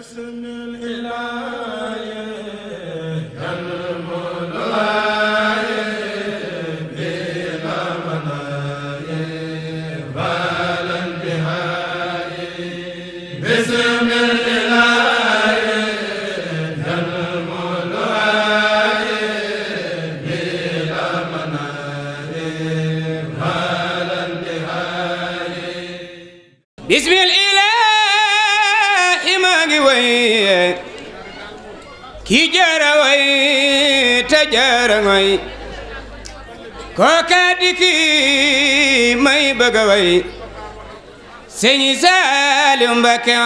الاسم الإله ngarangoy kooka di kii may bëgg a way sëñ Saaliw Mbàkke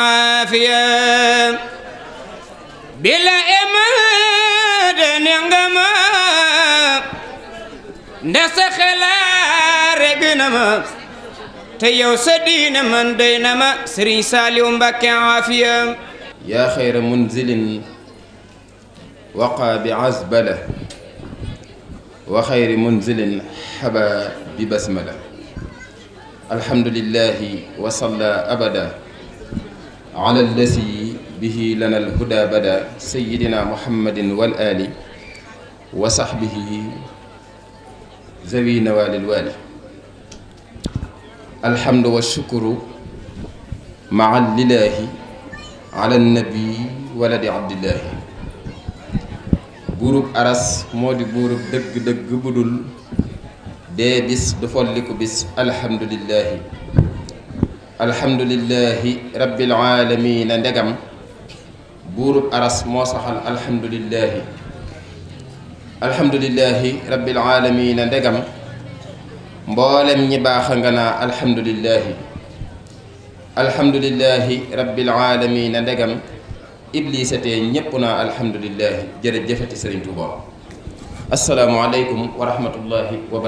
bila emade ne nga ma ndax xelaa reg te yow se diine man doy na ma sëriñ Saaliw Mbàkke aafiya yaa xayra munzilin waqa bi azbala wa xayri munzilin xaba bi basmala alhamdulillahi wa salla abada ala allasi bihi lana alhuda bada sayidina muhammadin wal ali wa saxbihi zawi nawalil waali alhamdu wa shukuru maa lilaahi ala nabi waladi abdillahi buurub aras moo di buurub dëgg-dëgg budul dee bis du folliku bis alhamdulillahi alhamdulillahi rabbil aalamiina ndegam buurub aras moo saxal alhamdulillahi alhamdulillahi rabbil aalamiina ndegam mboolem ñi baax nga naa alhamdulillahi alhamdulillahi rabbil aalamiina ndegam iblisatee ñépp naa alhamdulilahi jërëjëfati sëriñ Tuuba asalaamualeykum wa rahmatullahi wa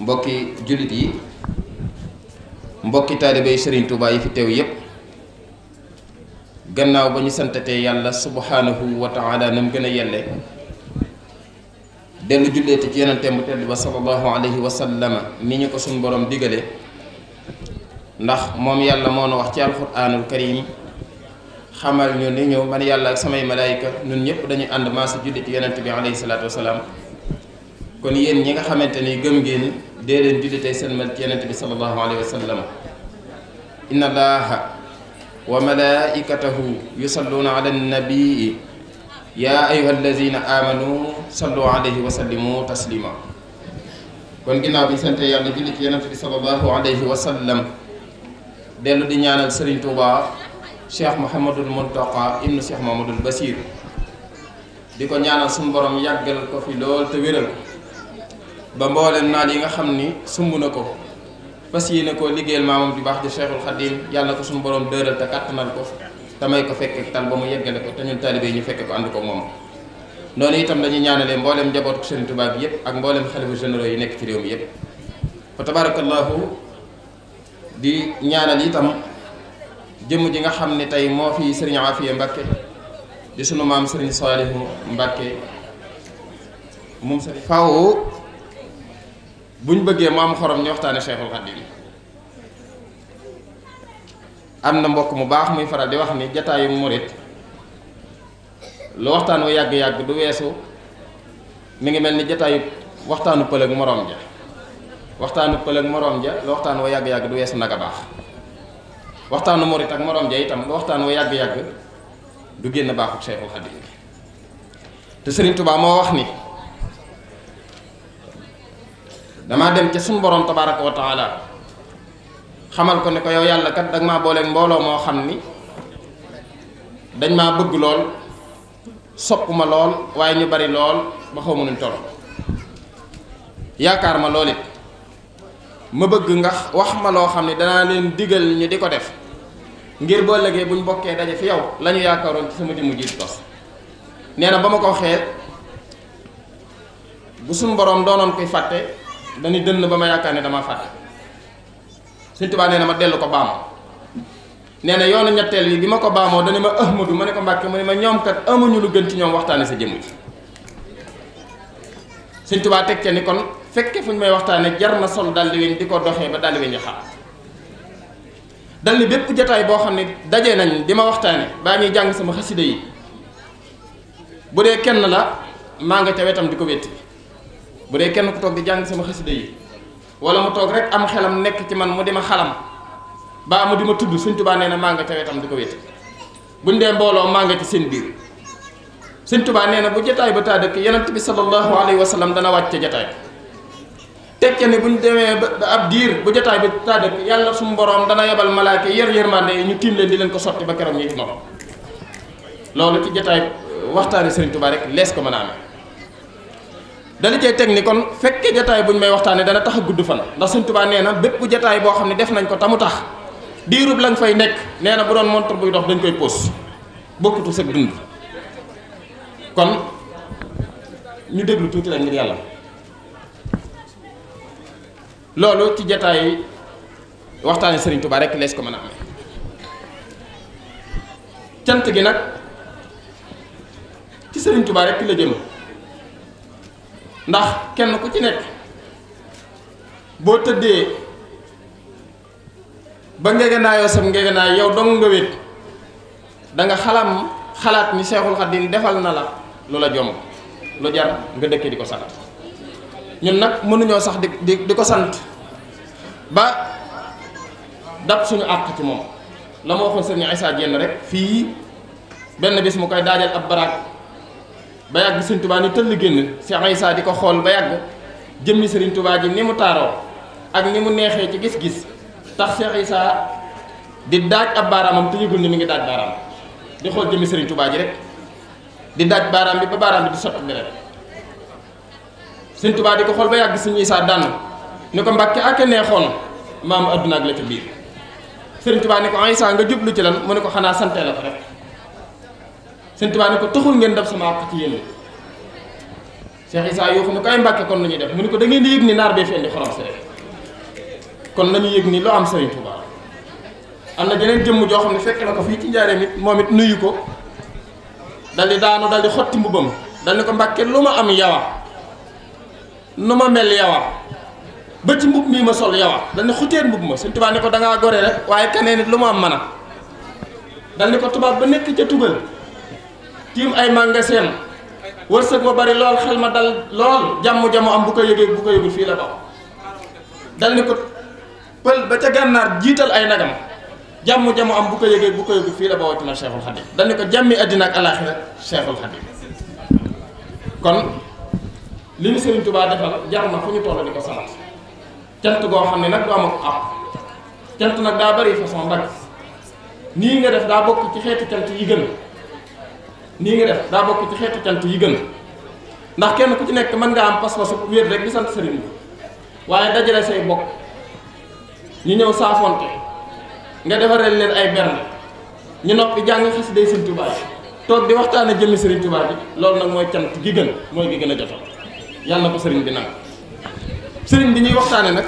mbokki jullit yi mbokki taalibey sëriñ Tuuba yi fi teew yépp gannaaw ba ñu santatee yàlla subhanahu wa taala nam gën a yelle dellu julleete ci yonenteem bu tedd ba sallallahu alayhi wa ni ñu ko suñ borom digale ndax moom yàlla moo na wax ci alquranul karim xamal ñu ni ñu man yàlla ak samay malaayika ñun ñëpp dañu ànd maasa julli ci yonent bi alayhi salaatu wasalaam kon yéen ñi nga xamante ni gëm ngeen dee leen julli tey seen mal ci yonent bi sallallahu alayhi wa sallam inna allaha wa malaikatahu yusalluuna ala nabii yaa ayuha allazina amanu kon ginnaaw bi ci yonent bi sallallahu alayhi wa sallam dellu di ñaanal Serigne Touba cheikh Mouhamadul Mountakha ibnu cheikh Mouhamadul Basir di ko ñaanal suñu borom yàggal ko fi lool te wéral ko ba mboolem naan yi nga xam ni sumb na ko fas yéene koo liggéeyal maamam di baax di cheikhul xadim yàlla na ko suñu borom dëral te kàttanal ko te may ko fekkee tal ba mu yeggale ko te ñun taalibe ñu fekkee ko ànd ko moom. noonu itam dañuy ñaanalee mbooleem njabootu Sëriñ Tuubaa bi yëpp ak mboolem xalifa généraux yi nekk ci réew mi yëpp fa tabaarakallaahu jëmm ji nga xam ni tey moo fi sëriñ Afiya Mbàkke di sunu maam sëriñ Saalihu Mbàkke moom sëriñ faw buñ bëggee mu am xorom ñu waxtaane Cheikhul Khadim am na mbokk mu baax muy faral di wax ni jataayu murit lu waxtaan wu yàgg-yàgg du weesu mi ngi mel ni jataayu waxtaanu pël ak moroom ja waxtaanu pël ak moroom ja lu waxtaan wa yàgg-yàgg du weesu nag a baax waxtaanu morit ak morom ja itam lu waxtaan wa yàgg-yàgg du génn baaxub seexul xaddim bi te sëriñ Tuubaa moo wax ni damaa dem ca suñu borom tabaraka wa taala xamal ko ne ko yow yàlla kat danga maa booleeg mbooloo moo xam ni dañ maa bëgg lool sopp ma lool waaye ñu bari lool ba xaw ma nuñ toll yaakaar ma lool it ma bëgg nga wax ma loo xam ne danaa leen digal ñu di ko def ngir boo bu ñu bokkee daje fi yow lañu ñu yaakaaroon ci sama jëmm ji tos nee na ba ma ko waxee bu suñu boroom doonoon koy fàtte dañu dënn ba ma yaakaar ne dama fàtte Sëñ Tuubaa nee na ma dellu ko baamoo nee na yoonu ñetteel yi bi ma ko baamoo dañu ma Ahmadu ma ne ko Mbàkke ma ne ma ñoom kat amuñu lu gën ci ñoom waxtaane sa jëmm ji Sëñ Tuubaa teg ca ni kon fekke fu ñu may waxtaane jar na sol daldi weñ di ko doxee ba daldi weñ yi xaar dal ni bépp jataay boo xam ne dajee nañ di ma waxtaane baa ñuy jàng sama xasida yi bu dee kenn la maa nga ca wetam di ko wetti bu dee kenn ku toog di jàng sama xasida yi wala mu toog rek am xelam nekk ci man mu di ma xalam baa mu di ma tudd Sëñ Tuubaa nee na maa nga ca wetam di ko wetti buñ dee mbooloo maa nga ci seen biir Sëñ Tuubaa nee na bu jataay ba taa dëkk Yonent bi sallallahu alayhi wa sallam dana wàcc jataay teg ca ne bu ñu demee ba ab diir bu jotaay bi tàddeek yàlla suñu boroom dana yebal malaaka yër yërmande yi ñu tiim leen di leen ko sotti ba keroog ñuy nopp loolu ci jotaay waxtaane Serigne Touba rek lees ko mën a amee dana cee teg ni kon fekke jotaay bu ñu may waxtaanee dana tax a gudd fan ndax Serigne Touba nee na bépp jataay boo xam ne def nañ ko tamu tax diirub lañ fay nekk nee na bu doon montre buy dox dañ koy pos bokkutu sa dund kon ñu déglu tuuti rek ngir loolu ci jataay waxtaane Serigne Touba rek lees ko mën a amee cant gi nag ci Serigne Touba rek la jëm ndax kenn ku ci nekk boo tëddee ba ngegenaayoo sam ngegenaay yow dong nga wéet da nga xalam xalaat ni Seexul Xadiim defal na la lu la jomb lu jar nga dëkkee di ko saxal ñun nag mënuñoo sax di di di ko sant ba dab suñu àq ci moom la ma waxoon sëriñ Issa Diène rek fii benn bis mu koy daajal ab baraag ba yàgg sëriñ Touba ni tëll génn sëriñ Issa di ko xool ba yàgg jëmmi sëriñ tubaa ji ni mu taaroo ak ni mu neexee ci gis-gis tax sëriñ Issa di daaj ab baaraamam te yëgul ni mi ngi daaj baaraam di xool jëmmi sëriñ tubaa ji rek di daaj baaraam bi ba baaraam bi di sotti deret sëñ Tuubaa di ko xool ba yàgg sëñ Isaa dànn ni ko Mbàkke ak neexoon maam àdduna ak la ca biir sëñ Tuubaa ni ko Isaa nga jublu ci lan mu ne ko xanaa santeena la ko rek sëñ Tuubaa ni ko taxul ngeen def sama àq ci yéen Cheikh Isaa yoo xam ne ko ay Mbàkke kon nañuy def mu ne ko da ngeen di yëg ni naar bee fi indi xorom si kon nañu yëg ni lu am sëriñ Tuubaa am na jeneen jëmm joo xam ne fekk la ko fii ci njaareem it moom it nuyu ko daldi di daanu dal di xotti mbubbam dal ko Mbàkke lu ma am yawa nu ma mel yow ah. ba ci mbub mii ma sol yow ah. dañ ne xuteet mbub ma suñ tubaab ne ko dangaa ngaa gore rek waaye keneen nit lu ma am mana a dañ ne ko tubaab ba nekk ca tugal tiim ay magasin wërsëg ma bari lool xel ma dal lool jàmm jamo am bu ko yëgee bu ko yëgul fii la ba dal ni ko pël ba ca gànnaar jiital ay nagam jàmm jamo am bu ko yëgee bu ko yëgul fii la ba wati na Cheikhul Khadim dal ni ko jàmmi àddina ak alaaxira Cheikhul Khadim kon li ñu Serigne Touba defal jar na fu ñu toll di ko sant cant goo xam ne nag du am cant nag daa bari façon mbagg nii nga def daa bokk ci xeetu cant yi gën nii nga def daa bokk ci xeetu cant yi gën ndax kenn ku ci nekk mën ngaa am pas-pasu wéet rek di sant Serigne bi waaye dajale say bokk ñu ñëw saafonte nga defaree leen ay berne ñu noppi jàng xas day Serigne Touba toog di waxtaan a jëmmi Serigne Touba bi loolu nag mooy cant gi gën mooy gi gën a jotal yàlla na ko sëriñ bi nangu sëriñ bi ñuy waxtaane nag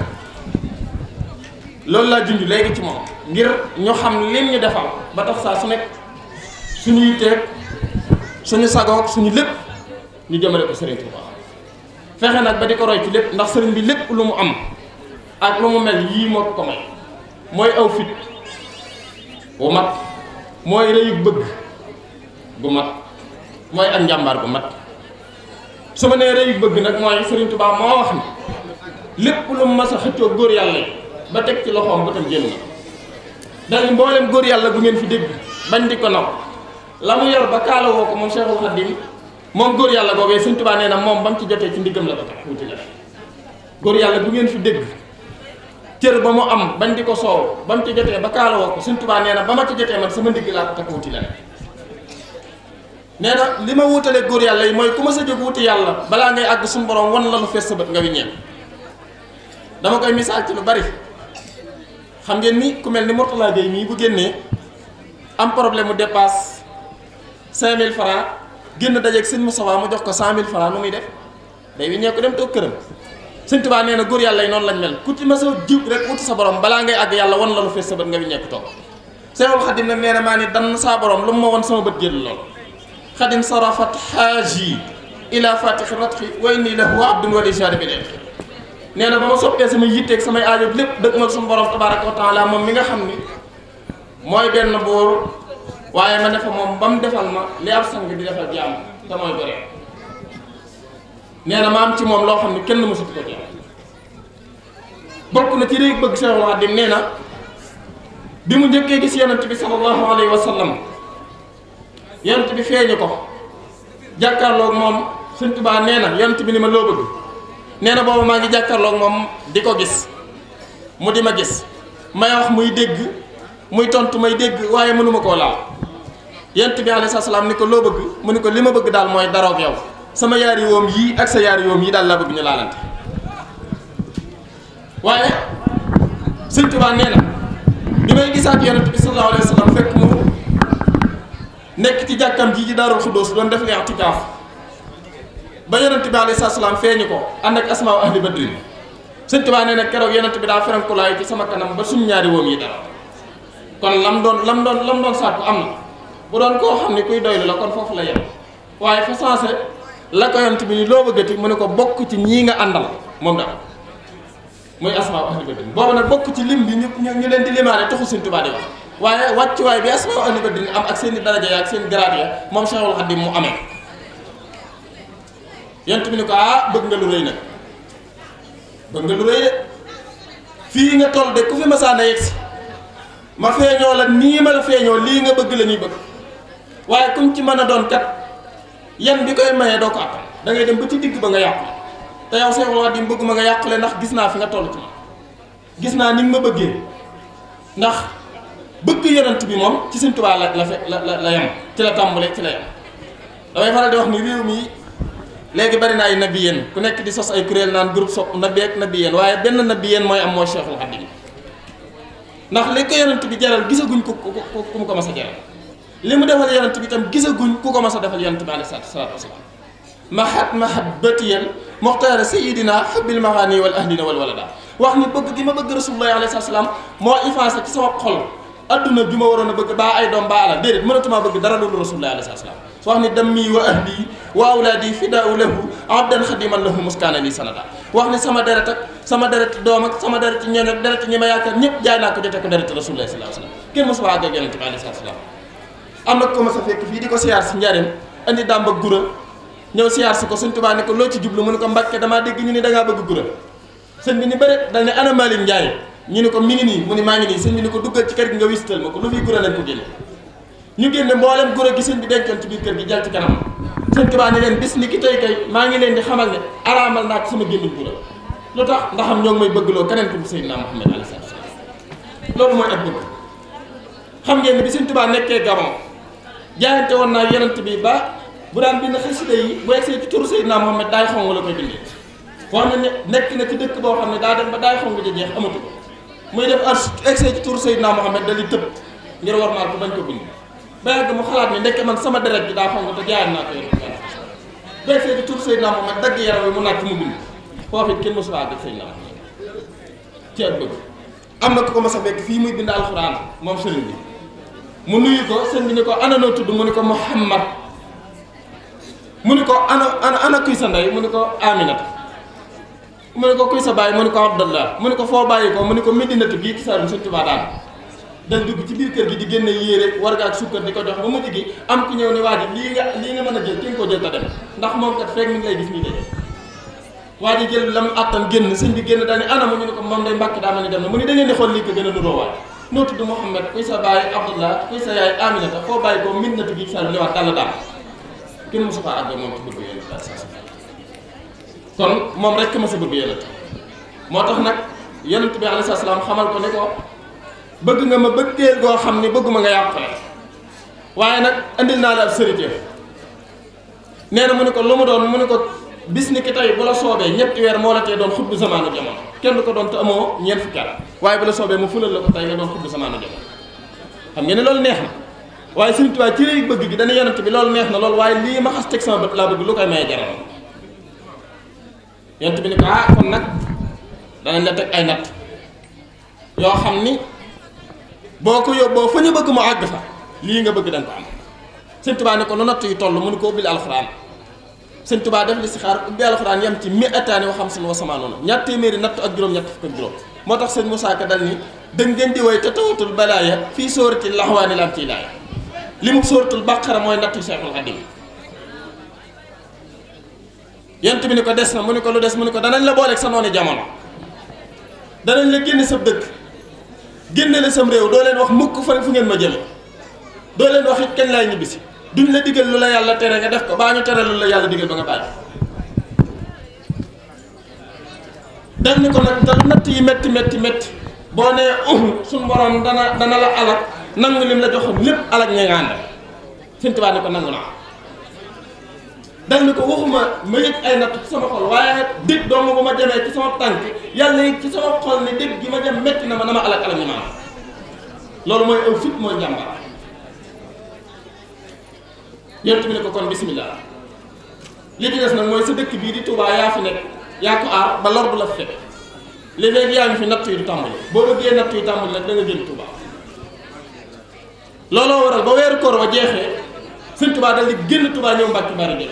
loolu laa junj léegi ci moom ngir ñu xam leen ñu defal ba tax saa su nekk suñu yitteeg suñu sagoog suñu lépp ñu jëmale ko sëriñ Tuuba fexe nag ba di ko roy ci lépp ndax sëriñ bi lépp lu mu am ak lu mu mel yii moo ko may mooy aw fit bu mat mooy rëyug bëgg bu mat mooy ak njàmbaar gu mat su ma nee rëyug bëgg nag mooy Serigne Touba moo wax ni lépp lu mas a xëccoo góor yàlla ba teg ci loxoom ba tam génn dañu mboolem góor yàlla bu ngeen fi dégg bañ di ko naw la mu yor ba kaala ko moom Cheikhul Khadim moom góor yàlla boobee Serigne Touba nee na moom ba mu ci jotee ci ndiggam la ba tax wuti la góor yàlla bu ngeen fi dégg cër ba mu am bañ di ko soow ba mu ci jotee ba kaala woo ko Serigne Touba nee na ba ma ci jotee man sama ndigg laa ko takk wuti la nee na li ma wutale góor yàlla yi mooy ku ma sa jóg wuti yàlla balaa ngay àgg suñu borom wan la lu fees sa bët nga wiññeen dama koy misaal ci bari xam ngeen ni ku mel ni Mourtala Gueye mii bu génnee am problème mu dépasse 5000 francs génn dajeeg sëñ Moustapha mu jox ko 100000 francs nu muy def day wiññee dem toog këram sëñ Tuubaa nee na góor yàlla yi noonu lañ mel ku rek wuti sa borom balaa ngay àgg yàlla wan la lu fees nga wiññee ko toog Seexul Xaadim nag nee maa ni dan saa borom lu mu ma wan sama bët génn loolu xad insarafat xaaji ila fatixi ratxi wa inni lahu abdun wali jaari bi leen nee na ba ma soppee samay yitteeg samay aajo lépp dëgg ma suñu borom tabaraka wa moom mi nga xam ni mooy benn buur waaye ma ne moom ba mu defal ma li ab sang di defal jaam te mooy bëre nee na ma am ci moom loo xam ne kenn ma ko jaam bokk na ci réeg bëgg Seex Xaadim nee na bi mu njëkkee gis yonent bi sallallahu alayhi wa yonent bi feeñu ko jàkkaarloog moom Sëñ Tuubaa nee na yonent bi ni ma loo bëgg nee na boobu maa ngi jàkkarlook moom di ko gis mu di ma gis may wax muy dégg muy tontu may dégg waaye mënuma koo laal yonent bi alayhi salaam ni ko loo bëgg mu ni ko li ma bëgg daal mooy daroog yow sama yaari woom yii ak sa yaari woom yii daal laa bëgg ñu laalante waaye Sëñ nee na bi may gisaat yonent bi sallallahu alayhi wa fekk mu nekk ci jàkkam ji ci daarul xuddoos doon def i'tikaaf ba yonent bi alayhi salaam feeñu ko ànd ak asmaa ahli badrin sëñ Tuubaa ne na keroog yonent bi daa ferankulaayu ci sama kanam ba suñ ñaari woom yi dara kon lam doon lam doon lam doon sàkku am na bu doon koo xam ne kuy doylu la kon foofu la yem waaye fa sensé la ko bi loo bëggati mu ne ko bokk ci ñii nga àndal moom daal muy asmaa ahli badrin boobu nag bokk ci lim bi ñu ñu leen di limaale taxu sëñ Tuubaa di waaye wàccuwaay bi asmaa ahlu badrin am ak seen i daraja seen grade ya moom Cheikhul Khadim mu amee yent bi ni ko ah bëgg nga lu rëy nag bëgg nga lu rëy fii nga toll de ku fi masaana yegg si ma feeñoo la nii ma la feeñoo lii nga bëgg la ñuy bëgg waaye kuñ ci mën a doon cat yan bi koy maye doo ko àttan da dem ba ci digg ba nga yàqule te yow Cheikhul Khadim bëgg ma nga yàqule ndax gis naa fi nga toll ci ma gis naa ni nga ma bëggee ndax bëgg yonent bi moom ci Sëñ Tuubaa la la la la yem ci la tàmbalee ci la yem damay faral di wax ni réew mi léegi bari na ay nabiyeen ku nekk di sos ay kuréel naan groupe sopp nabi ak nabiyeen waaye benn nabiyeen mooy am mooy Cheikhul Khadim ndax li ko yonent bi jaral gisaguñ ku ku ku mu ko mas a jaral li mu defal yonent bi tam gisaguñ ku ko mas sa defal yonent bi alayhi salaatu wasalaam mahat mahabbatiyan muxtaara sayidina xabil maxaani wal ahlina wal walada wax ni bëgg gi ma bëgg rasulullahi alayhi salaam moo effacé ci sama adduna ju ma waroon a bëgg baa ay doom baa alal déedéet mënatuma bëgg dara loolu rasulullah alayhi salaam su wax ni dammi wa wax ni sama deret ak sama deret doom ak sama deret ñoom ma yaakaar ñëpp jaay naa ko jotee ko deret rasulullah sallallahu alayhi wasallam kenn am na ko ma sa fekk fii di ko siyaar si njariñ andi dàmba gura ñëw siyaar si ko Sëñ loo ci jublu mu ne ko Mbàkke damaa dégg ñu ni da ngaa bëgg gura sëñ bi ni bëri dal ne ana Malick ñu ne ko mi ngi nii mu ni maa ngi nii sëñ bi ni ko duggal ci kër gi nga wisital ma ko lu fi gura lañ ko génne ñu génne mboolem gura gi sëñ bi dencoon bii kër gi jal ci kanam sëñ Tuubaa ne leen bis ni ki tey kay maa ngi leen di xamal ne araamal naa ko sama gémmiñ gura lu tax ndax xam ñoo ngi may bëggloo keneen ku Seydina Muhammad alayhi salaatu salaam loolu mooy ak bëgg xam ngeen ne bi sëñ Tuubaa nekkee Gabon jaayante woon naa yonent bi ba bu daan bind xasida yi bu egsee ci turu Seydina Muhammad daay xong la koy bindee na ne nekk na ci dëkk boo xam ne daa dem daay xong amatu muy def ak excès ci tur Seydina Mohamed dali tëb ngir war maal ko bañ ko bind ba yàgg mu xalaat ni ndekk man sama deret bi daa xonk te jaayam naa ko yore ba excès ci tur Seydina dagg yaram wi mu naaj mu bind foofu it kenn mosu faa gis Seydina Mohamed ci ak bëgg am na ku ko mas a fekk fii muy bind alxuraan moom sëriñ bi mu nuyu ko sëriñ bi ni ko ana tudd mu ni ko Muhammad mu ni ko ana ana ana kuy sa ndey mu ni ko Aminata mu ne ko kuy sa bàyyi mu ne ko Abdallah mu ne ko foo bàyyi ko mu ne ko Medinatu gii kisaarum Sëñ gi di génne yére warga di ko ba mujj gi am ku ñëw ne waa ji lii nga lii nga a jël ki nga ko jël ta dem ndax moom kat daal ne mu ñu moom day daa mel ni dem na mu ne da ngeen di xool ko gën sa bàyyi Abdallah sa yaay kon moom rek ma sa bëgg yonent moo tax nag yonent bi alayhi salaam xamal ko ne ko bëgg nga ma bëggee goo xam ni bëgguma nga yàqule waaye nag indil naa la ab sërite nee na mu ne ko lu mu doon mu ne ko bis ni ki tey bu la soobee ñetti weer moo la tee doon xutbu zamaanu jamono kenn ko doon te amoo ñeent fukki at waaye bu la soobee mu fulal la ko tey nga doon xutbu zamaanu jamono xam ngeen ne loolu neex na waaye Sëriñ Tuubaa ci réy bëgg gi dana yonent bi neex na loolu waaye lii ma xas laa bëgg lu koy maye yonent bi ni ko ah kon nag danañ la teg ay natt yoo xam ni boo ko yóbboo fa ñu bëgg mu àgg fa lii nga bëgg danga ko am sëñ tubaa ne ko nu natt yu toll mënu ko ubbil alxuraan sëñ tubaa def li si xaar ubbi alxuraan yam ci mi attaani waxam suñu wasamaa noonu ñaar téeméeri natt ak juróom-ñett fukk ak juróom moo tax sëñ Moussa dal ni da ngeen di woy te balaaya fii sóorati laxwaani la am ciy laaya li mu sóoratul bàqara mooy natt yu Seexul Xadim yent bi ni ko des na mu ni ko lu des mu ni ko danañ la booleeg sa noonu jamono danañ la génne sa dëkk génne la sam réew doo leen wax mukk fa fu ngeen ma jële doo leen wax it kañ laay ñibbisi duñ la digal lu la yàlla tere nga def ko baa ñu tere lu la yàlla digal ba nga bàyyi def ni ko nag te natt yi métti métti métti boo nee uhu suñ borom dana dana la alak nangu lim la joxoon lépp alak ña nga ànd ni ko nangu naa dal ni ko waxuma ma yëg ay natt ci sama xol waaye dég doomu bu ma demee ci sama tànk yàlla yi ci sama xol ne dég gi ma dem metti na ma na ma alak alami maam loolu mooy aw fit mooy njàmbaar yonent bi ne ko kon bismillah li ci des nag mooy sa dëkk bii di Touba yaa fi nekk yaa ko aar ba lor bu la fi fekk léeg-léeg yaa ngi fi natt yi du tàmbali boo bëggee natt yi tàmbali nag da nga génn Touba looloo waral ba weeru koor wa jeexee sëñ Touba dal génn Touba ñëw Mbàkke bari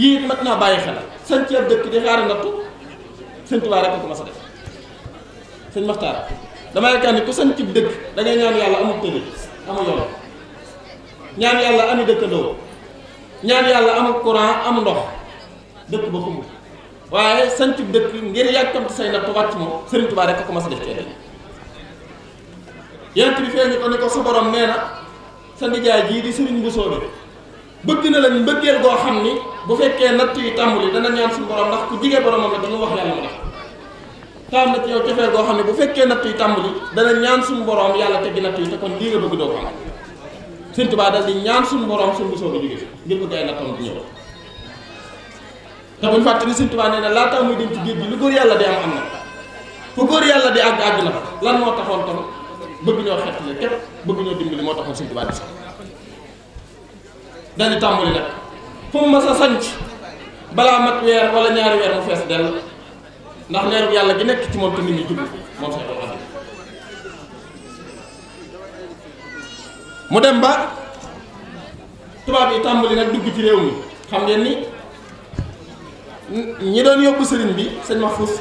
yii it mat naa bàyyi xel sañ ci dëkk di xaar nattu sëñ Tuubaa rek ko ma sa def sëñ Maxtaar dama yaakaar ni ku sañ ci dëkk da ngay ñaan yàlla amul tële amul yoon ñaan yàlla amul dëkkandoo ñaan yàlla amul courant amul ndox dëkk ba xumb waaye sañ ci dëkk ngir yàkkamti say nattu wàcc moom sëriñ Tuubaa rek ko ma sa def ci yent bi feeñu ko ni ko sa borom nee na sa nijaay jii di sëriñ Mbusoo bi bëgg na la mbëggeel goo xam ni bu fekkee natt yi dana ñaan suñu borom ndax ku jige boromam la danga wax yàlla mu def taam na ci yow cofeel goo ne bu fekkee natt yi tàmbali dana ñaan suñu borom yàlla teggi natt yi te kon lii nga bëgg doo ko am Sëñ Tuubaa dal di ñaan suñu borom suñu mosoo ba jóge fi ngir bëgg ay nattam di ñëw te buñ fàtte ni Sëñ Tuubaa nee na laataa muy dem ci géej gi lu góor yàlla di am am na fu góor yàlla di àgg àgg na fa lan moo taxoon tam bëgg ñoo xett la képp bëgg ñoo dimbali moo taxoon Sëñ Tuubaa di dali tàmbali nag fu mu mas a sanc balaa mat weer wala ñaari weer mu fees dell ndax leeru yàlla gi nekk ci moom te nit ñi moom Seex Abdul Xaadir mu dem ba yi tàmbali nag dugg ci réew mi xam ngeen ni ñi doon yóbbu sëriñ bi sëñ Mahfous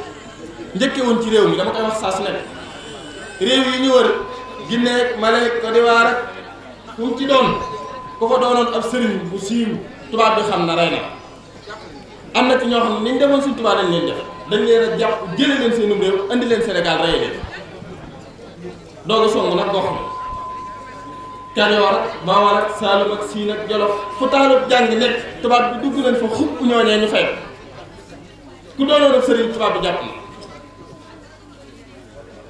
njëkke woon ci réew mi dama koy wax saa su nekk réew yi ñu wër Guinée Mali Côte d'Ivoire fu mu ci doon ku fa doonoon ab sëriñ bu siiw tubaab bi xam na rey na am na ci ñoo xam ne niñ defoon suñ tubaab lañ leen def dañ leen a jàpp jële leen seenum réew indi leen Sénégal rey leen doog a song nag gox bi Kajoor ak Bawol ak Saalum ak Siin ak Jolof fu taalub jàng nekk tubaab bi dugg leen fa xupp ñooñee ñu fay ku doonoon ab sëriñ tubaab bi jàpp na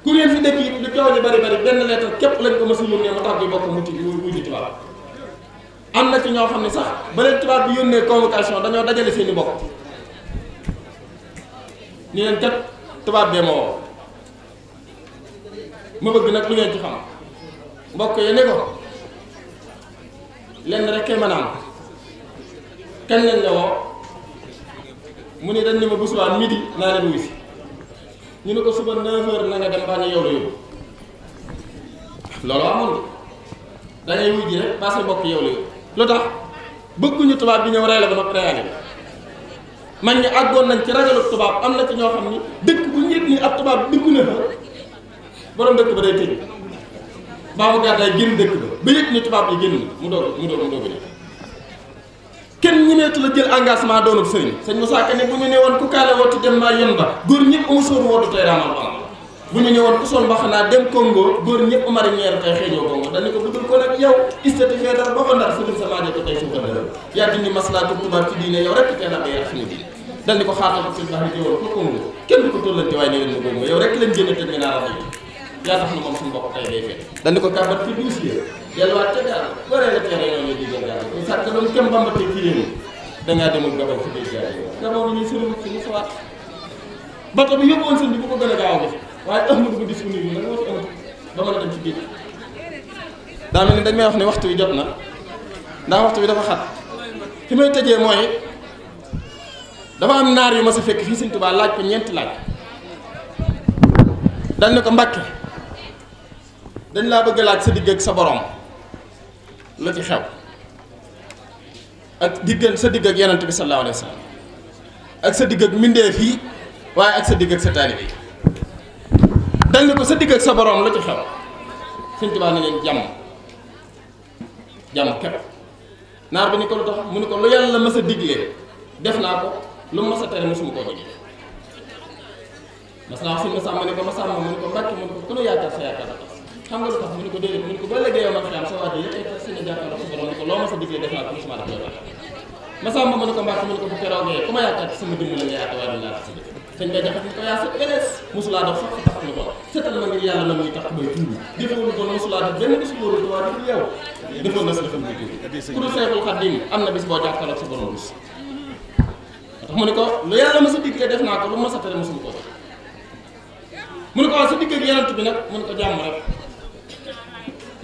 ku leen fi dëkk yi lu coow li bari bari benn lettre képp lañ ko mos a yónnee mu tax bi am na ci ñoo xam ne sax ba leen tubaab bi yónnee convocation dañoo dajale seeni bokk ni leen kat tubaab bee ma woo ma bëgg nag lu ngeen ci xam mbokk yi ne ko lenn rek kay maanaam kenn lañ la woo mu ne dañ ne ma bu subaa naa leen wuyu si ñu ne ko suba 9h na nga dem ba ñu yow la loolu amoon na da ngay wuyu ji rek yow la lu tax bëgguñu tubaab bi ñëw rey la ba noppi man ñi àggoon nañ ci ragalu tubaab am na ci ñoo xam ni dëkk bu ñu yëg nii ab tubaab dëkku na fa borom dëkk ba day tëj baa mu gàddaay génn dëkk ba ba yëg ni tubaab yi génn mu doog mu doog mu doog a kenn ñemeetu la jël engagement doonub sëriñ sëñ mu Ka ne bu ñu ne woon ku kaale woo dem maa yem ba góor ñëpp amu sóoru wootu tey raamal bu ñu ñëwoon ku sol mbaxanaa dem Congo góor ñëpp marinière kay xëeñoo Congo dañu ko bëggal ko nag yow istatife dara ba fa ndar sudul sa maajo ko tey suuka dëral yaa dindi maslaa tubaab ci diine yow rek teel a béy ak suñu diine dal ni ko xaatal ko seen bax ni jëwoon ko Congo kenn du ko tollante waaye neween ma Congo yow rek lañ jënd te ngeen a raxo yi yaa tax na moom suñu bopp tey day fekk dañu ko kàmbat ci douze yë delluwaat ca gaal waree la teere ñoo ñoo di jël gaal ko sàkk doon kem bambate ci réew mi dangaa demul gabaw si dégg gaal yi gabaw bi ñuy sëriñ si ñu sawaat bato bi yóbbuwoon sëñ bi bu ko gën a gaaw a waaye amul ko disponible la nga fi am ba mën ci géej daa ni dañ may wax ne waxtu bi jot na ndax waxtu bi dafa xat fi may tëjee mooy dafa am naar yu ma sa fekk fii Sëñ laaj ko ñeenti laaj dañ ne ko Mbàkke dañ laa bëgg laaj sa digg ak sa borom la ci xew ak diggal sa digg ak yonent bi sallallahu alayhi wa ak sa digg ak mbindeef yi waaye ak sa digg ak sa taalibe yi dañ ne ko sa digg ak sa borom la ci xew sëñ Tuubaa ne leen jàmm jàmm képp naar bi ni ko lu tax mu ni ko lu yàlla mës a diglee naa ko lu mës a tere mosuma koo jógee mas naa wax si ma sàmm ne ko ma mu ni ko mbàkki mu ni ku la yaakaar sa yaakaar la xam nga lu tax ko sa a def sëñ bay jaxate ni ko yaa sa yàlla man muy tax may tuubi defoo lu bon mosulaa def benn na sa defal am na bis mu ne ko lu yàlla ma sa digle def naa ko lu ma sa tere mosul ko mu ne ko waaw sa digg ak bi nag mu ne ko jàmm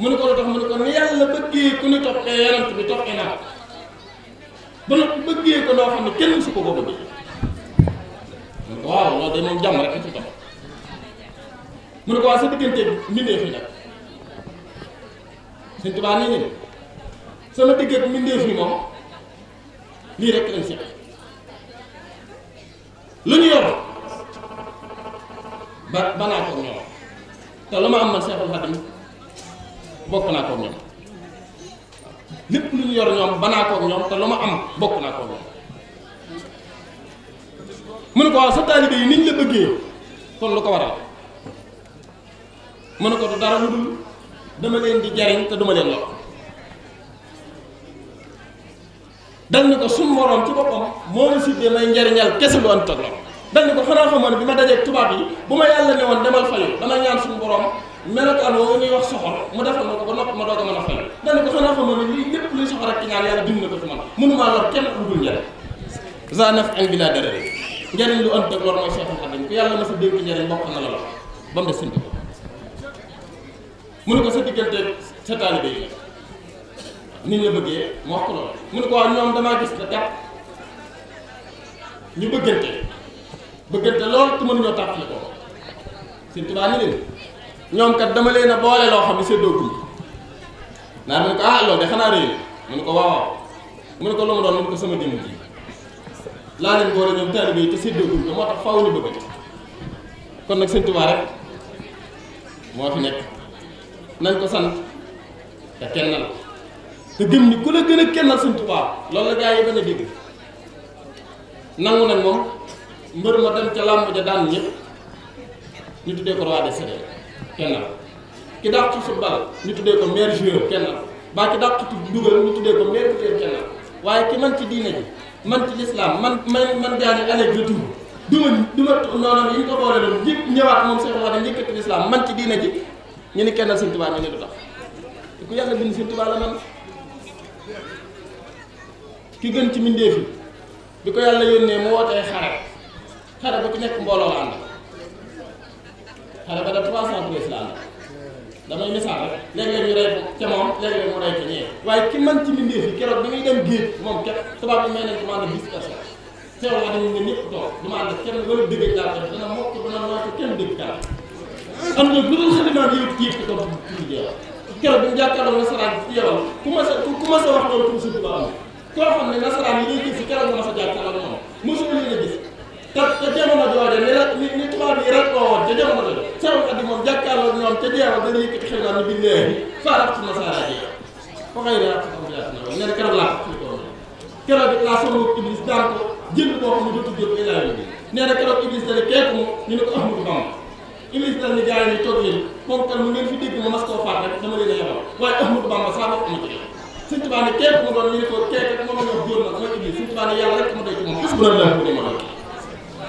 mu ne ko lu tax ni yàlla bëggee ku ni toppee yonent bi toppee naa ko ba nag bëggee ko loo xam ne kenn su ko ko bi mu ne ko waaw loolu de moom jàmm rek ci topp mu ne ko waaw sa diggante mbindee fi nag sëñ nii nii sama diggante mbindee fi moom lii rek lañ seet am bokk naa ko lu ñu yor ñoom ba naa ñoom te lu ma am bokk naa ko ñoom mu ne ko waaw sa taalibe yi niñ la bëggee kon lu ko waral mu ne ko du dara lu dul dama leen di jariñ te duma leen lor dal ni ko suñ moroom ci boppam moo ma siddee may njariñal kese lu ànd ak lor bi ma dajeeg tubaab yi bu ma yàlla ne woon demal fayu dama ñaan suñu borom melokaan woo ñuy wax soxor mu defal a mën a fayu dal ni ko xanaa xamoon ne lii na ko ci man njariñ lu ànd ak lor mooy Seexul Xadiim ku yàlla ma sa dénk njariñ bokk na la lor ba mu des suñ mu ne ko sa diggante sa taalibe yi ni ñu la bëggee mu wax ko loolu mu ne ko waaw damaa gis la jàpp ñu bëggante bëggante lool te mënuñoo tàqale ko Sëñ Tuubaa ni leen a loo xam ne séddooguñu naa mu ne ko ah loolu de xanaa ne ko waaw mu ne ko lu mu doon sama jëmm ji laa leen boole ñoom taalibe yi te séddoogul ko moo tax faw ñu bëgg kon nag sëñ Tuubaa rek moo fi nekk nañ ko sant te kennal te gëm ni ku la gën a kennal sëñ Tuubaa loolu la gaa yi bañ a dégg nangu nag moom mbër ma dem ca làmb ja daan ñëpp ñu tuddee ko roi des sédé kennal ki dàq ci football ñu tuddee ko meilleur joueur kennal baa ki dàq ci dugal ñu tuddee ko meilleur buteur kennal waaye ki man ci diine ji man ci lislaam man man man jaane alej la tur duma duma noonu yi ñu ko boole doon ñëpp ñëwaat moom Seex Wax ne yëkkati lislaam man ci diina ji ñu ni kenn Sëñ Tuubaa ñu ne du tax ku yàlla bind Sëñ Tuubaa la man ki gën ci mbindéef yi bi ko yàlla yónnee mu wootee xare xare ba ku nekk mbooloo la ànd xare ba da 313 la damay misaal rek léeg-léeg ñu rey ko ca moom léeg-léeg mu rey ca ñee waaye ki man ci mbindeef yi keroog bi muy dem géej moom kat tubaab bi may nañ commande dix personnes teewul wax dañu ne ñëpp toog du ma ànd kenn wala dëgg na lu dul xalimaam yëpp ci yëpp bi mu jàkkaarloo nasaraan bi ci yeewal ku ma sa ku ma sa wax loolu pour suñu tubaab am koo xam ne nasaraan yi lay gis si keroog nga ma sa jàkkaarloo moom mosu ko leen a gis te te jamono jooju ni la ni ni tubaab yi rek koo woon te jamono jooju Seexul Xadiim moom ma saara na ak sama jaas na bi nee na ñu ne ko Ahmadu Bamba iblis dana ni gars yi ñu toog yéen moom kan mu ngeen ma mas koo a saa bopp ma ci Sëñ Tuubaa ne keeku mu doon ñu ne ko keeku moom la ñu wax góor na mooy rek ma doy ci moom gis bu la laa ko ni ma doy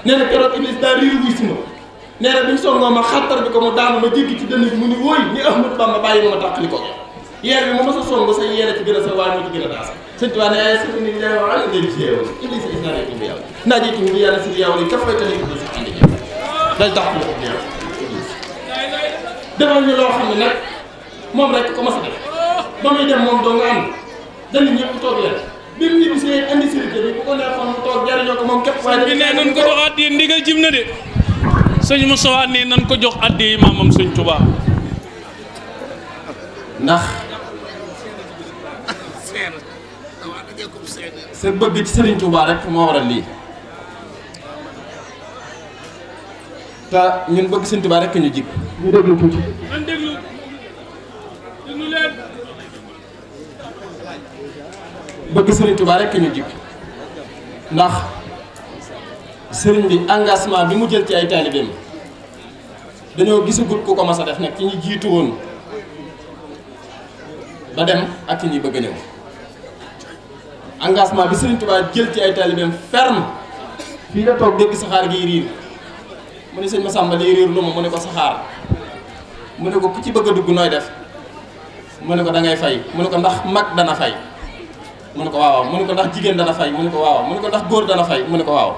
nee na keroog iblis daa riir wuy si ma nee na sonnoo ma xattar bi ko mu daanu ma jéggi ci dënn bi mu ni wóoy ni Ahmad Bamba bàyyi ma ma tàqali ko yeer bi ma mos a song sa yeena ci gën a sa waa ñu ci gën a daasa sëñ Tuubaa ne sëñ ni leew ala ngeen ci ko biyaw naa jiitu loo xam ne nag moom rek ko mas a def ba muy dem moom doo nga am dañu ñëpp toog leen bi mu ko neexoon mu toog jariñoo ko moom képp waaye bi ne nan ko jox addi ndigal jim na de sëñ Moustapha ne nan ko jox addi maamam sëñ Touba ndax sa bëgg ci sëriñ Touba rek moo waral lii te ñun bëgg sëriñ Touba rek ñu jik ñu déglu bëgg Serigne Touba rek ñu jikk ndax Serigne bi engagement bi mu jël ci ay taalibeem dañoo gisagut ku ko mas def nag ci ñi jiitu woon ba dem ak ci ñi bëgg a engagement bi Serigne Touba jël ci ay taalibeem ferme fii la toog dégg saxaar gi riir mu ne sëñ Massamba lii riir lu ma mu ne ko saxaar mu ne ko ku ci bëgg a dugg nooy def mu ne ko dangay fay mu ne ko ndax mag dana fay. mu ne ko waaw mu ne ko ndax jigéen dana fay mu ne ko waaw mu ne ko ndax góor dana fay mu ne ko waaw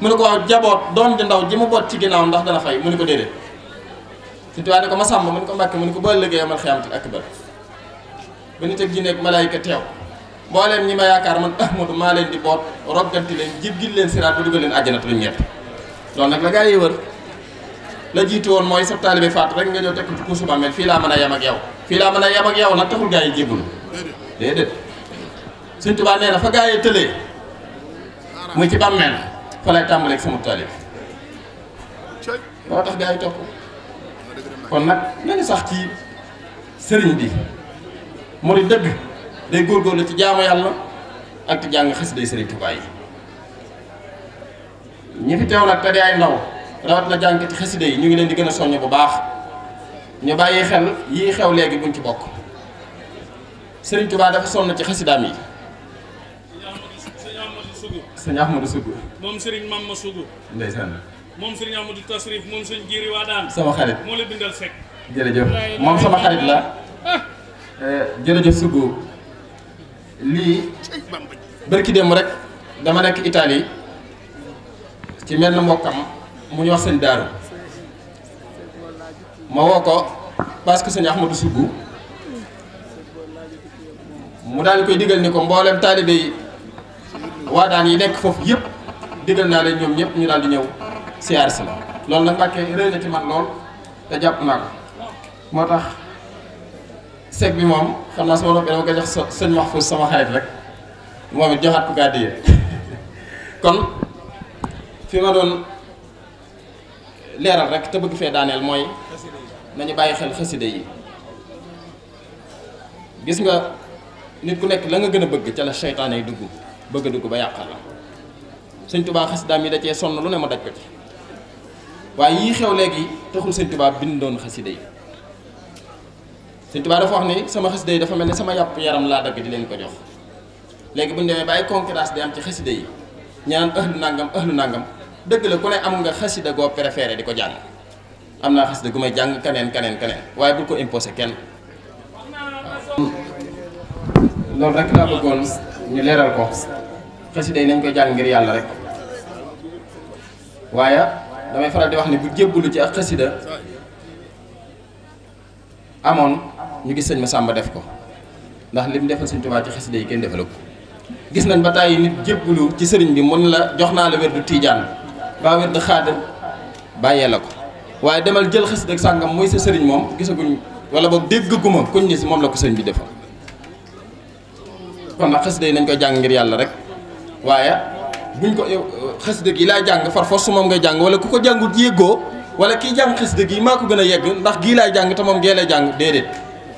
mu ne ko jaboot doom di ndaw ji mu boot ci ginnaaw ndax dana fay mu ne ko déedéet suñu tubaab ne ko masamba mu ne ko mbàkke mu ko boo liggéey amal xiyamti ak bër ba nit ak jinne ak malaayika teew mbooleem ñi ma yaakaar man ahmadu maa leen di boot rogganti leen jiggil leen siraat ba dugal leen àjjana te duñ ñett loolu nag la gaa yi wër la jiitu woon mooy sa taalibe faat rek nga ñëw tekk ci kuusu bàmmeel fii laa mën a yem ak yow fii laa mën a yem ak yow nag taxul gaa yi jébul déedéet Sëñ Tuubaa nee na fa gaa yi tëlee muy ci bàmmeel fa lay tàmbaleeg sama taalib loo tax gaa yi topp kon nag nañu sax ci sëriñ bi mu di dëgg day góor góorgóorlu ci jaamu yàlla ak ci jàng xasida sëriñ Tuubaa yi ñi fi teew nag te di ay ndaw rawat na jàng ci xasida yi ñu ngi leen di gën a soññ bu baax ñu bàyyi xel yii xew léegi buñ ci bokk sëriñ Tuubaa dafa sonn ci xasidaam yi sëñ Ahmadou Sougou. moom Serigne Mama Sougou. moom Serigne Ahmadou Tasrif moom sëñ Jiri Wadaan. sama xarit moo la bindal jërëjëf moom sama xarit la ah. eh, jërëjëf Sougou lii bërki démb rek dama nekk itali ci menn mbokkam mu ñu wax sëñ Daaru ma woo ko parce que sëñ Ahmadou Sougou mu daal di koy digal ni ko mboolem taalibe waa daan yi nekk foofu yëpp digal naa leen ñoom ñëpp ñu daal di ñëw siyaar si la loolu nag Mbàkke rëy na ci man lool te jàpp naa ko moo tax sec bi moom xam naa sama noppee dama ko jox sëñ Mahfouz sama xarit rek moom it joxaat ko gàddi yi kon fi ma doon leeral rek te bëgg fee daaneel mooy nañu bàyyi xel xaside yi gis nga nit ku nekk la nga gën a bëgg ca la seytaane yi dugg bëgg a dugg ba yàqal la sëñ tubaa xasidaam yi da cee sonn lu ne mu daj ko ci waaye yii xew léegi taxul sëñ tubaa bindoon xasida yi sëñ tubaa dafa wax ne sama xasida yi dafa mel ne sama yàpp yaram laa dagg di leen ko jox léegi bu ñu demee bàyyi concurrence di am ci xasida yi ñaan ëhlu nangam ëhlu nangam dëgg la ku ne am nga xasida goo préféré di ko jàng am naa xasida gu may jàng kaneen kaneen kaneen waaye bul ko imposé kenn loolu rek laa bëggoon ñu leeral ko xasida yi nañ koy jàng ngir yàlla rek waaye damay faral di wax ne bu jébbalu ci ak xasida amoon ñu gis sëñ ma Massamba def ko ndax lim defal sëñ Tuubaa ci xasida yi kenn defalu ko gis nañ ba tàyyi nit jébbalu ci sëriñ bi mun la jox naa la wérdu tiijaan ba wérdu xaadir bàyyee la ko waaye demal jël xasida ak sàngam muy sa sëriñ moom gisaguñ wala boog déggaguma kuñ ni moom la ko sëriñ bi defal kon nag xasida yi nañ koy jàng ngir yàlla rek waaye buñ ko xasida gi laay jàng far fos su moom ngay jàng wala ku ko jàngut yéegoo wala kiy jàng xasida gi maa ko gën a yegg ndax gii laay jàng te moom gee lay jàng déedéet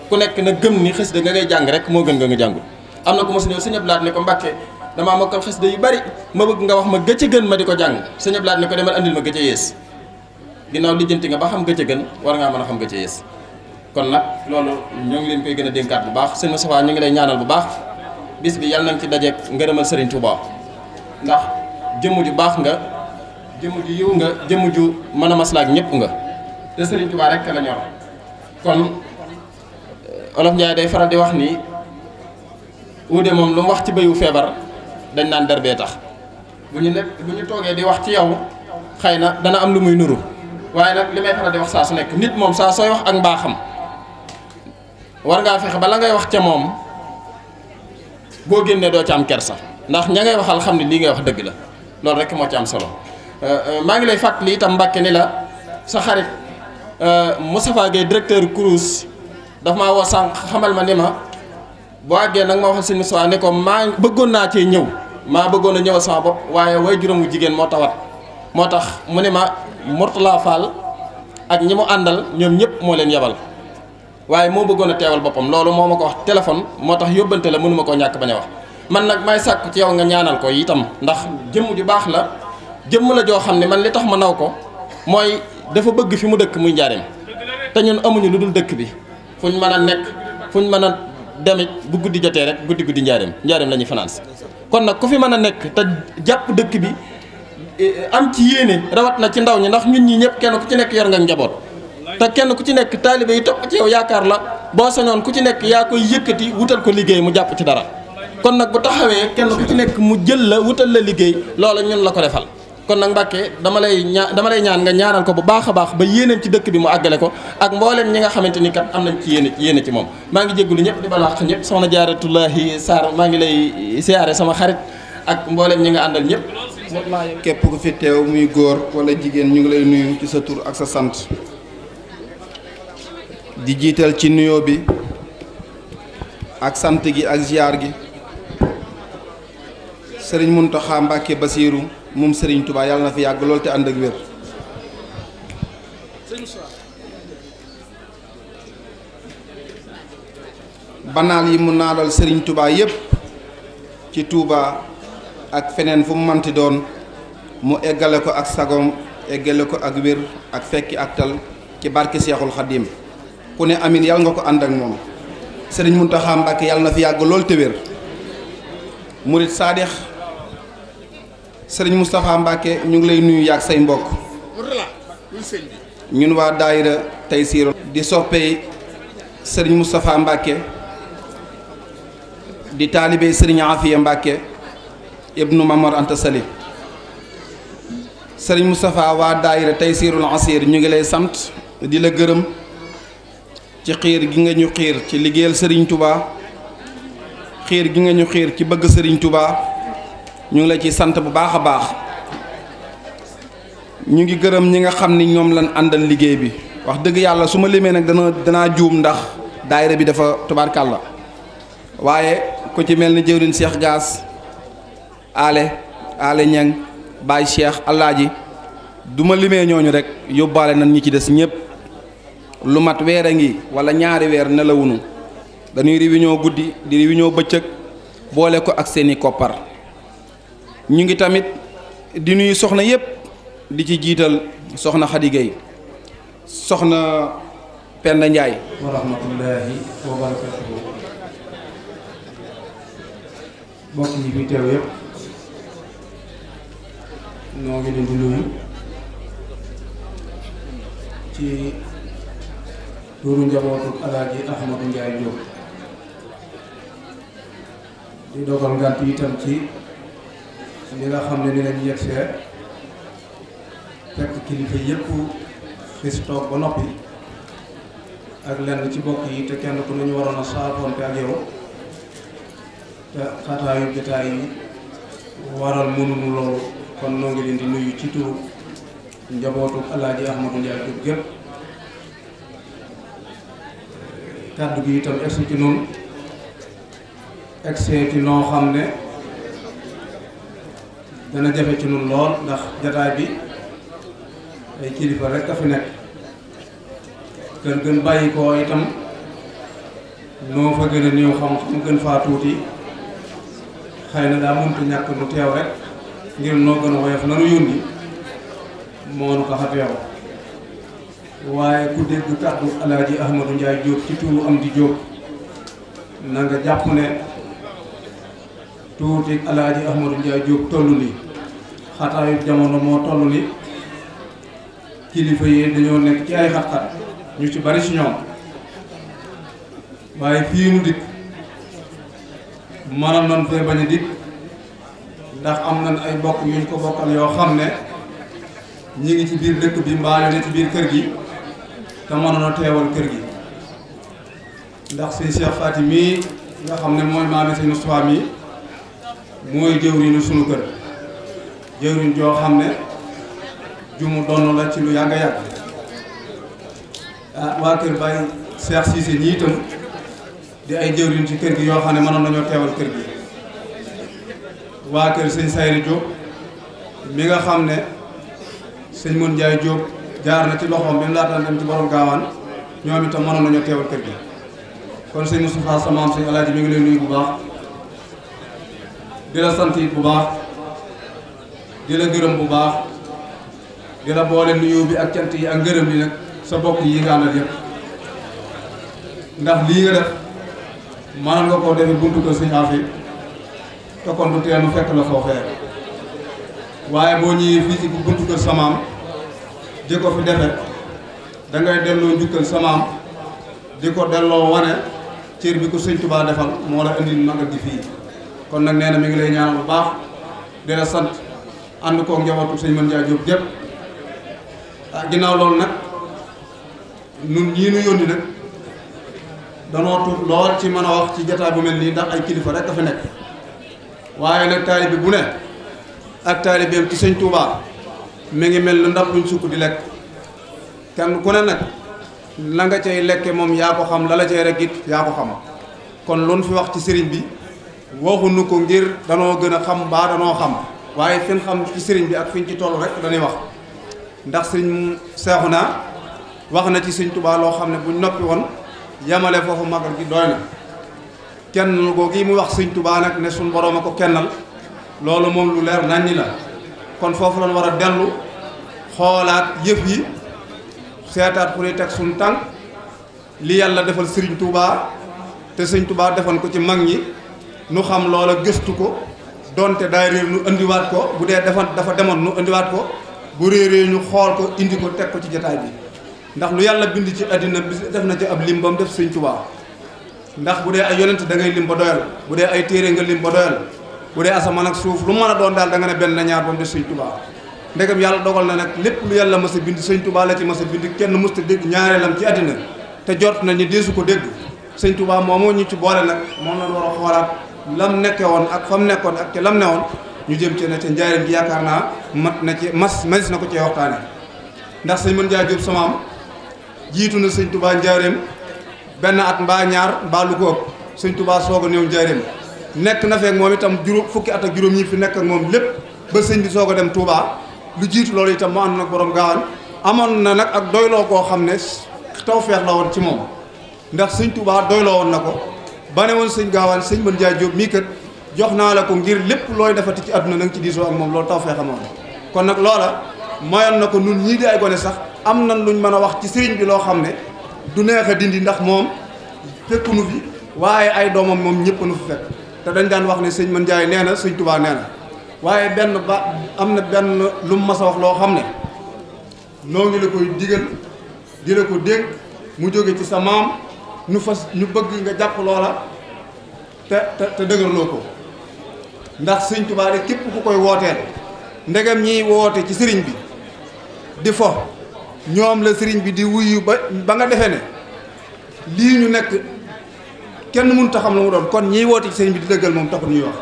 ku nekk na gëm ni xasida nga ngay jàng rek moo gën nga nga jàngut am na ko ma si ñëw sëñ Abdoulaye ne ko Mbàkke damaa mokkal xasida yu bari ma bëgg nga wax ma gëcc gën ma di ko jàng sëñ Abdoulaye ne ko demal andil ma gëcc yees ginnaaw lijjanti nga ba xam gëcc gën war ngaa mën a xam gëcc yees kon nag loolu ñoo ngi leen koy gën a dénkaat bu baax sëñ Moustapha ñu ngi lay ñaanal bu baax bis bi yàlla nañ ci dajeeg ngërëmal Serigne Touba ndax jëmm ju baax nga jëmm ju yiw nga jëmm ju mën a maslaak ñëpp nga te Serigne Touba rek la ñor kon Olof Ndiaye day faral di wax ni uude moom lu mu wax ci béyu feebar dañ naan derbee tax bu ñu ne bu ñu toogee di wax ci yow xëy na dana am lu muy nuru waaye nag li may faral di wax saa su nekk nit moom saa sooy wax ak mbaaxam war ngaa fexe balaa ngay wax ca moom. boo génnee doo ci am kersa ndax ña ngay waxal xam ne lii ngay wax dëgg la loolu rek moo ci am solo euh, euh, maa ngi lay fàttali itam Mbàkke ni la sa xarit euh, Moustapha Gueye directeur CROUS dafa ma wax sànq xamal ma ni ma boo àggee nag ma waxal sëñ Moustapha ne ko maa bëggoon naa cee ñëw maa bëggoon a ñëw sama bopp waaye way juróom wu jigéen moo tawat moo tax mu ne ma Mourtala Fall ak ñi mu àndal ñoom ñëpp moo leen yebal waaye moo bëggoon a teewal boppam loolu moo ma ko wax téléphone moo tax yóbbante la mënuma koo ñàkk bañ a wax man nag may sàkk ci yow nga ñaanal ko itam ndax jëmm ju baax la jëmm la joo xam ne man li tax ma naw ko mooy dafa bëgg fi mu dëkk muy njaareem te ñun amuñu lu dul dëkk bi fu ñu mën a nekk fu ñu mën a demit bu guddi jotee rek guddi guddi njaareem njaareem la ñuy kon nag ku fi mën a nekk te jàpp dëkk bi eh, am ci yéene rawat na ci ndaw ñi ndax ñun ñi ñëpp kenn ku ci nekk yor nga njaboot te kenn ku ci nekk taalibe yi topp ci yow yaakaar la boo sañoon ku ci nekk yaa koy yëkkati wutal ko liggéey mu jàpp ci dara kon nag bu taxawee kenn ku ci nekk mu jël la wutal la liggéey loola ñun la ko defal kon nag Mbàkke dama lay ñaa dama ñaan nga ñaanal ko bu baax a baax ba yéeneem ci dëkk bi mu àggale ko ak mbooleem ñi nga xamante ni kat am nañ ci yéene yéene ci moom maa ngi jéggulu ñëpp di balaax ñëpp soxna Jaaratullaahi Sarr maa ngi lay siyaare sama xarit ak mbooleem ñi nga àndal ñëpp képp ku fi teew muy góor wala jigéen ñu ngi lay nuyu ci sa tur ak sa sant di jiital ci nuyoo bi ak sant gi ak ziar gi sëriñ Muntaxa Mbàkke Basiiru moom sëriñ Tuubaa yàlla na fi yàgg lool te ànd ak wér banaal yi mu naadal sëriñ Tuubaa yépp ci tuuba ak feneen fu mu manti doon mu eggale ko ak sagoom eggale ko ak wér ak fekki ak tal ci barke Seexul Xadiim ku ne amin yàlla nga ko ànd ak moom sëriñ Muntaxa Mbàkke yàlla na fi yàgg loolu te wér murit saadix sëriñ Moustapha Mbàkke ñu ngi lay nuyu yàgg say mbokk ñun waa daayira tey siiro di soppee sëriñ Moustapha Mbàkke di taalibe sëriñ Afiya Mbàkke ibnu Mamor Anta Sali sëriñ Moustapha waa daayira tey siirul asir ñu ngi lay sant di la gërëm ci xiir gi nga ñu xiir ci liggéeyal sëriñ tubaa xiir gi nga ñu xiir ci bëgg sëriñ tubaa ñu ngi la ci sant bu baax a baax ñu ngi gërëm ñi nga xam ni ñoom lan àndal liggéey bi wax dëgg yàlla su ma limee nag dana danaa juum ndax daayira bi dafa tubaarkàl la waaye ku ci mel ni jëwriñ Cheikh Gaas ale ale ñang Baye Cheikh Alaaji duma ma limee ñooñu rek yóbbaale na ñu ci des ñëpp lu mat weer a ngi walla ñaari weer nelawunu dañuy réunion guddi di réunion bëccëg boole ko ak seeni koppar ñu ngi tamit di nuyu soxna yépp di ci jiital soxna Khady soxna Penda Ndiaye tuuru njabootu alaaji Ahmadou Ndiaye Diop di dogal ngànt itam ci li nga xam ne ni lañ yegsee fekk kilifa yëpp fi toog ba noppi ak lenn ci bokk yi te kenn ku nañu waroon a saafonte ak yow te xataayu jotaay waral mënuñu loolu kon noo leen di nuyu ci turu njabootu alaaji Ahmadou Ndiaye Diop gépp kàddu gi itam egsi ci noonu egsi ci noo xam ne dana jafe ci noonu lool ndax jataay bi ay kilifa rek a fi nekk kër gën bàyyi itam noo fa gën a néew xam-xam gën faa tuuti xëy na daa mënut ñàkk nu teew rek ngir noo gën a woyof nanu yónni moo nu ko xa teew waaye ku dégg kàddu alaaji Ahmadou Ndiaye Diop ci tuuru am di Diop na nga jàpp ne tuuti alaaji Ahmadou Ndiaye Diop toll ni xataayu jamono moo toll ni kilifa yi dañoo nekk ci ay xat-xat ñu ci bari si ñoom waaye fii nu dikk mënoon nañ fee bañ a dikk ndax am nañ ay bokk yuñ ko bokkal yoo xam ne ñi ngi ci biir dëkk bi mbaa yoo ne ci biir kër gi te mënoon a teewal kër gi ndax sëñ Cheikh Faty mii nga xam ne mooy maame sëñ Moustapha mii mooy jëwriñu sunu kër jëwriñ joo xam ne ju donn la ci lu yàgg a yàgg ah waa kër Baye Cheikh Cissé ñii itam di ay jëwriñ ci kër gi yoo xam ne mënoon nañoo teewal kër gi waa kër sëñ Sayri Diop mi nga xam ne sëñ Mun Njaay Diop jaar na ci loxoom bi mu laataan dem ci borom gaawaan ñoom itam mënoon nañoo teewal kër gi kon sëñ Moustapha sa maam sëñ Alaaji mi ngi lay nuyu bu sant bu baax di la gërëm bu bi ak cant yi ak ngërëm yi nag sa bokk yi nga àndal yëpp ndax lii nga def mënoon nga koo defee buntu ko sëñ Afi te kon du tee fekk la foofee waaye boo ñëwee fii ci buntu samaam di ko fi defe da ngay delloo njukkal samaam di ko delloo wane cër bi ko sëñ Tuubaa defal moo la indi magal gi fii kon nag nee na mi ngi lay ñaanal bu baax di sant ànd koog njabootu sëñ Mën Jaay Jóob ginnaaw loolu nag nun ñii nu yónni nag danoo tuut lool ci mën a wax ci jataay bu mel nii ndax ay kilifa rek a fi nekk waaye nag taalibe bu ne ak taalibeem ci sëñ Tuubaa mi ngi mel na ndab luñ sukk di lekk kenn ku ne nag na nga cay lekke moom yaa ko xam lala la cay rek it yaa ko xam kon lu fi wax ci sëriñ bi waxuñu ko ngir danoo gën a xam baa xam waaye fi ñu bi ak fi ci toll rek dañuy wax ndax sëriñ seexu naa wax na ci sëriñ tubaa loo xam ne buñ noppi woon yemale foofu magal gi doy na kenn koo gi mu wax sëriñ Tuubaa nag ne suñ boroom a ko kennal loolu moom lu leer naññi la kon foofu lañ war a dellu xoolaat yëf yi seetaat pour yi teg suñ tànk li yàlla defal sëriñ Touba te sëriñ Touba defal ko ci mag ñi nu xam loola gëstu ko donte daay réer nu indiwaat ko bu dee dafa dafa demoon nu indiwaat ko bu réer yi ñu xool ko indi ko teg ko ci jataay bi ndax lu yàlla bind ci àddina bi def na ci ab lim bam def sëriñ Touba ndax bu dee ay yonent da ngay lim ba doyal bu dee ay téere nga lim ba doyal bu dee asamaan nag suuf lu mën a doon daal da ne benn ñaar ba mu des sëñ tubaa ndegam yàlla dogal na nag lépp lu yàlla ma a bind sëñ tubaa la ci mas a bind kenn mës ta dégg ñaareelam ci àddina te jot nañu deesu ko dégg sëñ tubaa moomoo ñu ci boole nag moom la war a xoolaat lam nekke woon ak fam nekkoon ak ca lam ne woon ñu jëm ci na ca njaareem gi yaakaar naa mat na ci mas manis na ko cee waxtaane ndax sëñ mën jaa jóob sama am jiitu na sëñ tubaa njaareem benn at mbaa ñaar mbaa lu ko soog a ñëw njaareem nekk na feek moom itam juróom fukki at ak juróom ñi fi nekk ak moom lépp ba sëñ bi soog a dem Touba lu jiitu loolu itam mu ànd nag borom gaawaan amoon na nag ak doyloo koo xam ne tawfeex la woon ci moom ndax sëñ Touba doyloo woon na ko ba ne woon sëñ gaawaan sëñ mën jaay Jóob mii kat jox naa la ko ngir lépp looy defati ci àdduna na nga ci diisoo ak moom loolu tawfeex amoon kon nag loola mayoon na ko nun ñii di ay gone sax am nan luñ mën a wax ci sëriñ bi loo xam ne du neex dindi ndax moom fekku nu fi ay doomam moom ñëpp nu fi fekk te dañ daan wax ne sëñ mën Njaay nee na sëñ Tuubaa nee na waaye benn ba am na benn lu mu wax loo xam ne noo ngi la koy digal di la ko dégg mu jóge ci sa maam ñu fas ñu bëgg nga jàpp loola te te te dëgërloo ko ndax sëñ Tuubaa de képp ku koy wooteel ndegam ñiy woote ci sëriñ bi di fo ñoom la sëriñ bi di wuyu ba ba nga defe ne lii ñu nekk kenn mun taxam xam lu mu doon kon ñiy woote ci sëñ bi di dëggal moom taxul ñuy wax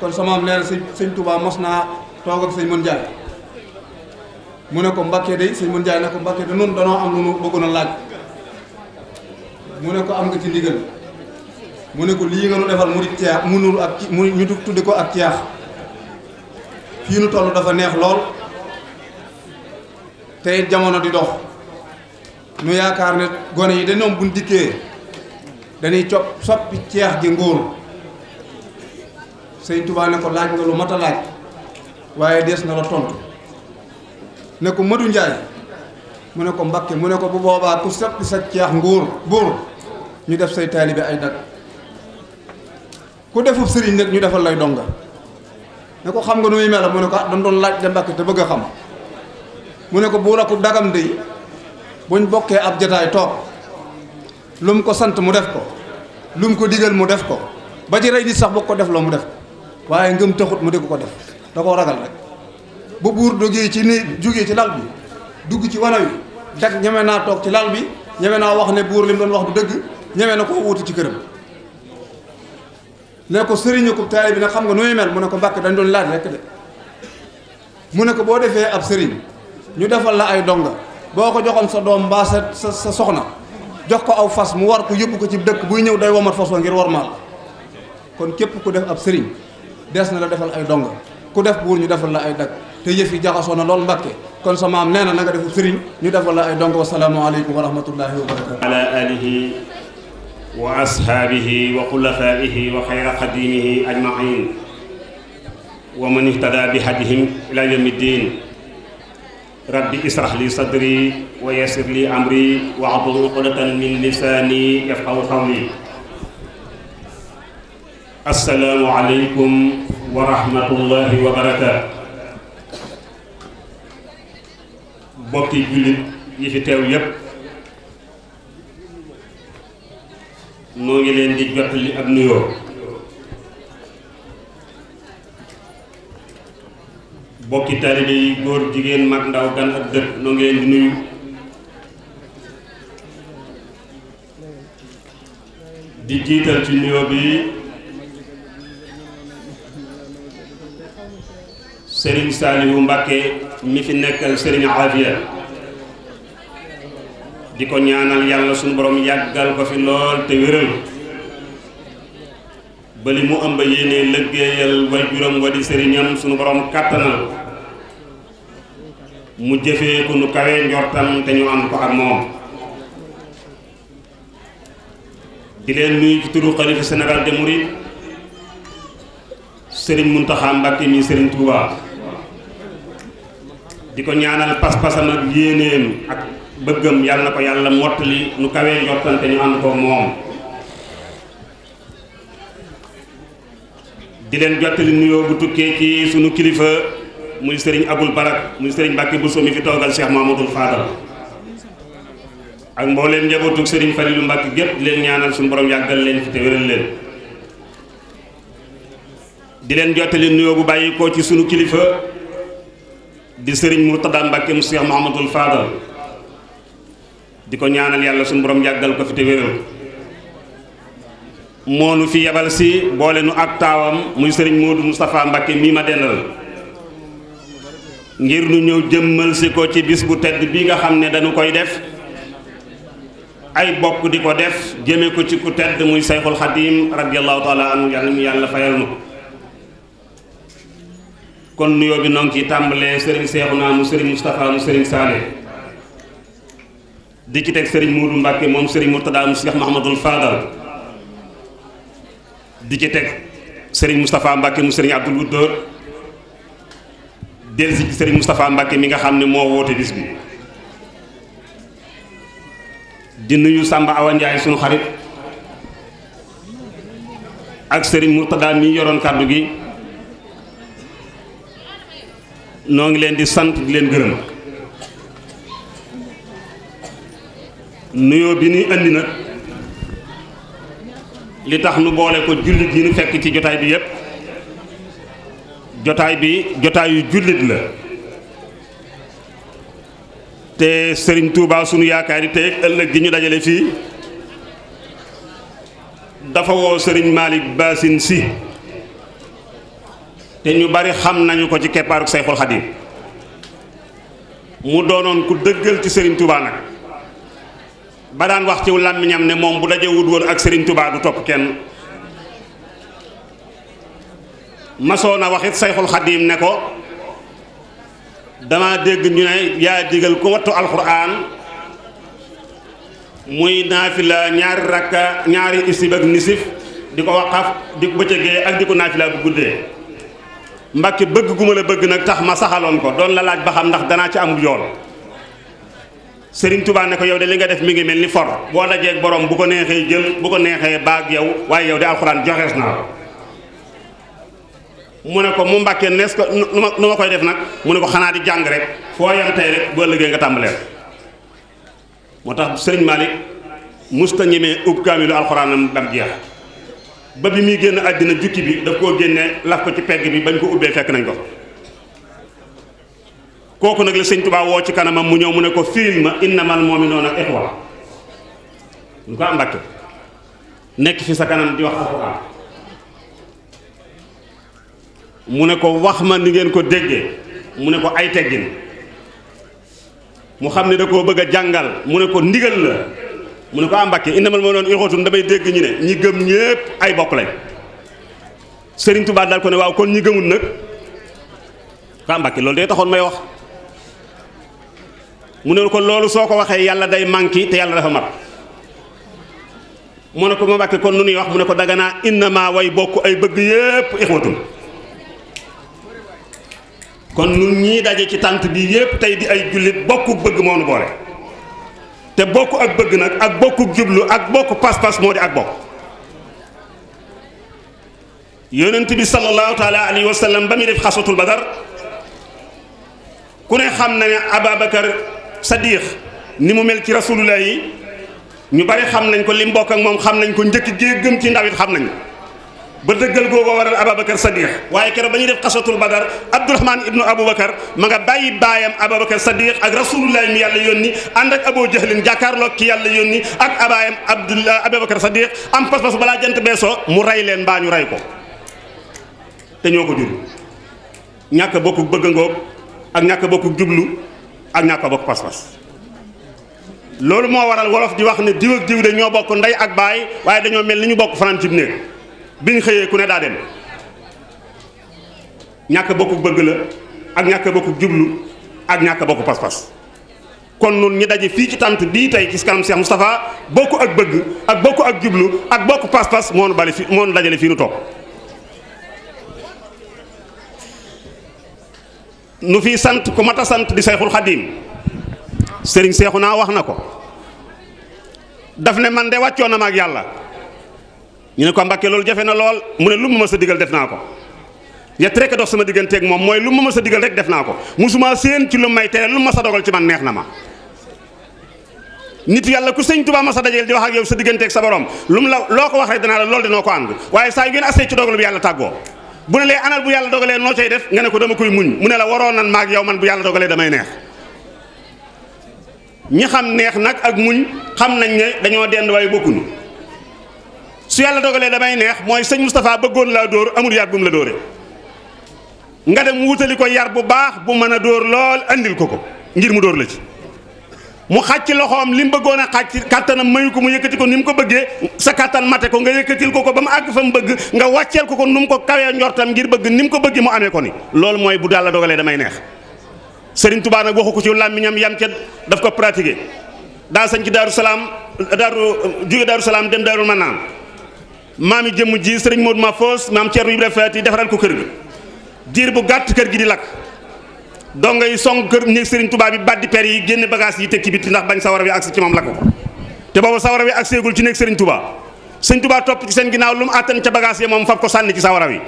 kon sama am nee na sëñ sëñ mos naa toog ak sëñ Mën Njaay mu ne ko Mbàkke day sëñ Mën Njaay ne ko Mbàkke da noonu am lu nu bëggoon a laaj ko am nga ci ndigal mu ne ko lii nga nu mu di ciyaax mu nuru ak ñu tudde ko ak ciyaax fii dafa neex lool tey jamono di dox nu yaakaar ne gone yi dañoom buñ dikkee dañuy cop soppi ceex gi ngóor sëñ Tuubaa ne ko laaj nga lu mat a laaj waaye dees na la tontu ne ko Madu Njaay mu ne ko Mbakke mu ne ko bu boobaa ku soppi sa ceex ngóor buur ñu def say taalibe ay dag ku defub sëriñ nag ñu defal lay donga ne ko xam nga nu muy mel mu ne ko ah dañ doon laaj da Mbakke te bëgg a xam mu ne ko bu rakku dagam de buñ bokkee ab jataay toog lu mu ko sant mu def ko lu mu ko digal mu def ko ba ci rey nit sax boo ko def loo mu def ko waaye ngëm taxut mu di ko def da koo ragal rek bu buur dogee ci ni jógee ci lal bi dugg ci wana wi dag ñeme naa toog ci lal bi ñeme naa wax ne buur li mu doon wax du dëgg ñeme na ko wuutu ci këram ne ko sëriñu ko taali bi nag xam nga nu mel mu ne ko mbàkk dañ doon laaj rek de mu ne ko boo defee ab sëriñ ñu defal la ay donga boo ko joxoon sa doom mbaa sa sa soxna jox ko aw fas mu war ko yóbbu ko ci dëkk buy ñëw day womat fas wa ngir war maal kon képp ku def ab sëriñ des na la defal ay donga ku def buur ñu defal la ay dag te yëf yi jaxasoo na lool Mbàkke kon sa maam nee na na nga def sëriñ ñu defal la ay donga wasalaamualeykum wa rahmatullahi wa barakatu ala alihi wa ashaabihi wa xulafaihi wa xayra xadimihi ajmain wa man ihtada bi hadihim ila yawmi ddin rabbi israh li sadri wa yassir li amri wahlul uqdatan min lisani yafqahu qawli assalaamu aleykum wa rahmatullahi wa barakaatu bokki jullit yi fi teew yépp noo ngi leen di jottali ak nuyoo bokki taalibe yi góor jigéen mag ndaw gan ak dëkk noo ngi leen di nuyu di jiital ci nuyoo bi Serigne Saliou Mbacké mi fi nekkal Serigne Afia di ko ñaanal yàlla suñu borom yàggal ko fi lool te wéral ba li mu ëmb yéene liggéeyal way juróom wa di sëriñam sunu borom kàttanal mu jëfee ku nu kawee njortam te ñu ànd ko ak moom di leen nuyu ci turu xalifa général de Mouride Serigne Mountakha Mbacké mi Serigne Touba di ko ñaanal pas-pasam ak yéeneem ak bëggam yàlla na ko yàlla mottali nu kawee njortam te ñu ànd ko moom di leen jottali nuyoo bu tukkee ci sunu kilifa muy sëriñ abul barak muy sëriñ Mbàkke Bousso mi fi toogal Cheikh Mamadou Fadal ak mbooleem njabootug sëriñ Falilu Mbàkke gépp leen ñaanal suñu borom yàggal leen fi te wéral leen di leen jottali nuyoo bu bàyyi ko ci sunu kilifa di sëriñ Murtada Mbàkke mu Cheikh Mamadou di ko ñaanal yàlla suñu borom yàggal ko fi te wéral moonu fi yebal si boole nu ak taawam muy sëriñ mu Moustapha Mbàkke mii ma dendal ngir ñu ñëw jëmmal si ko ci bis bu tedd bi nga xam ne dañu koy def ay bokk di ko def jëme ko ci ku tedd muy sayxul xadim radiallahu taala yàlla mu yàlla fayal nu kon nuyoo bi noonu ci tàmbalee sëriñ Seexuna mu sëriñ Moustapha mu sëriñ Saale di ci teg sëriñ Muudu Mbàkke moom sëriñ Murtada mu Seex Mahamadul Fadal di ci teg sëriñ Moustapha Mbàkke mu sëriñ Abdul Wuddóor delsi ci sëriñ Moustapha Mbacke mi nga xam ne moo woote bis bi di nuyu Samba Awa sunu xarit ak sëriñ Mourtada mi yoroon kàddu gi noo ngi leen di sant di leen gërëm nuyoo bi nuy andi nag li tax nu boole ko jullit yi nu fekk ci jotaay bi yépp jotaay bi jotaayu jullit la te sëriñ Touba sunu yaakaar yi tey ëllëg gi ñu dajale fii dafa woo sëriñ Malick Bassine si te ñu bari xam nañu ko ci keppaaru Sayxul Xadim mu doonoon ku dëggal ci sëriñ Touba nag ba daan wax ci làmmiñam ne moom bu dajee woon ak sëriñ Touba du topp kenn masoon a waxit sayxul xadiim ne ko dama dégg ñu ne yaa digal ku wattu alxuraan muy naafila ñaari rakka ñaari isib ak nisif di ko waqaf di ko bëccëgee ak di ko naafila bu guddee mbàkke bëgg gu la bëgg nag tax ma saxaloon ko doon la laaj ba xam ndax danaa ci am yool Sëriñ Tuubaa ne ko yow de li nga def mi ngi mel ni for boo la dajeeg borom bu ko neexee jël bu ko neexee baag yow waaye yow de alxuraan joxees naa ko mu ne ko mu mbàkkee nees ko nu ma koy def nag mu xanaa di jàng rek foo yam tey nga tàmbaleel moo tax sëriñ Malick musta ñemee ub kaamilu alxuraanam bam jeex ba bi muy génn àddina jukki bi daf koo génnee laf ci pegg bi bañ ko ubbee fekk nañ ko kooku nag la sëñ Tuubaa ci kanamam mu ñëw mu ne ko firil ma innamal mu'minuuna ixwa ñu ko nekk fi sa kanam di wax alxuraan mu ne ko wax ma ni ngeen ko dégge mu ne ko ay teggin mu xam ne da koo bëgg a jàngal mu ne ko ndigal la mu ne ko àmbàkke ah, indamal moo doon ixootum dégg ñu ne ñi gëm ñépp ay bokk sëriñ Tuubaa daal ko kon ñi gëmul nag ah, ko loolu day taxoon may wax mu ne ko loolu soo ko waxee yàlla day manqué te yàlla dafa mat mu ne ko ma mbàkke kon nu nuy wax mu ne ko daga naa innamaa way bokk ay bëgg yépp ixootum kon ñun ñii daje ci tànt bi yépp tey di ay jullit bokku bëgg moo nu boole te bokku ak bëgg nag ak bokku jublu ak bokk pas-pas moo di ak bokk yonent bi sallallahu taala alayhi ba muy def xasatul badar ku ne xam na ne Ababacar Sadiq ni mu mel ci rasulullah yi ñu bari xam nañ ko li mbokkak moom xam nañ ko njëkk gee gëm ci ndawit xam nañ ba dëggal googu waral Ababacar Sadiq waaye keroog ba ñuy def xasatul badar Abdourahman ibnu Aboubacar ma nga bàyyi baayam Ababacar Sadiq ak rasulullahi mi yàlla ni ànd ak Abou Jahlin jàkkaarloog ci yàlla yónni ak abaayam Abdullah Ababacar Sadiq am pas-pas balaa jant beesoo mu rey leen mbaa ñu rey ko te ñoo ko jur ñàkk a bokk bëgg ngoog ak ñàkk a jublu ak ñàkk a bokk pas loolu moo waral wolof di wax ne diw ak diw ñoo bokk ndey ak baay waaye dañoo mel ni ñu bokk fanaan biñ xëyee ku ne daa dem ñàkk bokku bëgg la ak ñàkk bokku jublu ak ñàkk bokku pas-pas kon nun ñi daje fii ci tant bii tey ci kanam Cheikh Moustapha bokku ak bëgg ak bokk ak jublu ak bokk pas-pas moo nu bale fi moo nu dajale fii nu toog nu fii sant ku mat a sant di Seyxul Xadiim sëriñ Seexu naa wax na ko daf ne man de wàccoon na ma ak yàlla ñu ne ko Mbàkke loolu jafe na lool mu ne lu mu mës a digal def naa ko ñett rek dox sama digganteeg moom mooy lu ma mës a digal rek def naa ko musuma séen ci lu may tere lu a dogal ci man neex na ma. nit yàlla ku sëñ Tuubaa masa dajeel di wax ak yow sa digganteeg sa borom lu mu la loo ko wax rek danaa ko ànd waaye saa yu ngeen ci tàggoo bu ne lee anal bu yàlla dogalee noo cay def nga ne ko dama koy muñ mu ne la waroon nan maag yow man bu yàlla dogalee damay neex ñi xam neex nag ak muñ xam nañ ne dañoo dend waaye bokkuñu su yàlla dogalee damay neex mooy sëñ Moustapha bëggoon laa dóor amul yar bu mu la dóoree nga dem wutali ko yar bu baax bu mën a dóor lool andil ko ko ngir mu dóor la ci mu xàcc loxoom li mu bëggoon a xàcc kàttanam mayu ko mu yëkkati ko ni mu ko bëggee sa kàttan mate ko nga yëkkatil ko ko ba mu àgg fa mu bëgg nga wàcceel ko ko nu mu ko kawee njortam ngir bëgg ni mu ko bëgg mu amee ko ni loolu mooy bu yàlla dogalee damay neex sëriñ Touba nag waxu ko ci làmmiñam yam ca daf ko pratiquer daa sañ ci Daaru Salaam daaru jóge Daaru Salaam dem Daarul Manaan maam maami jëmm ji sëriñ ma Mafos maam Thierno Ibrahima Faty defaral ko kër gi diir bu gàtt kër gi di lakk donga yi song kër néeg sëriñ Touba bi baddi per yi génn bagage yi teg ci biti ndax bañ sawara wi agsi ci moom lakk ko te boobu sawara wi agseegul ci néeg sëriñ Touba sëriñ Touba topp ci seen ginnaaw lu mu àttan ca bagage yi moom fab ko sànni ci sawara wi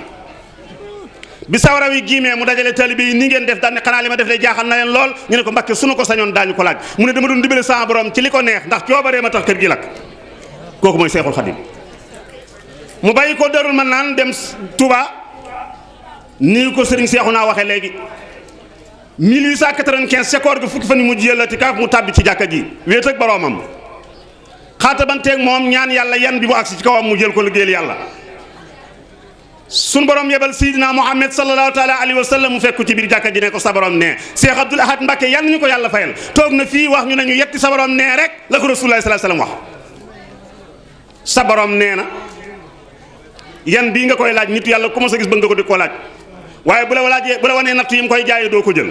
bi sawara wi giimee mu dajale taalibe yi ni ngeen def daanne xanaa li ma def lay jaaxal na leen lool ñu ne ko mbakke sunu ko sañoon daañu ko laaj mu ne dama doon dimbale sama borom ci li ko neex ndax coobaree ma tax kër gi lakk kooku mooy Seexul Xadim mu bàyyi ko darul man naan dem Touba nii ko Serigne naa waxee léegi 1895 ca koor gi fukki fa nu mu jëlati kaaf mu tàbbi ci jàkka ji wéet ak boroomam xaatabanteeg moom ñaan yàlla yan bi mu agsi ci kawam mu jël ko liggéeyal yàlla sun borom yebal Seydina Muhammad sallallahu taala alayhi wa sallam mu fekku ci biir jàkka ji ne ko sa borom ne Cheikh Abdoul Ahad Mbacke yan ñu ko yàlla fayal toog na fii wax ñu ne ñu yetti sa borom nee rek la ko Rasulullah sallallahu alayhi wa sallam sa borom nee na. yan bii nga koy laaj nit yàlla ku ma sa gis bëgg nga ko di ko laaj waaye bu la laajee bu la wanee natt yi mu koy jaayee doo ko jël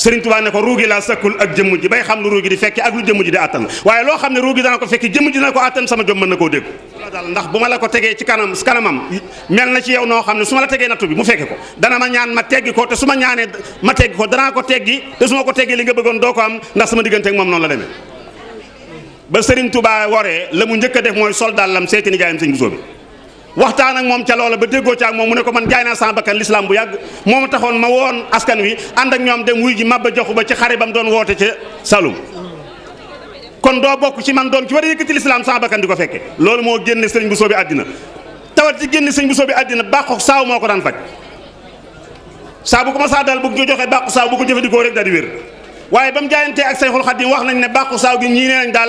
Sëriñ Tuubaa ne ko ruugi laa sëkkul ak jëmm ji bay xam lu ruugi di fekki ak lu jëmm ji di attan waaye loo xam ne ruugi dana ko fekki jëmm ji na ko attan sama jom mën na koo dégg daal ndax bu ma la ko tegee ci kanam kanamam mel na ci yow noo xam ne su ma la tegee nattu bi mu fekke ko dana ma ñaan ma teggi ko te su ma ñaanee ma teggi ko danaa ko teggi te su ko teggee li nga bëggoon doo ko am ndax sama diggante ba Sëriñ Tuubaa waree la mu njëkk def mooy sol dàllam seeti nijaayam sëñ Buso bi waxtaan ak moom ca loola ba déggoo ca ak moom mu ne ko man jaay naa sama bakkan lislaam bu yàgg moom taxoon ma woon askan wi ànd ak ñoom dem wuy ji mabba joxu ba ci xare ba mu doon woote ca Saloum kon doo bokk ci man doon ci war a yëkkati lislaam sama bakkan di ko fekke loolu moo génne sëriñ bu soobi àddina tawat ci génne sëriñ bu soobi àddina bàqu saaw moo ko daan faj saa ko ma saa dal bu ko joxee bàqu saaw bu ko jëfandikoo rek daal di wér waaye ba mu wax nañ ne bàqu saaw gi ñii nañ daa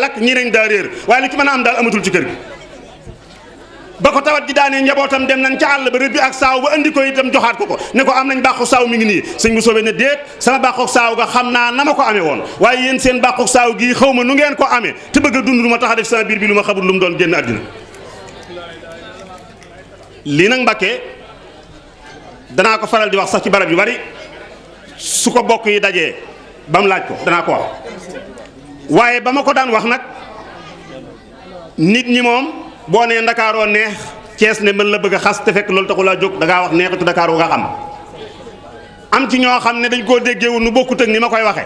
daa réer waaye lu ci amatul ci kër gi ba ko tawat ji daanee njabootam dem nañ ca àll ba rëbbi ak saaw ba andi ko tam joxaat ko ko ne ko am nañ bàqu saaw mi ngi nii sañ bu soobee ne déet sama bàqu saaw ga xam naa na ma ko amee woon waaye yéen seen bàqu saaw gii xaw ma nu ngeen ko amee te bëgg a dund lu ma tax a def sama biir bi lu ma xamul lu mu doon génn àddina lii nag Mbàkke danaa ko faral di wax sax ci barab yu bari su ko bokk yi dajee ba mu laaj ko danaa ko wax waaye ba ma ko daan wax nag ñi moom boo nee ndakaaroo neex Cees ne man la bëgg a xas te fekk loolu taxu laa jóg dangaa ngaa wax neexatu Dakar nga xam am ci ñoo xam ne dañ koo déggeewu nu bokkut ak ni ma koy waxe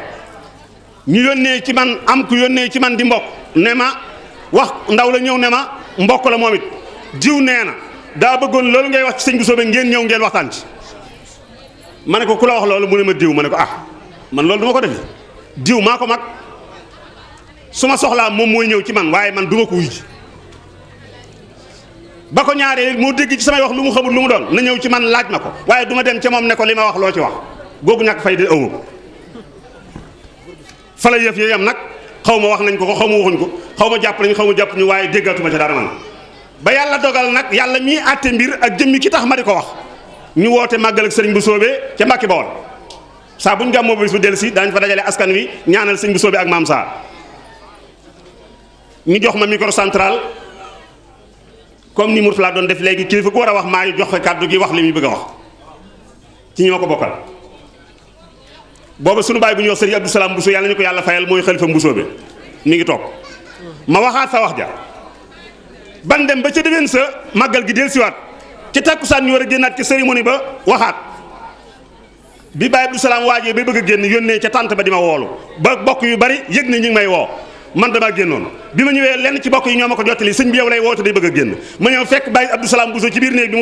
ñu yónnee ci man am ku yónnee ci man di mbokk ne ma wax ndaw la ñëw ne ma mbokk la moom it jiw nee na daa bëggoon loolu ngay wax ci sëñ bu soobee ngeen ñëw ngeen waxtaan ci ne ko ku la wax loolu mu ne ma diw ma ne ko ah man loolu du ma ko defi diw maa ko mag su ma soxlaa moom mooy ñëw ci man waaye man du ma ko wuy ba ko ñaaree moo dégg ci samay wax lu mu xamul lu mu doon na ñëw ci man laaj ma ko waaye du ma dem ca moom ne ko li ma wax loo ci wax googu ñàkk fay di ëwma fa la yëf yooyam nag xaw ma wax nañ ko ko xaw ma waxuñ ko xaw ma jàpp nañ xaw ma jàpp ñu waaye déggatuma ca dara man ba yàlla dogal nag yàlla mii àtte mbir ak jëmmi ki tax ma di ko wax ñu woote màggal ak sëriñ bu soobee ca Mbàkke Bawol saa bu ñu gàmmoo bis bu dellu si daañu fa dajale askan wi ñaanal sëriñ bu soobee ak maam saa ñu jox ma micro central comme ni Mourtala doon def léegi kilifa ku war a wax maa ngi jox ko kàddu gi wax li muy bëgg a wax ci ñi ma ko bokkal booba sunu baay bu ñuy wax sëriñ Abdou Salaam Bousso yàlla ñu ko yàlla fayal mooy xalifa Mbousso bi mi ngi toog ma waxaat sa wax ja ban dem ba ca déwén sa màggal gi dellusiwaat ci takkusaan ñu war a génnaat ci cérémonie ba waxaat bi baay Abdou Salaam waajee bay bëgg a génn yónnee ca tànt ba di ma woolu ba bokk yu bari yëg na ñu ngi may woo. man damaa génnoon bi ma ñëwee lenn ci bokk yi ñoo ma ko jottali sëñ bi yow lay woote day bëgg a génn ma ñëw fekk Baye Abdou Salaam Bousso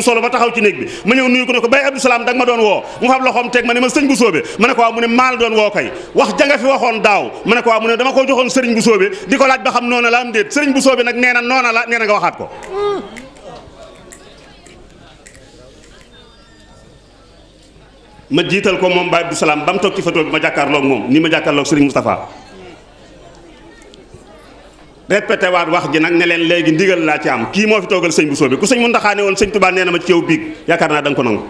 solo ba taxaw ci néeg bi ma ñëw nuyu ko ne ko Baye Abdou Salaam danga ma doon woo mu fab loxoom teg ma ne ma ne ko waaw mu ne maal doon woo koy wax janga fi waxoon daaw ma ne ko waaw mu ne dama koo joxoon sëriñ bu soobe di ko laaj ba xam noona la am déet sëriñ bu soobe nag nee na noona la nee na nga waxaat ko ma jiital ko moom Baye Abdou Salaam ba mu toog ci photo bi ma jàkkaarloog ma jàkkaarloog sëriñ Moustapha répété waat wax ji nag ne leen léegi ndigal laa ci am kii moo fi toogal sëñ bu soobi ku sëñ mu ndaxaane woon sëñ tubaa nee ma ci yow biig yaakaar naa da ko nangu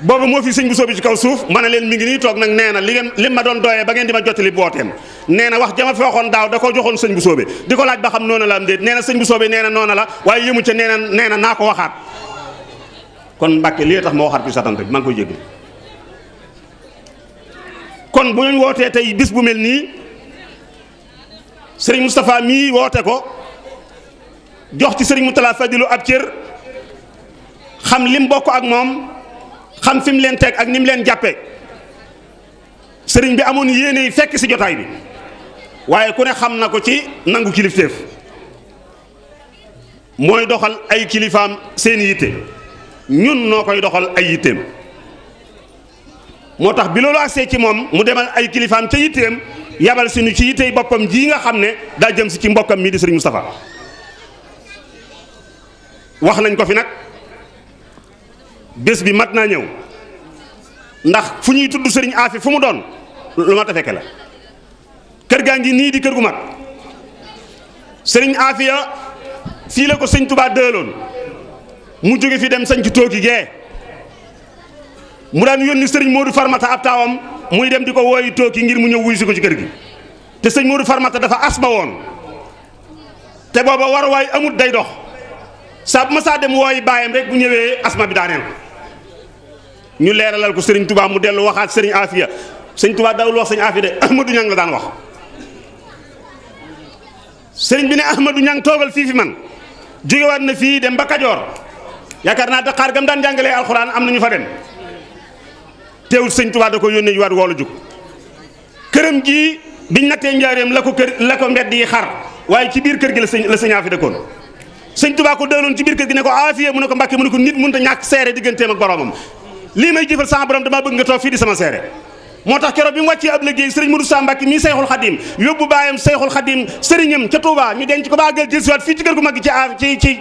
boobu moo fi sëñ bu soobi ci kaw suuf ma ne leen mi ngi nii toog nag nee na li ngeen li ma doon dooyee ba ngeen di ma jottali booteem nee na wax jama fi waxoon daaw da ko joxoon sëñ bu soobi di ko laaj ba xam noona la am déet nee na sëñ bu soobi nee na noona la waaye yëmu ca nee na nee na naa tax ma waxaat bi satante bi maa ngi koy jégg kon sëriñ Moustapha mii woote ko jox ci sëriñ Moutala Fadilu ab cër xam lim bokk ak moom xam fim leen teg ak nim leen jàppe sëriñ bi amoon yéene yi fekk si jotaay bi waaye ku ne xam na ko ci nangu kilifteef mooy doxal ay kilifaam seen yitte ñun noo koy doxal ay yitteem moo tax bi loolu agsee ci moom mu demal ay kilifaam ca yitteem yabal suñu ci tey boppam ji nga xam ne daa jëm si ci mbokkam mii di sëriñ Moustapha wax nañ ko fi nag bés bi mat naa ñëw ndax fu ñuy tudd sëriñ Afi fu mu doon lu mat a fekke la kër gaa ngi nii di kër gu mag sëriñ Afiya fii la ko sëñ Touba dëloon mu jóge fi dem sañ ci tooki gee mu daan yónni sëriñ Modou Farmata ab taawam muy dem di ko wooyi tooki ngir mu ñëw wuy si ko ci kër gi te sëñ Modou Farmata dafa asma woon te booba waruwaay amut day dox saa bu ma saa dem wooyi baayam rek bu ñëwee asma bi daaneel ko ñu ko sëriñ tubaa mu dellu waxaat sëriñ Afia sëñ Touba daawul wax sëñ Afia de Ahmadou Ñang la daan wax sëriñ bi ne Ahmadou Ñang toogal fii fi man jógewaat na fii dem ba Kajoor yaakaar naa daqaar gam daan jàngalee alxuraan am na ñu fa teewul sëñ Tuubaa ko yónnee yu waat woolu jug këram gii biñ nattee njaareem la ko kër la ko mbedd yi xar waaye ci biir kër gi la sëñ la sëñ Aafiya dëkkoon sëñ Tuubaa ko dëloon ci biir kër gi ne ko Aafiya mu ne ko Mbàkke mu ne ko nit mënut a ñàkk seere digganteem ak boromam lii may jëfal sama borom damaa bëgg nga toog fii di sama seere moo tax keroog bi mu wàccee ab liggéey sëriñ Modou Sa Mbacké mii Seyxul Xadim yóbbu baayam Seyxul Xadim sëriñam ca Touba ñu denc ko baa àggal jël siwaat fii ci kër gu mag gi ci a ci ci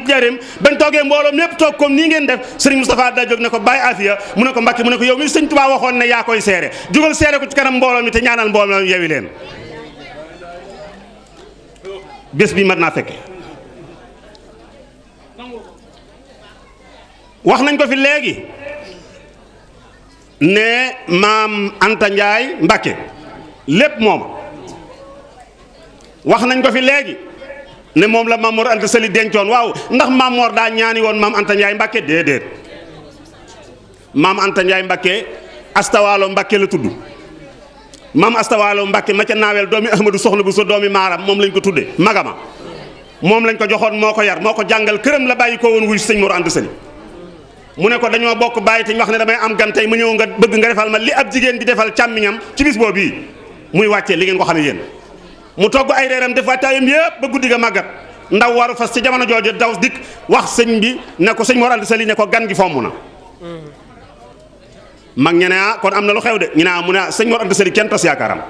bañ toogee mbooloom lépp toog comme nii ngeen def sëriñ Moustapha daa jóg ne ko bàyyi afiya mu ne ko Mbacké mu ne ko yow mi sëñ Touba waxoon ne yaa koy seere jugal seere ko ci kanam mbooloo mi te ñaanal mbooloo mi yewi leen bés bi mat naa fekke wax nañ ko fi léegi ne maam Anta Ndiaye lépp moom wax nañ ko fi léegi ne moom la maam Mor Anta Sali dencoon waaw ndax maam Mor daa ñaani woon maam Anta Ndiaye Mbacke déedéet maam Anta Ndiaye Mbacke astawaalo Mbacke la tudd maam astawaalo Mbacke ma ca naaweel doomi Ahmadou Soxna bu sa doomi maaram moom lañ ko tudde magama moom lañ ko joxoon moo ko yar moo ko jàngal këram la bàyyi ko woon wuy sëñ Mor Anta Sali mu ne ko dañoo bokk bàyyi te ñu wax ne damay am gan tey mu ñëw nga bëgg nga defal ma li ab jigéen di defal càmmiñam ci bis boobu bii muy wàccee li ngeen ko xam ne yéen mu togg ay reeram def waataayam yëpp ba guddi ga màggat ndaw waru fas ci jamono jooju daw dikk wax sëñ bi ne ko sëñ Mor Anta Sali ne ko gan gi fomm na mag ñe ne ah kon am na lu xew de ñu ne ah mu ne ah sëñ Mor Anta Sali kenn tas yaakaaram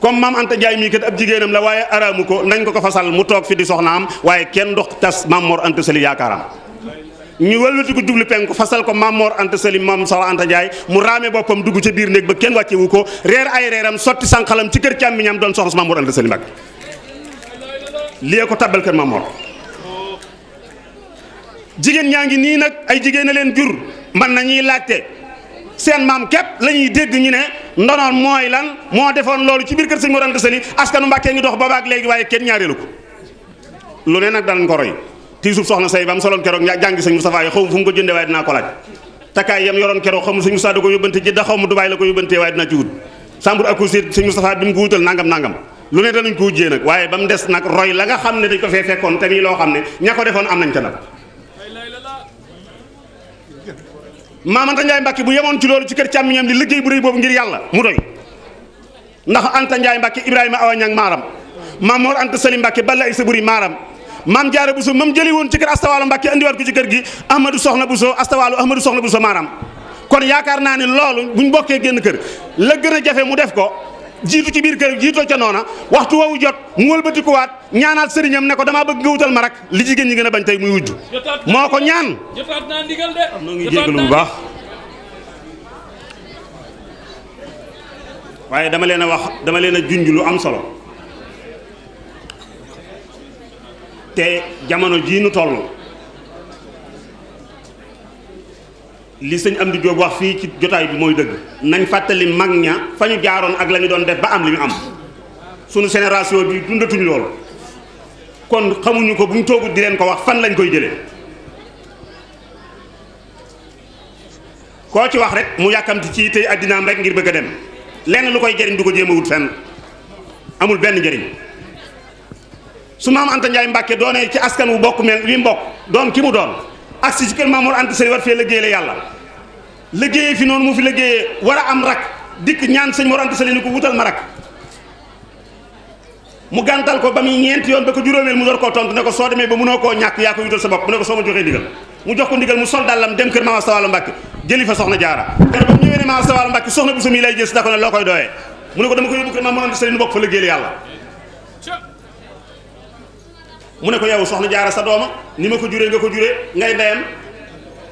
comme maam Anta Ndiaye mii kat ab jigéenam la waaye araamu ko nañ ko ko fasal mu toog fi di soxnaam waaye kenn dox tas maam Mor Anta Sali yaakaaram ñu wëlbati ko jublu penk fasal ko maam Mor Anta Salim maam Soxla Anta mu raame boppam dugg ca biir néeg ba kenn wàccewu ko reer ay reeram sotti sànqalam ci kër càmmiñam doon soxna si maam Mor Anta Salim ak ko tabbal kër maam jigéen ñaa ngi nii nag ay jigéen a leen jur man ñuy laajte seen maam képp la ñuy dégg ñu ne ndonoon mooy lan moo defoon loolu ci biir kër sëñ Mor Anta Salim askanu Mbàkke ngi dox boobaak léegi waaye kenn ñaareelu ko lu ne nag danañ tiisub soxna say ba mu soloon keroog jàngi sëñ Moustapha yi xaw ma fu mu ko jëndee waaye dinaa ko takkaay yam yoroon keroog xaw ma sëñ Moustapha da ko yóbbante ji da xaw ma Dubaay la ko yóbbantee waaye dinaa ci wut chambre à coucher sëñ Moustapha bi mu ko wutal nangam nangam lu ne danañ ko wujjee nag waaye ba mu des nag roy la nga xam ne dañ ko fee fekkoon tamit loo xam ne ña ko defoon am nañ ca nag maamanta Njaay Mbàkke bu yemoon ci loolu ci kër càmmiñam li liggéey bu rëy boobu ngir yàlla mu doy ndax Anta Njaay Mbàkke Ibrahima Awa Ñang maaram Maam Mor Anta Sali Mbàkke Balla Isa Buri maaram maam jaara buso mam jëli woon ci kër astawaalo mbàkke andiwaat ko ci kër gi ahmadou soxna buso astawaalo ahmadou soxna buso maanaam kon yaakaar naa ne loolu buñ bokkee génn kër la gën a jafe mu def ko jiitu ci biir kër jiitoo ca noona waxtu woowu jot mu wëlbatikuwaat ñaanaat sëriñam ne ko damaa bëgg nga wutal ma rak li jigéen ñi gën a bañ tey muy wujj moo ko ñaan noo ngi jégalu bu baax waaye dama leen wax dama leen a junj lu am solo te jamono jii nu toll li sëñ Amdi Jóob wax fii ci jotaay bi mooy dëgg nañ fàttali mag ña fa ñu jaaroon ak lañu doon def ba am li ñu am sunu génération bi dundatuñ loolu kon xamuñu ko buñ toogut di leen ko wax fan lañ koy jële koo ci wax rek mu yàkkamti ci tey àddinaam rek ngir bëgg a dem lenn lu koy jëriñ du ko jéem a wut fenn amul benn njëriñ. su maam Anta Ndiaye Mbacke doonee ci askan wu bokk mel wi mbokk doon ki mu doon ak si ci kër Mamour Anta Sali war fee liggéey la yàlla liggéeyee fi noonu mu fi liggéeyee war a am rak dikk ñaan sëñ Mor Anta Sali ni ko wutal ma rak mu gàntal ko ba muy ñeenti yoon ba ko juróomeel mu door koo tontu ne ko soo demee ba mu ne ko soo ma joxee ndigal mu jox ko ndigal mu sol dàllam dem kër Maam Asta Walo Mbacke jëli fa soxna jaara kër ba mu ñëwee mu ne ko yow soxna jaara sa dooma ni ma ko juree nga ko juree ngay ndeyam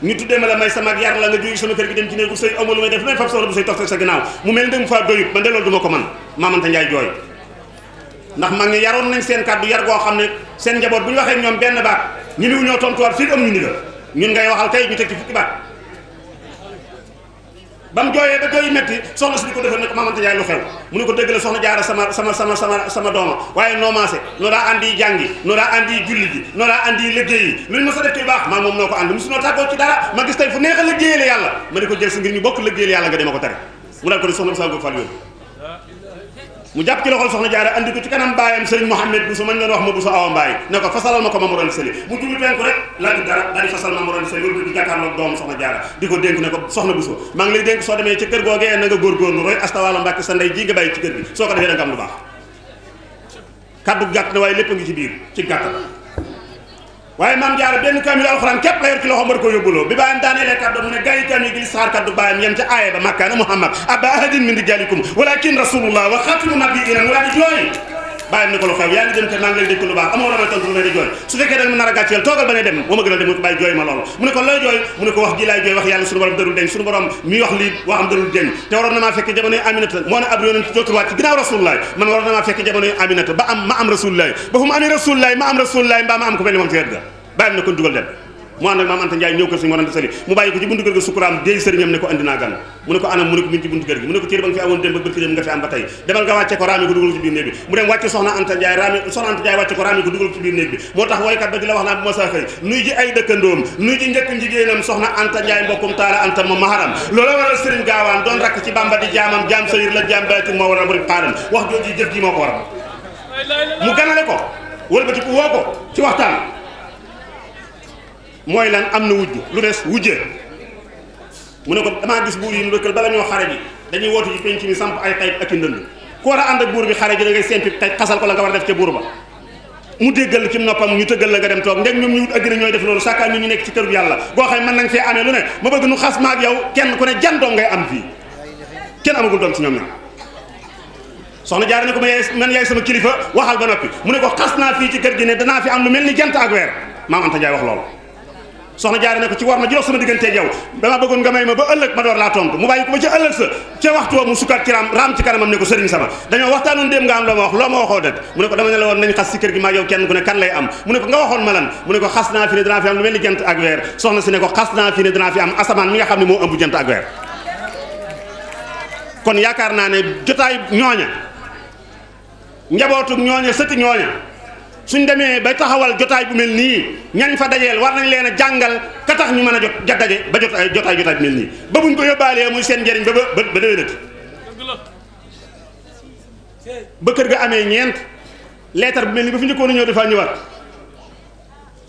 ñu tuddee ma la may sama ak yar la nga jóge sama kër gi dem ci néegu sëy amul lu may def lay fab soxna bu sëy toog sa ginnaaw mu mel ni faa doyut man de loolu duma ko man maamante njaay jooy ndax mag ñi yaroon nañ seen kàddu yar goo xam ne seen njaboot bu ñu waxee ñoom benn baat ñu niw ñoo tontuwaat fii am ñu ni la ñun ngay waxal tey ñu teg ci fukki baat ba mu jooyee ba jooy métti soxna suñu ko defal ne ko mamante jaay lu xew mu ne ko dëgg la soxna jaara sama sama sama sama sama dooma waaye noo maase noo daa andi jàngi noo daa andi julli ji noo daa andi liggéey yi lu ñu ma sa def ci baax maa moom noo ko ànd mu sunoo tàggoo ci dara ma gis tey fu neex a liggéeyal yàlla ma ne ko jël si ngir ñu bokk liggéeyal yàlla nga dem ko tere mu daal ko ne soxna bi sa go fal mu jàpp ci loxol soxna jaara andi ko ci kanam baayam sëriñ Mouhamed Bousso mañ doon wax ma Bousso Awa Mbaay ne ko fasalal ma ko ma mu doon sëli mu jublu rek laaj dara daal di ma mu doon sëli wala di jàkkaarloog doomu soxna jaara di ko dénk ne ko soxna Bousso maa ngi lay dénk soo demee ci kër googee na nga góorgóorlu roy astawaala Mbàkke sa ndey nga bàyyi ci kër gi soo ko defee da am lu baax kaddu gàtt na waaye lépp a ngi ci biir ci gàttal waaye maam jaara benn kaamil alxuraan képp la yor ci loxo mën ko yóbbuloo bi baayam daanelee kàddu mu ne gayi kaamil gi saar kàddu baayam yem ca aaya ba makkaana muhammad abba ahadin min rijalikum walakin rasulullah wa xatimu nabiina mu laa di jooy bàyyi na ko lu xew yaa ngi jëm te maa ngi lay dégg lu baax amoo la may tontu lu jooy su fekkee dag ma nar a gàcceel toogal ba ne dem moo ma gën dem ko bàyyi ko looy jooy mu ne ko wax ji laay jooy wax yàlla suñu borom darul deñ suñu borom mi wax lii waxam darul deñ te waroon na maa fekk jamonoy aminata moo ne ab yonent dootul wàcc ginnaaw rasulullaay man waroon na maa fekk jamonoy aminata ba am ma am rasulullaay ba fu mu amee ma am rasulullaay ma mu ànd ak maam Anta Ndiaye ñëw kër sëñ Mor Anta moo tax woykat ba di la wax naa bu saa xëy nuy ji ay dëkkandoom nuy ji njëkk njigéenam soxna Anta Ndiaye mbokkum taala Anta ma maharam loola waral sëriñ gaawaan doon rakk ci bamba di jaamam jaam sayir la jaam baati moo waral bari xaalam wax jooju jëf ji moo ko waral mu ganale ko wëlbati ko woo ko ci waxtaan mooy lan am na wujj lu des wujje mu ne ko damaa gis buur yi mu dëkkal bala ñoo xare ji dañuy woote ci penc samp ay tay ak i ndënd ku war a ànd ak buur bi xare ji da ngay séntu xasal ko la nga war a def ca buur ba mu déggal ci noppam ñu tëggal la nga dem toog ndeg ñoom ñu wut addina ñooy def loolu sàkkaa ñu ñu nekk ci kër yàlla goo xam ne mën nañ fee amee lu ne ma bëgg nu xas ma ak kenn ku ne jan doom ngay am fii kenn amagul doom jaar ne ko man yaay sama kilifa waxal ba noppi mu ne ko xas naa ci kër gi danaa am lu mel ni jant ak weer maam Anta Njaay soxna jaare ne ko ci war ma ji dox sama digganteeg yow dama bëggoon nga may ma ba ëllëg ma door laa tontu mu bàyyi ko ba ca ëllëg sa ca waxtu mu sukkaat ci raam raam ci kanamam ne ko sëriñ sama dañoo waxtaanoon démb nga am loo ma wax loo ma waxoo det mu ne ko dama ne la xas si kër gi maa yow kenn ku ne kan lay am mu ne ko nga waxoon ma mu ne ko xas naa fi ne danaa fi am lu mel ni jant ak weer soxna si ne ko xas naa fi ne danaa fi am asamaan suñ demee ba taxawal jotaay bu mel nii ñañ fa dajeel war nañ leen a jàngal ka tax ñu mën a jot ja daje ba jot ay jotaay jotaay bu mel nii ba buñ ko yóbbaalee muy seen njariñ ba ba ba déwénati ba kër ga amee ñeent leetar bu mel nii ba fi njëkkoon a ñëw dafaa ñëwaat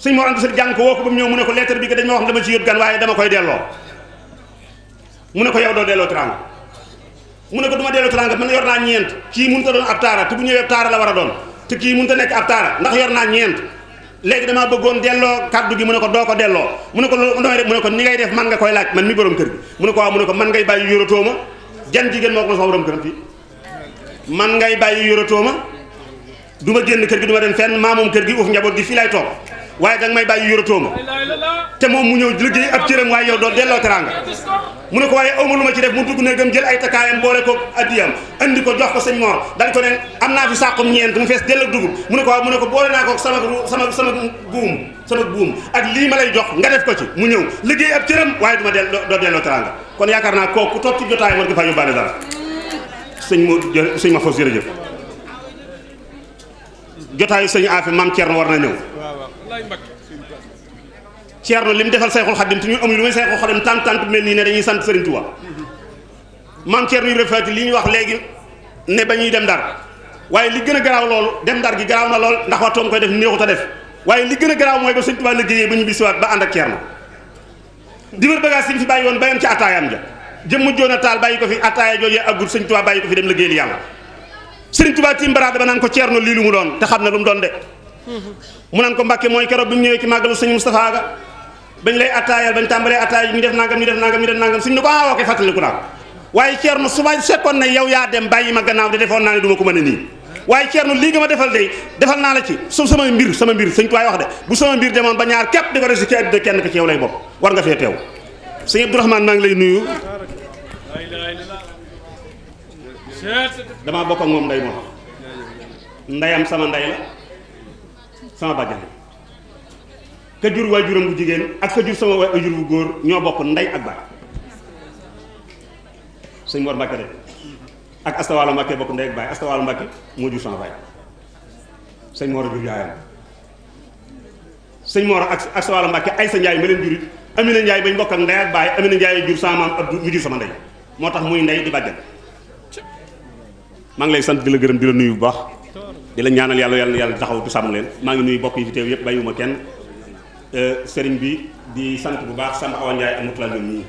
suñ moo ant seen jàng ko woo ko ba mu ñëw mu ne ko leetar bi dañ ma wax dama ci yót gan waaye dama koy delloo mu ne ko yow doo delloo teraanga mu ne ko duma delloo teraanga man yor naa kii mënut a doon ab taara bu ñëwee ab la war a doon te kii mënut a nekk ab taala ndax yor naa ñeent léegi damaa bëggoon delloo kàddu gi mu ne ko doo ko delloo mu ne ko loolu damay def mu ne ko ni ngay def man nga koy laaj man mi borom kër gi mu ne ko waaw mu ne ko man ngay bàyyi yoratoo ma jan jigéen moo ko sama borom këram fii man ngay bàyyi yoratoo ma du ma génn kër gi du ma dem fenn maa moom kër gi uuf njaboot gi fii lay toog waaye danga may bàyyi yoratoo ma te moom mu ñëw liggéey ab cëram waaye yow doo delloo teraanga mu ne ko waaye awma lu ma ci def mu dugg ne gëm jël ay takkaayam boole ko addiyam andi ko jox ko señ Mor dañ ko ne am naa fi sàqum ñeent mu fees dell dugub mu ne ko waaw mu ne ko boole naa ko sama sama sama buum sama buum ak lii ma lay jox nga def ko ci mu ñëw liggéey ab cëram waaye duma del doo delloo teraanga kon yaakaar naa kooku ku toog ci jotaay war nga faa yóbbaale dara sëñ mo sëñ ma foos jërëjëf jotaayu sëñ Afi maam Thierno war na ñëw Ceerno li mu defal Sayxul Xadim te ñu amul lu may Sayxul Xadim tant tant mel nii ne dañuy sant Sëriñ Tuubaa maam Ceerno yu rafet li ñu wax léegi ne ba ñuy dem Ndar waaye li gën a garaaw dem Ndar gi garaaw na lool ndax waxtoom koy def néexut def waaye li gën a garaaw mooy ba Sëriñ Tuubaa liggéeyee ba ñu bisiwaat ba ànd ak Ceerno divers bagage yi woon bayam ci ataayam ja jëmm taal bàyyi ko fi ataaya jooju agul Sëriñ Tuubaa bàyyi ko fi dem liggéeyal yàlla Sëriñ Tuubaa tiim baraada ba naan ko Ceerno lii lu mu doon te xam ne lu mu doon de mu naan ko Mbàkke mooy keroog bi mu ñëwee ci màggalu sëñ Moustapha ga bañ lay attaayal bañ tàmbalee attaay ñu def nangam ñu def nangam ñu def nangam suñ ni ko ah ok fàttaliku naa ko waaye Ceerno su ma sekkoon ne yow yaa dem bàyyi ma gannaaw de defoon naa ne du ko mën a nii waaye Ceerno lii nga ma defal de defal naa la ci su sama mbir sama mbir sëñ tuwaay wax de bu sama mbir demoon ba ñaar képp di ko def si ci àddina kenn ko ci yow lay bopp war nga fee teew sëñ Abdourahmane maa ngi lay nuyu damaa bokk ak moom nday moom ndayam sama nday la sama bàjjan ka jur waajuram bu jigéen ak ka jur sama waajur bu góor ñoo bokk ndey ak baay sëñ Mor Mbàkke de ak Astawaalo Mbàkke bokk ndey ak baay Astawaalo Mbàkke moo jur sama sëñ Mor a jur yaayam sëñ Mor ak Astawaalo Mbàkke Njaay ma leen jurit Amina Njaay bañ bokk ak ndey ak baay Amina Njaay jur sama maam Abdu mu jur sama ndey moo tax muy ndey di bàjjan maa ngi lay sant di la gërëm di la nuyu bu baax di la ñaanal yàlla yàlla yàlla taxaw tu sàmm leen maa ngi nuyu bokk yi fi teew yëpp bàyyiwuma kenn euh, sëriñ bi di sant bu baax Samba Awa Ndiaye ak Moutala ñii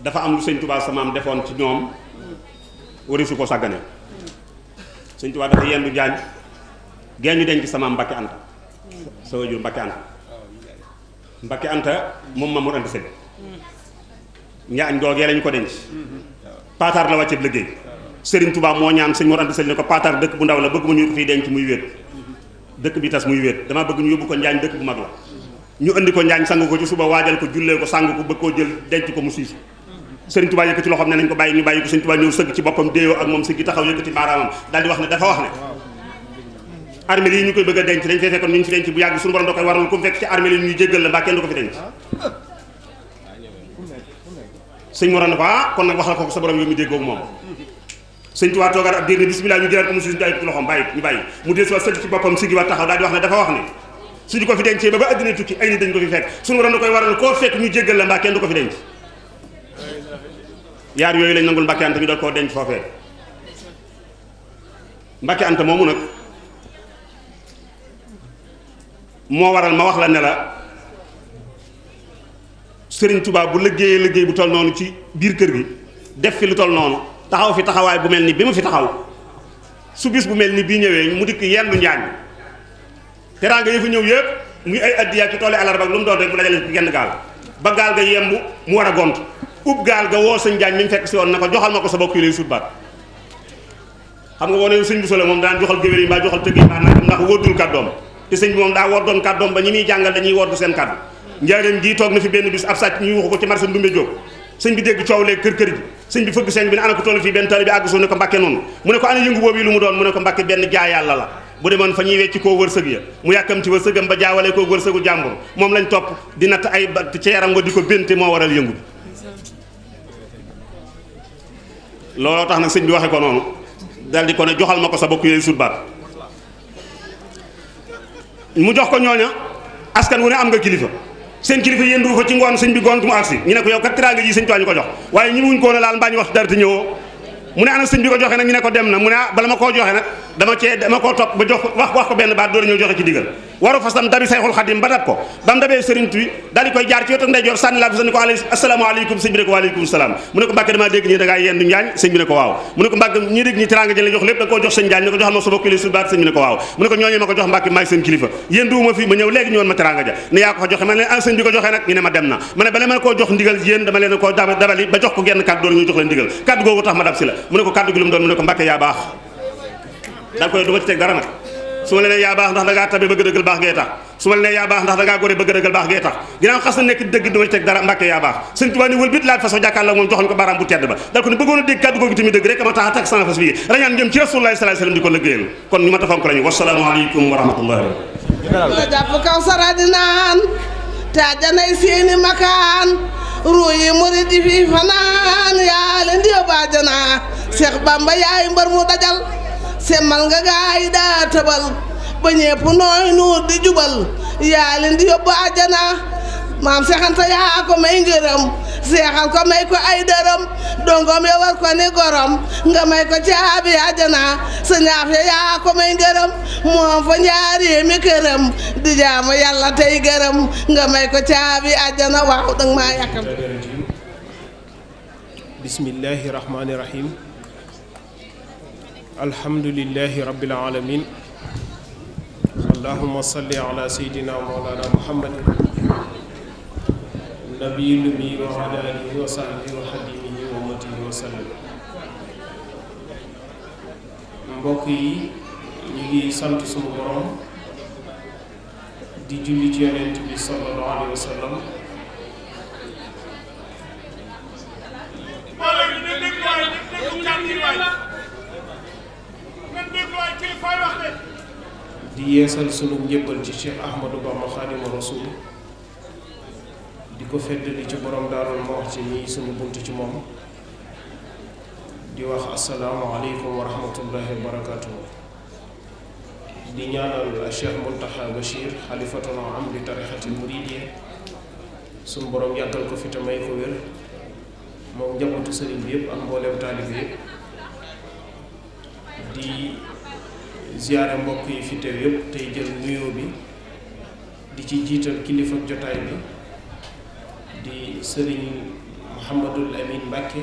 dafa am lu sëñ Touba sama am defoon ci ñoom warisu ko sàggane sëñ Touba dafa yendu jaañ gee ñu denc sama Mbacke Anta sa wajur Mbacke Anta Mbacke Anta moom Mamour Anta Sëñ ñaañ googee lañu ko denc paataar la wàcceeb liggéey Serigne Touba moo ñaan sëñ Mor Anta Sali ne ko Paatar dëkk bu ndaw la bëgg mu ko fiy denc muy wéet dëkk bi tas muy wéet damaa bëgg ñu yóbbu ko Njaañ dëkk bu mag la ñu indi ko Njaañ sang ko ci suba waajal ko jullee ko sang ko bëgg koo jël denc ko mu siis Serigne Touba yëkkati loxoom ne nañ ko bàyyi ñu bàyyi ko Serigne Touba ñëw sëgg ci boppam déeyoo ak moom sëggi taxaw yëkkati ne dafa wax ne yi ñu koy bëgg a denc dañ fee fekkoon ñu ñu fi denc bu yàgg suñu borom da koy waral ku mu fekk ci armée yi ñuy jéggal la mbaa kenn du ko fi denc ah, kon nag wax ko sa borom yow mi déggoo moom sëñ Tuubaa toogaat ab diir bismillah ñu jëlaat ko mu suñu ay loxoom bàyyi ñu bàyyi mu dee si waat ci boppam sigi waat taxaw daal di wax ne dafa wax ne suñu ko fi dencee ba ba àddina tukki ay nit dañ ko fi fekk suñu waroon da koy waral koo fekk ñu jéggal la mbaa kenn du ko fi denc yaar yooyu lañ nangul Mbàkke Anta moomu nag moo waral ma wax la ne la Sëriñ tubaab bu liggéeyee liggéey bu toll noonu ci biir kër gi def fi lu toll noonu taxaw fi taxawaay bu mel ni bi mu fi taxaw su bis bu mel ni bii ñëwee mu dikk yendu njaañ teraanga yi fi ñëw yëpp muy ay addiya ci toole alarba lu mu doon genn gaal ba ga yemb mu war a gont ub gaal ga woo sëñ njaañ mi mu fekk si woon na ko joxal ma ko sa bokk yi lay sut baat xam nga woone sëñ bu sole moom daan joxal géwél yi mbaa joxal tëgg yi mbaa nangam ndax wóddul kàddoom te sëñ bi moom daa woddoon kàddoom ba ñi muy jàngal dañuy woddu seen kàddu njaareem gii toog na fi benn bis ab sàcc ñu waxu ko ci marché Ndumbe Jóob sëñ bi dégg coow léegi kër kër ji sëñ bi fëgg sëñ bi ne ana ko toll fii benn tali bi àgg suuf ne ko mbàkke noonu mu ne ko ana yëngu boobu yi lu mu doon mu ne ko mbàkke benn jaay yàlla la bu demoon fa ñuy wecci koo wërsëg ya mu yàkkamti wërsëgam ba jaawale koo wërsëgu jàmbur moom lañ topp di natt ay ba ca yaram di ko bénte moo waral yëngu bi tax nag sëñ bi waxe ko noonu dal di ko ne ma ko sa bokk yooyu sutbaat mu jox ko ñooña askan wu am nga kilifa seen kilifa yéen du fa ci ngoon sëñ bi gont mu agsi ñu ne ko yow kat teraanga ji sëñ Tuubaa ko jox waaye ñu wuñ ko woon a laal mbaa wax dara te ñëwoo mu ne ana sëñ bi ko joxe nag ñu ne ko dem na mu ne ah bala ma koo joxe nag dama cee dama koo topp ba jox wax wax ko benn baat door ñëw joxe ci digal waru fasam dabi sayxul xadim ba dab ko ba mu dabee sëriñ bi daal koy jaar ci wetu ndeyjoor sànni laa ni ko al asalaamaaleykum bi ne ko waaw mu ne ko ñooñu ma ko jox mbàkke maay seen kilifa yéenduwuma fi ma ñëw léegi ñoon ma teraanga ja ne yaa ko fa joxe ma ne leen ah, sëñ bi ko joxee nag ñu ne ma dem na ma ne bala ma koo jox ndigal yéen dama leen koo dabali ba jox ko genn kàddu doon ñu jox leen ndigal kàddu googu tax ma dab si la mu ne ko kàddu gi lu doon mu ne ko mbàkke su ma la nee yaa baax ndax da ngaa tabe bëgg dëggal baax ngay tax su ma la yaa baax ndax da gore bëgg dëggal baax ngay tax ginnaaw xas na nekk dëgg dama ci teg dara mbàkke yaa baax sëñ Tuubaa ni wël bit laaj façon moom joxoon ko baaraam bu tedd ba dal ko ne bëggoon a dégg kàddu googu tamit dëgg rek ama tax a tag sans fas bii rañaan jëm ci rasulullaahi sallallaahu alayhi wa sallam di ko liggéeyal kon ñu semmal nga gaay daa tëbal ba ñépp nooy nuur di jubal yaa di yóbbu àjjana maam seexanta yaa may ngërëm seexal ko may ko ay dërëm dongoom ya war ko ni gorom nga may ko caabi àjjana sa ñaaf ya yaa may ngërëm moom fa ñaari mi këram di jaamu yàlla tey gërëm nga may ko caabi àjjana waaw danga maa yàkkam alhamdulilahi rabbil alamin allahuma salli ala sayidina mawlana muhammad nabiyu bi wa ala wa sahbihi wa xadimihi wa ummatihi wa sallam mbokk yi ñu ngi borom di julli ci yonent bi sallallahu alayhi wa sallam di yeesal sunu njëbbal ci Cheikh Ahmadou Bamba Xaadimu Rasuul di ko feddali ci borom daarul ma wax ci nii sunu bunt ci moom di wax asalaamualeykum wa rahmatullahi wa barakatuhu di ñaanal Cheikh Muntaxa Bachir xalifatuna am di tarixati muridiyya sunu borom yàggal ko fi te may ko wér moom njabootu sëriñ bi yëpp ak mbooleem taalib di ziyaare mbokk yi fi teew yëpp tey jël nuyoo bi di ci jiital kilifa jotaay bi di sëriñ Mouhamadul Amin Mbàkke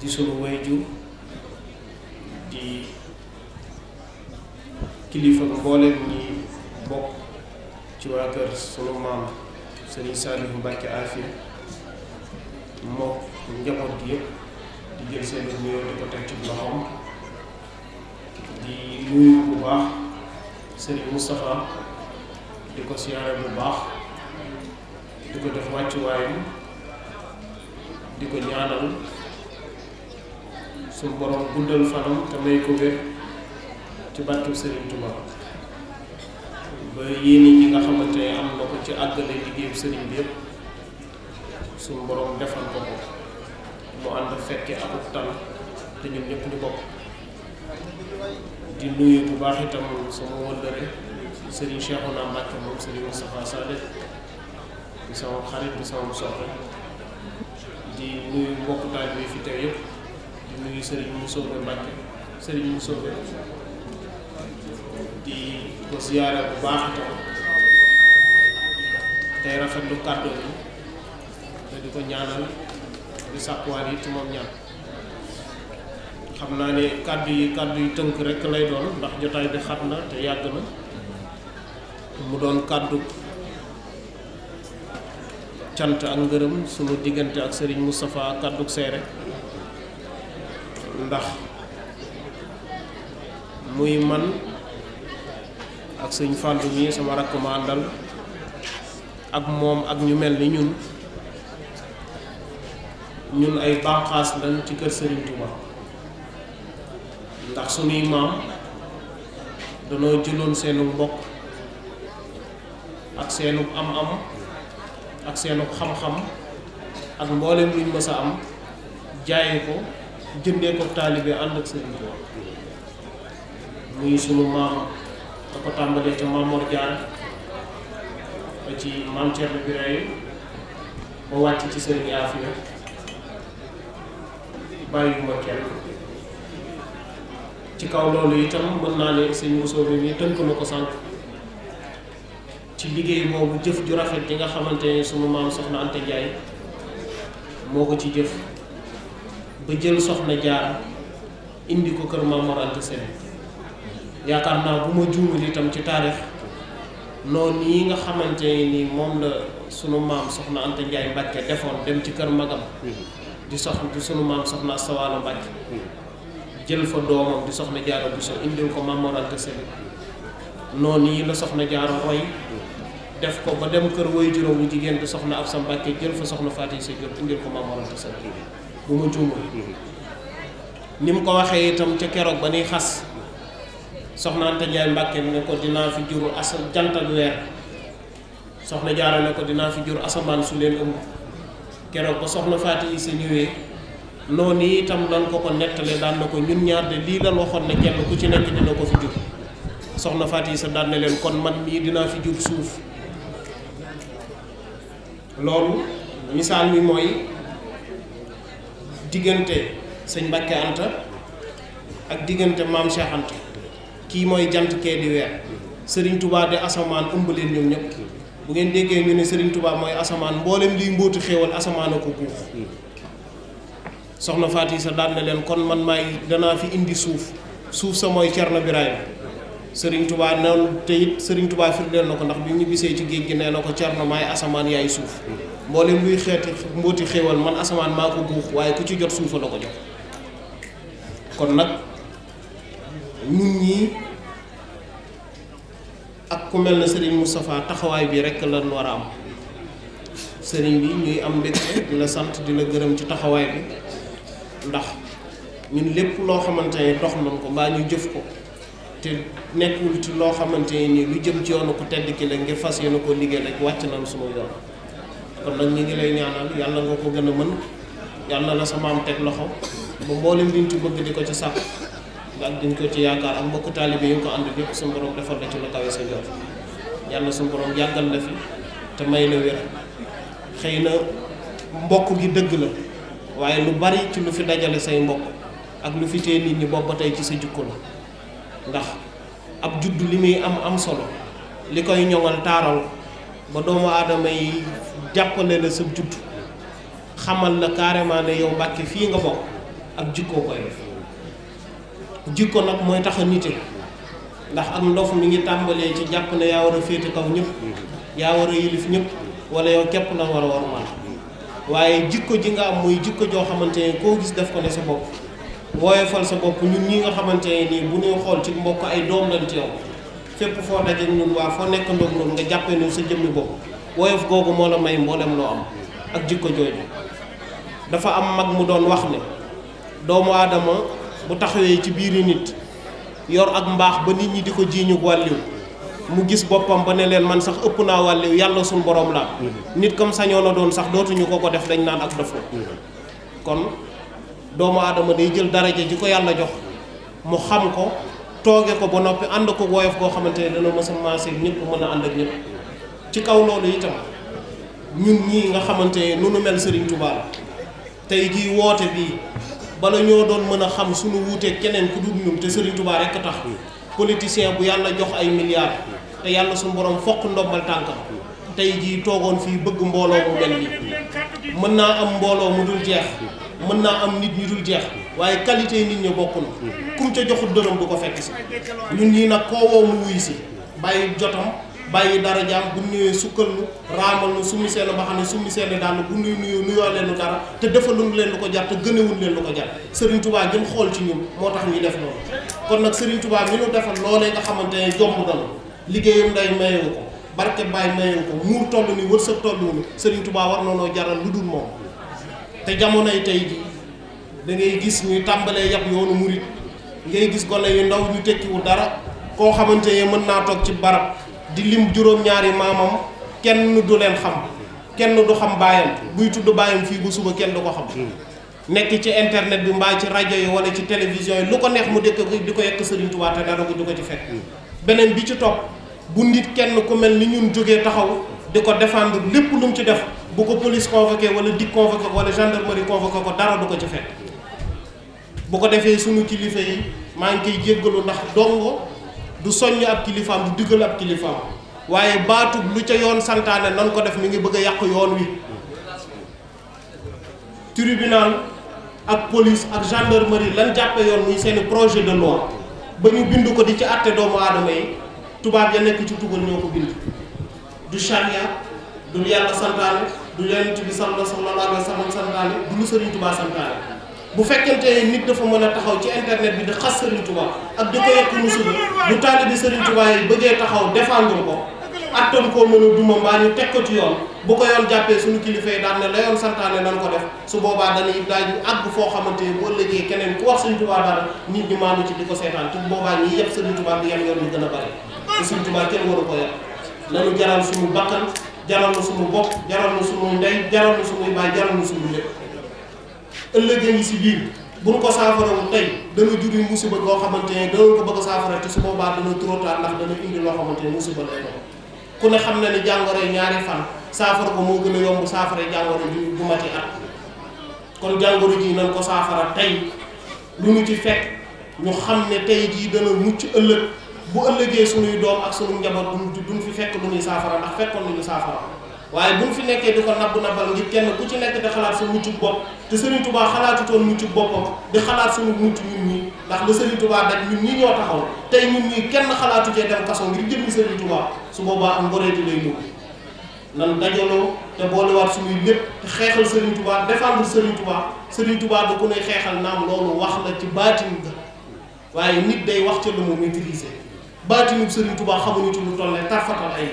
di sunu wayjur di kilifa mbooleem ñi bokk ci waa kër sunu maam sëriñ Saalihu Mbàkke Afia moo njaboot gi yëpp di jël seen nuyoo di teg ci loxoom di nuyu bu baax Serigne Moustapha di ko siyaare bu baax di ko def wàccuwaayam di ko ñaanal suñu borom guddal fanam te may ko wér ci barkeb Serigne Touba ba yéene yi nga xamante ne am na ko ci àggale liggéeyu Serigne bi yëpp borom defal ko ko mu ànd fekkee akuk tal te ñun ñëpp ñu bokk. di nuyu bu baax itam sama wëllëre sëriñ Cheikhouna Mbacke moom sëriñ Moustapha Sade di sama xarit di sama soxla di nuyu mbokku taal bi fi teew yëpp di nuyu sëriñ Moussoube Mbacke sëriñ Moussoube di ko ziyaara bu baax itam tey rafetlu kàddu bi te di ko ñaanal di sàkkuwaat yi ci moom ñaan xam naa ne kàddu yi kàddu yi tënk rekk lay doon ndax jotaay bi xat na te yàgg na mu doon kàddu cant ak ngërëm sunu diggante ak Serigne Moustapha kàddu seere ndax muy man ak sëñ Fallou mi sama rakk ma àndal ak moom ak ñu mel ni ñun ñun ay banqaas lañ ci kër Serigne Touba. ndax sunuy maam danoo jëloon seenu mbokk ak seenu am-am ak seenu xam-xam ak mboole luñ mës a am jaaye ko jëndee ko taalibe ànd ak sëriñ ko muy sunu maam da ko tàmbalee ca Maam Mor Jaara ci maam Cerno Birahim ba wàcc ci seen Afiya bàyyi ma kenn ci kaw loolu itam mën naa ne sëñ Bousso bi mii tënk na ko sànq ci liggéey boobu jëf ju rafet ji nga xamante ne sunu maam soxna Anta moo ko ci jëf ba jël soxna jaar indi ko kër Maam Mor Anta yaakaar naa bu ma juumul itam ci taarix noonu yi nga xamante ni moom la sunu maam soxna Anta Ndiaye Mbàkke defoon dem ci kër magam mm-hmm. di sox di sunu maam soxna Sawaalo Mbàkke mm-hmm. jël fa doomam di soxna jaaro Bousso indil ko Mame Mor Anta Sali noonu yi la soxna jaaro roy def ko ba dem kër woy juróom wu jigéen di soxna sa Mbàkke jël fa soxna Faati Sa Jóob indil ko Mame Mor Anta Sali bu ma juumul ni mu ko waxee itam ca keroog ba nuy xas soxna Anta Njaay Mbàkke ne ko dinaa fi jur asa jant ak weer soxna jaaro fi jur asamaan su leen ëmb keroog ba soxna Faati Sa ñëwee noonu itam daan ko ko nettale daan na ko ñun ñaar de lii lan waxoon ne kenn ku ci nekk dina ko fi jur soxna faat yi sa daan ne leen kon man mii dina fi jur suuf loolu misaal mi mooy diggante sëñ Mbàkke Anta ak diggante maam Cheikh Anta kii mooy jant kee di weer Serigne Touba de asamaan ëmb leen ñoom ñëpp bu ngeen déggee ñu ne Serigne Touba mooy asamaan mboolem liy mbóotu xéewal asamaan a ko guux soxna Faati sa daan leen kon man maay danaa fi indi suuf suuf sa mooy Cerno Birahim Sëriñ Tubaa noonu te Sëriñ Tubaa firndeel na ko ndax bi ñu ci géej gi nee na ko na maay asamaan yaay suuf mboolem luy xeeti mbooti xéewal man asamaan maa ko guux waaye ku ci jot suufa la ko jox kon nag nit ñi ak ku mel ne sëriñ Moustapha taxawaay bi rekk lan war a am sëriñ bi ñuy am mbégte di la sant di la gërëm ci taxawaay bi ndax ñun lépp loo xamante ne dox nañ ko mbaa ñu jëf ko te nekkul ti loo xamante ni lu jëm ci yoonu ko tedd ki la ngir fas yéene koo liggéey rek wàcc nañ suma yoon kon nag ñu ngi lay ñaanal yàlla nga ko gën a mën yàlla la sa maam teg loxo ba mboolem liñ ci bëgg di ko ci sax nga ak diñ ko ci yaakaar ak mbokk taalibe yi nga ko ànd yëpp suñu borom defal la ci lu kawe sa jot yàlla suñu borom yàggal la fi te may la wér xëy na mbokk gi dëgg la waaye lu bari ci lu fi dajale say mbokk ak lu fi tee nit ñi bopp ba tey ci sa jukko la ndax ab judd li muy am am solo li koy ñoŋal taaral ba doomu aadama yi jàppale la sa judd xamal la carrément ne yow Mbàkke fii nga bokk ak jikkoo koy def jikko nag mooy tax a nite ndax ak ndof mi ngi tàmbalee ci jàpp ne yaa war a féete kaw ñëpp yaa war a yilif ñëpp wala yow képp la war a war maal waaye jikko ji nga am muy jikko joo xamante ne koo gis def ko ne sa bopp wooyefal sa bopp ñun ñi nga xamante ne nii bu ñuy xool ci mbokk ay doom lañ ci yow fépp foo foo nekk ndoog nga jàppee sa jëmmi bopp woyof googu moo la may mboolem loo am ak jikko jooju dafa am mag mu doon wax ne doomu aadama bu taxawee ci biiri nit yor ak mbaax ba nit ñi di ko jiiñu wàlliw mu gis boppam ba ne leen man sax ëpp naa wàllu yàlla suñu borom laa mhm. nit comme sañoo na doon sax dootuñu ko ko def dañ naan ak def mhm. kon doomu aadama day jël daraja ji ko yàlla jox mu xam ko tooge ko ba noppi ànd ko woyof koo xamante ne dana mës a maase ñëpp mën a ànd ak ñëpp ci kaw loolu itam ñun ñi nga xamante ne nu nu mel Serigne tubaab tey gii woote bi bala ñoo doon mën a xam suñu wuuteeg keneen ku dul ñun te Serigne Touba rekk tax mhm. politicien bu yàlla jox ay milliards te yàlla suñu borom foq ndombal tànkam tey jii toogoon fii bëgg mbooloo mu mel nii mën naa am mbooloo mu dul jeex mën naa am nit ñu dul jeex waaye qualité nit ñi bokk na kum ca joxul dërëm du ko fekk si ñun ñii nag koo woo mu wuy si bàyyi jotam bàyyi dara jaam bu ñëwee sukkal nu raamal nu summi seen ba xam ne summi seen daal bu nuy nuyu nuyoo leen lu dara te defaluñ leen lu ko jar te gënewuñ leen lu ko jar Serigne tubaa gën xool ci ñun moo tax ñu def loolu kon nag Serigne Touba mi defal loolee nga xamante ne jomb dana liggéeyam nday mayewu ko barke baay mayewu ko muur toll ni wërsëg toll ni Serigne Touba war na noo jaral lu dul moom te jamonoy tey ji da ngay gis ñuy tàmbalee yab yoonu murit ngay gis gone yu ndaw ñu tekkiwu dara koo xamante ne mën naa toog ci barab di lim juróom-ñaari maamam kenn du leen xam kenn du xam baayam buy tudd baayam fii bu suba kenn du ko xam hmm. nekk ci internet bi mbaa ci rajo yi wala ci télévision yi lu ko neex mu dëkk di ko yekk Serigne Touba te dara du ko ci fekk hmm. bi ci topp bu nit kenn ku mel ni ñun jógee taxaw di ko défendre lépp lum ci def bu ko police convoqué wala dig convoqué ko wala gendarmerie convoqué ko dara du ko ci fekk bu ko defee sunu kilifa yi maa ngi koy jéggalu ndax dongo du soññ ab kilifaam du diggal ab kilifaam waaye baatu lu ca yoon santaane nan ko def mi ngi bëgg a yàq yoon wi tribunal ak police ak gendarmerie lan jàppe yoon muy seeni projet de loi ba ñu bind ko di ci àtte doomu aadama yi tubaab ya nekk ci tugal ñoo ko bind du charia du lu yàlla santaane du yonent bi sallallahu alayhi wa sallam santaane du lu Sëriñ Tuubaa santaane bu fekkente nit dafa mën a taxaw ci internet bi di xas Sëriñ Tuubaa ak di ko yàq musuba bu taalibe bi Sëriñ Tuubaa yi bëggee taxaw défendre ko attan koo mën a duma mbaa ñu teg ko yoon ko yoon jàppee suñu kilifa yi daan la yoon santaane nan ko def su boobaa dañuy daal di àgg foo xamante ni bu ëllëgee keneen ku wax Sëriñ Tuubaa dara nit ñi maandu ci di ko seetaan te boobaa ñiy yëpp Sëriñ Tuubaa bi yem yoon ñu gën a bari te Sëñ Tuubaa kenn waru ko yàq lañu jaral suñu bakkan jaral na suñu bopp jaral na suñu ndey jaral na suñuy baay jaral na suñu lépp ëllëg a ngi si biir bu ñu ko saafarawul tey dana juri musiba goo xamante ne dana ko bëgg saafara te su boobaa dana trop tard ndax dana indi loo xamante ne musiba lay doon ku ne xam na ni jàngoro ñaari fan saafara ko moo gën a yomb saafara jàngoro ji bu mati at kon jàngoro ji nañ ko saafara tey lu ñu ci fekk ñu xam ne tey jii dana mucc ëllëg bu ëllëgee suñuy doom ak suñu njaboot duñ duñ fi fekk lu ñuy saafara ndax fekkoon lu ñu saafara waaye buñ fi nekkee di ko nabb nabal ngir kenn ku ci nekk di xalaat sa muccub bopp te Serigne Touba xalaatutoon muccub boppam di xalaat suñu mucc ñun ñi ndax la Serigne Touba daj ñun ñi ñoo taxaw tey ñun ñi kenn xalaatu cee dem kaso ngir jëmmi Serigne Touba su boobaa am ngoreeti lay ñëw nan dajaloo te boolewaat suñuy lépp te xeexal Serigne Touba défendre Serigne Touba Serigne Touba du ku ne xeexal naam loolu wax la ci baatin ga waaye nit day wax ca lu mu maîtriser baatinub Sëriñ Tuubaa xamuñu ci lu toll ne tarfatal ay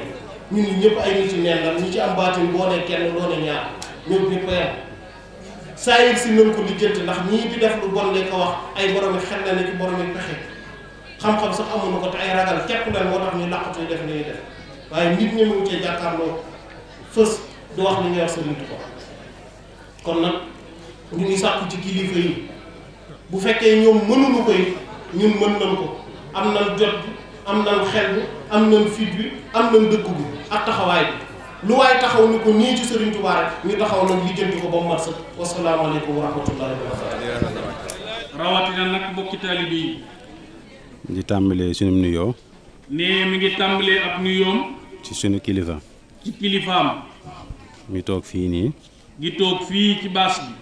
ñun ñi ñëpp ay nit ci neen ñu ci am baatin boo ne kenn doo ñaar ñoom ñëpp a si nañ ko lijjanti ndax ñii di def lu bon lañ ko wax ay boromi xel na ne ci boromi pexe xam-xam sax amuñu ko te ay ragal képp lan moo tax ñu làqatu def li ñuy def waaye nit ñi mu cee jàkkaarloo fës du wax li ñuy wax Sëriñ ko kon nag ñu ngi sàkku ci kilifa yi bu fekkee ñoom mënuñu koy ñun mën nañ ko am nañ jot. am nan xel bi am nan fit bi am nan dëkk ak taxawaay bi lu waaye taxaw ni ko nii ci Serigne Touba rek ñu taxaw nag lijjanti ko ba mu mat sax wasalaamaaleykum wa rahmatullahi wa rawatina nag mbokki taalibe yi di tàmbalee sunum nuyoo nee mi ngi tàmbalee ab nuyoom ci sunu kilifa ci kilifaam mi toog fii nii gi toog fii ci baas bi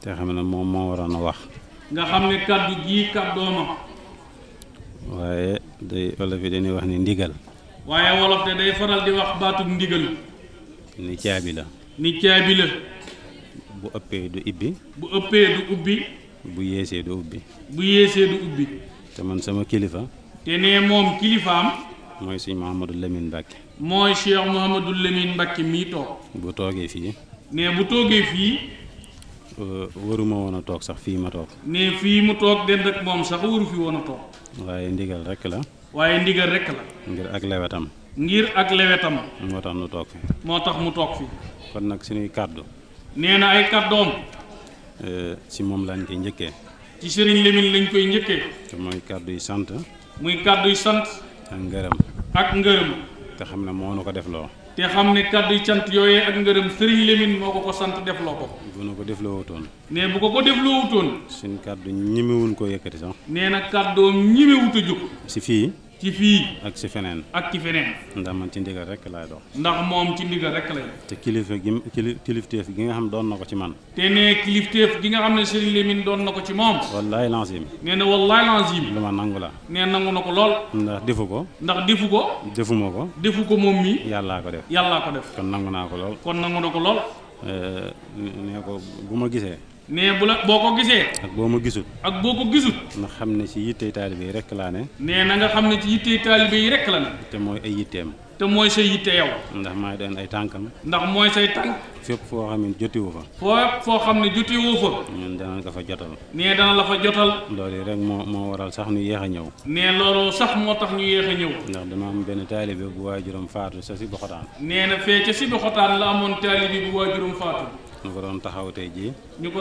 te xam ne moom moo waroon a wax nga xam ne kàddu gii kàddooma waaye day wolof yi dañuy wax ni ndigal waaye wolof de day faral di wax baatub ndigal ni caabi la ni caabi la bu ëppee du ibbi bu ëppee du ubbi bu yéesee du ubbi bu yéesee du ubbi te man sama kilifa te nee moom kilifaam mooy sëñ Mouhamadou Lamine Mbacke mooy Cheikh Mouhamadou Lamine Mbacke mii toog bu toogee fii ne bu toogee fii Euh, waruma woon a toog sax fii ma toog. ne fii mu toog den rek moom sax waru fi woon a toog. waaye ndigal rek la. waaye ndigal rek la. ngir ak lewetam. ngir ak lewetam. moo tax nu toog fi. moo tax mu toog fi. kon nag suñuy kàddu. nee na ay kàddoom. si euh, moom lañ koy njëkke ci sëriñ Lamine lañ koy njëkkee. te mooy kàddu yi sant. muy kàddu yi sant. ak ngërëm. ak ngërëm. te xam ne moo nu ko def loo. te xam ne kàddu yi cant yooyee ak ngërëm Serigne Lemine moo ko ko sant defloo ko. bu na ko defloo wutoon. ne bu ko ko defloo wutoon. suñ kàddu ñemewuñ koo yëkkati sax. nee na kàddoom ñemewut a jóg. si fii. ci fii ak si feneen ak ci feneen ndax man ci ndigal rek laay dox ndax moom ci ndigal rek lay te kilifa gi kilifteef gi nga xam doon na ko ci man te ne kilifteef gi nga xam ne Serigne Lamine doon na ko ci moom wallaay lancim nee na wallaay lancim lu ma nangu la ne nangu na ko lool ndax defu ko ndax defu ko defuma ko defu ko moom mi yàllaa ko def yàllaa ko def kon nangu naa ko lool kon nangu na ko lool eh, nee ko bu ma gisee nee bu la boo ko gisee. ak boo ma gisul. ak boo ko gisul. na xam ne ci yittey taalibe yi rekk laa ne. nee na nga xam ne ci yittey taalibe yi rekk la ne. te mooy ay yitteem. te mooy say yitte yow. ndax maa doon ay tànkam. ndax mooy say tànk. fépp foo xam ne jotiwu fa. fépp foo xam ne jotiwu fa. ñun dana la fa jotal. nee dana la fa jotal. loolu rek moo moo waral sax ñu yéex a ñëw. ne loolu sax moo tax ñu yéex a ñëw. ndax dama am benn taalibe bu waajuram faatu sa si boxotaan. nee na fee ca si boxotaan nu ko doon taxaw tey jii ñu ko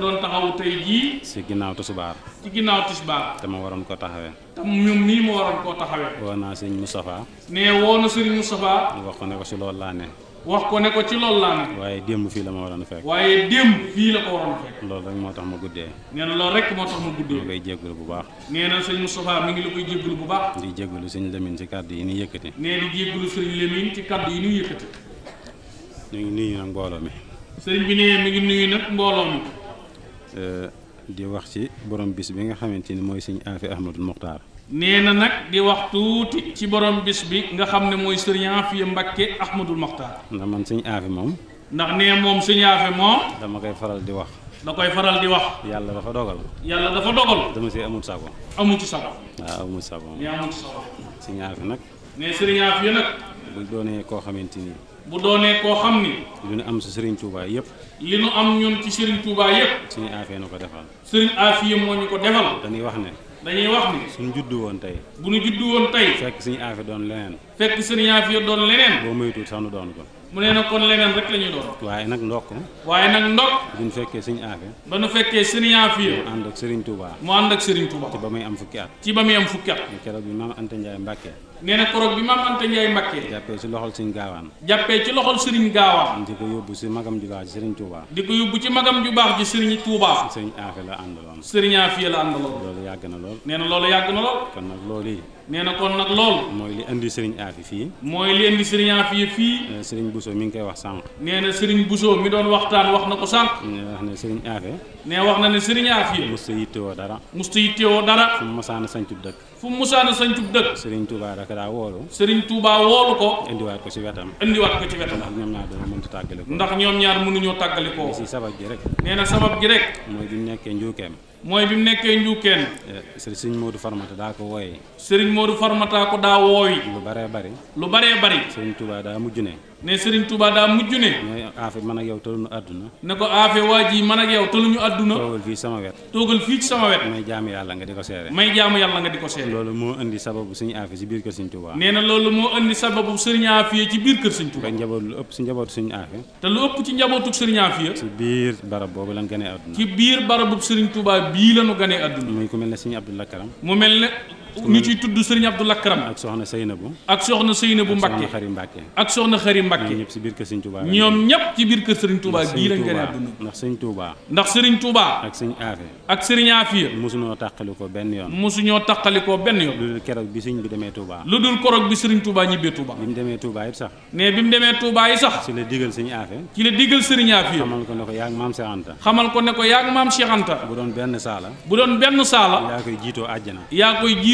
jii si ginnaaw tisbaar ci ginnaaw tisbaar te ma waroon ko taxawee tam ñoom ma waroon koo taxawee naa sëñ Moustapha ne woo na sëñ Moustapha wax ne ko si loolu laa ne wax ko ne ko ci waaye démb fii la ma waroon fekk loolu moo tax ma guddee nee na koy jégalu bu baax nee na sëñ Moustapha mi ngi la koy jégalu bu baax di jégalu sëñ ci kàddu yi ñu yëkkati nee ngi nuyu nag mbooloo mi sëriñ bi ne mi ngi nuyu nag mbooloo mi eh, di wax ci borom bis bi nga xamante ni mooy sëñ Afi Ahmadul Muxtaar nee na nag di wax tuuti ci borom bis bi nga xam ne mooy sëriñ Afi Mbakke Ahmadul Muxtaar ndax man sëñ Afi moom ndax nee moom sëñ Afi moom dama koy faral di wax da koy faral di wax yàlla dafa dogal yàlla dafa dogal dama see amul sago amul ci sago waaw amul sago moom amul ci sago sëñ Afi nag ne sëriñ Afi nag bu doonee koo xamante ni bu doonee koo xam ni. li nu am si Serigne Touba yëpp. li nu am ñun ci Serigne Touba yëpp. Serigne Afia nu ko defal. Serigne Afia moo ñu ko defal. dañuy wax ne. dañuy wax ni. suñu juddu woon tey. bu nu juddu woon tey. fekk Serigne Afia doon leneen. fekk Serigne Afia doon leneen. boo moytuwul sax nu doon ko. mu nee na kon leneen rek la ñuy doon waaye nag ndokk waaye nag ndokk bu ñu fekkee sëñ aafiya ba nu fekkee sëriñ aafiya mu ànd ak sëriñ Touba mu ànd ak sëriñ Touba ci ba muy am fukki ci ba muy am fukki at keroog bi maam Anta Ndiaye Mbàkke nee na koroog bi ci loxol sëñ gaawaan jàppee ci loxol sëriñ ko yóbbu ci magam ju baax sëriñ Touba di ko ci magam ju baax ji sëriñ Touba sëriñ aafiya la àndaloon sëriñ aafiya la àndaloon loolu yàgg na lool nee na loolu yàgg na lool kon nag loolu yi nee na kon nag lool mooy li indi sëriñ Afi fii. mooy li indi sëriñ Afi fii. Eh, sëriñ Bousso mi ngi koy wax sànq. nee na sëriñ Bousso mi doon waxtaan wax na ko sànq. nee eh, wax na sëriñ Afi. nee wax na ne sëriñ Afi. musta yittewoo dara. musta yittewoo dara. fu mu masaana sañcub dëkk. fu mu musaana sañcub dëkk Serigne Touba rek daa woolu Serigne Touba woolu ko indiwaat ko ci wetam indiwaat ko ci wetam ndax ñoom ñaar dañoo mënut a tàggale ko ndax ñoom ñaar mënuñoo tàggale ko li si sabab gi rek nee na sabab gi rek mooy bi mu nekkee njuukeem mooy bi mu nekkee njuukeen eh, sëriñ Modou Farmata daa ko wooyee sëriñ Modou Farmata ko daa wooyi lu baree bari lu baree bari Serigne Touba daa mujj ne ne Serigne Touba daa mujj ne. ne aafe man ak yow tëluñu àdduna. ne ko aafe waa ji man yow tëluñu àdduna. toogal fii sama wet. toogal fii ci sama wet. may jaamu yàlla nga di ko seere. may jaamu yàlla nga di ko seere. loolu moo indi sababu ñu aafe ci biir kër Serigne Touba. nee na loolu moo indi sababu Serigne Afia ci biir kër Serigne Touba. ba njaboot lu ëpp ci njabootu Serigne Afia. te lu ëpp ci njabootu Serigne Afia. ci biir barab boobu lan gane àdduna. ci biir barabu Serigne Touba bii lanu gane àdduna. muy ku mel ne Serigne Abdoulaye Karam. mu mel ne ñu ciy tudd sëriñ Abdoul Akram ak soxna Seynabou ak soxna Seynabou Mbacké ak soxna Xari Mbacké ñoom ñëpp ci biir kër sëriñ Touba ñoom ñëpp ci biir kër sëriñ Touba gii lañ gën a àdduna ndax sëriñ Touba ndax sëriñ Touba ak sëriñ Afia ak sëriñ Afia mosuñoo tàqali ko benn yoon mosuñoo tàqali ko benn yoon lu dul keroog bi sëriñ bi demee Touba lu dul keroog bi sëriñ Touba ñibbee Touba bi mu demee Touba yi sax ne bi mu demee Touba yi sax ci la digal sëriñ Afia ci la digal sëriñ Afia xamal ko ne ko yaag maam Cheikh Anta xamal ko ne ko doon benn saala bu doon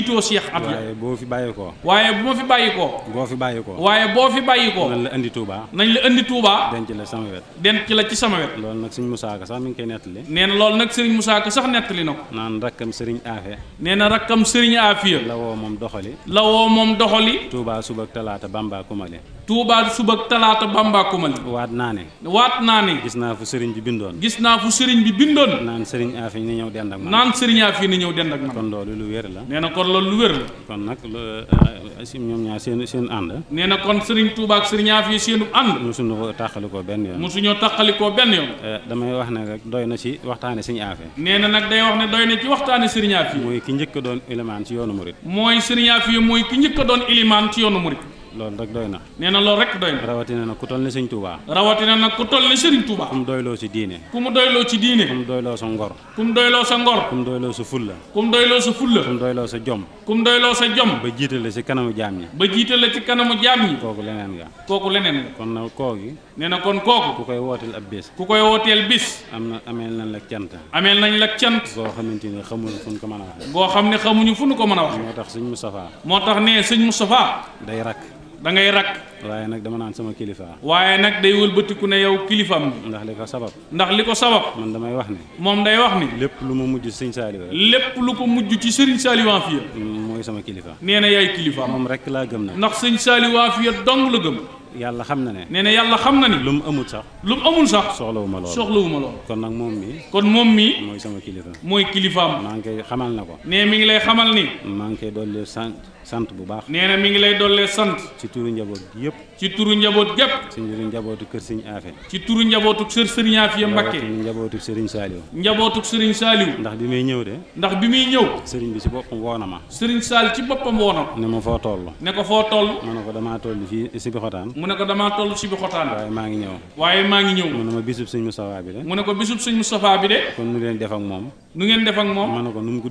jiitoo Cheikh Abdou. boo fi bàyyi waaye boo fi bàyyi ko fi bàyyi ko waaye boo fi bàyyi ko nañ la indi Touba nañ la indi Touba denc la sama wet denc la ci sama wet loolu nag sëriñ Moussa sax mi ngi koy nettali nee na loolu nag sëriñ Moussa Ka sax nettali na ko naan rakkam sëriñ Afia nee na rakkam sëriñ Afia la woo moom doxali la woo moom doxali Touba suba talaata Bamba kumale Touba suba talaata bambaakumal. waat naa ne. waat naa ne. gis naa fu sëriñ bi bindoon. gis naa fu sëriñ bi bindoon. naan sëriñ Afy ni ñëw dend naan sëriñ Afy ni ñëw dend ak kon loolu lu wér la. nee na kon lu wér la. kon nag eh, si ñoom ñaar seen seen ànd. nee na kon sëriñ Touba ak sëriñ Afy seenu ànd. mosuñu ko tàqalikoo benn yoon. mosuñoo tàqalikoo benn yoon. Eh, damay wax ne rek doy na ci waxtaane sëriñ Afy. nee na nag day wax ne doy na ci waxtaane mooy ki njëkk doon ilimaan ci yoonu murit. mooy sëriñ Afy mooy ki njëkk doon ilimaan ci yoonu murit loolu rek doy na nee na loolu rek doy na rawatina na ku toll ni sëñ Touba rawatina nag ku toll ni sëriñ Touba ku mu doyloo ci diine ku mu doyloo ci diine ku sa ngor ku mu doyloo sa ngor ku mu doyloo sa fulla ku mu doyloo sa fulla ku doyloo sa jom ku mu doyloo sa jom ba jiitale ci kanamu jaam ñi ba jiitale ci kanamu jaam ñi kooku leneen nga kooku leneen nga kon na koogi nee na kon kooku ku koy wooteel ab bis ku koy wooteel bis am na ameel nañ la cant ameel nañ la cant boo xamante ni xamuñu fu ko mën a wax xam ne xamuñu fu ñu ko mën a wax moo tax sëñ Moustapha moo tax ne sëñ Moustapha day rakk da ngay rakk waaye nag dama naan sama kilifa waaye nag day wëlbatiku ne yow kilifam bi ndax li ko sabab ndax li ko sabab man damay wax ni moom day wax ni lépp lu mu mujj sëñ Saliou lépp lu ko mujj ci sëriñ Saliou Afia mm, mooy sama kilifa nee na yaay kilifa moom rek laa gëm na ndax sëñ Saliou Afia dong la gëm yàlla xam na ne nee na yàlla xam na ni lu mu amul sax lu mu amul sax soxlawu ma lool soxlawu ma kon nag moom mi kon moom mi mooy sama kilifa mooy kilifaam maa ngi koy xamal na ko nee mi ngi lay xamal ni maa koy dolli sant sant bu baax nee na mi ngi lay dollee sant ci turu njaboot gi yëpp ci turu njaboot gépp ci turu njabootu kër sëriñ Afe ci turu njabootu kër sëriñ Afe Mbakke njabootu sëriñ bi muy ñëw de bi muy ñëw sëriñ bi ma sëriñ Saal ci boppam woona ma ne ma foo toll ne ko foo toll mu ne ko damaa toll si bi xotaan mu ne ko damaa toll si bi xotaan waaye maa ngi ñëw waaye maa ngi ñëw mu ne ma bisub sëñ Moustapha bi de mu ne ko bisub sëñ Moustapha bi de kon nu leen def moom nu ngeen def ak moom ma ne ko lu mu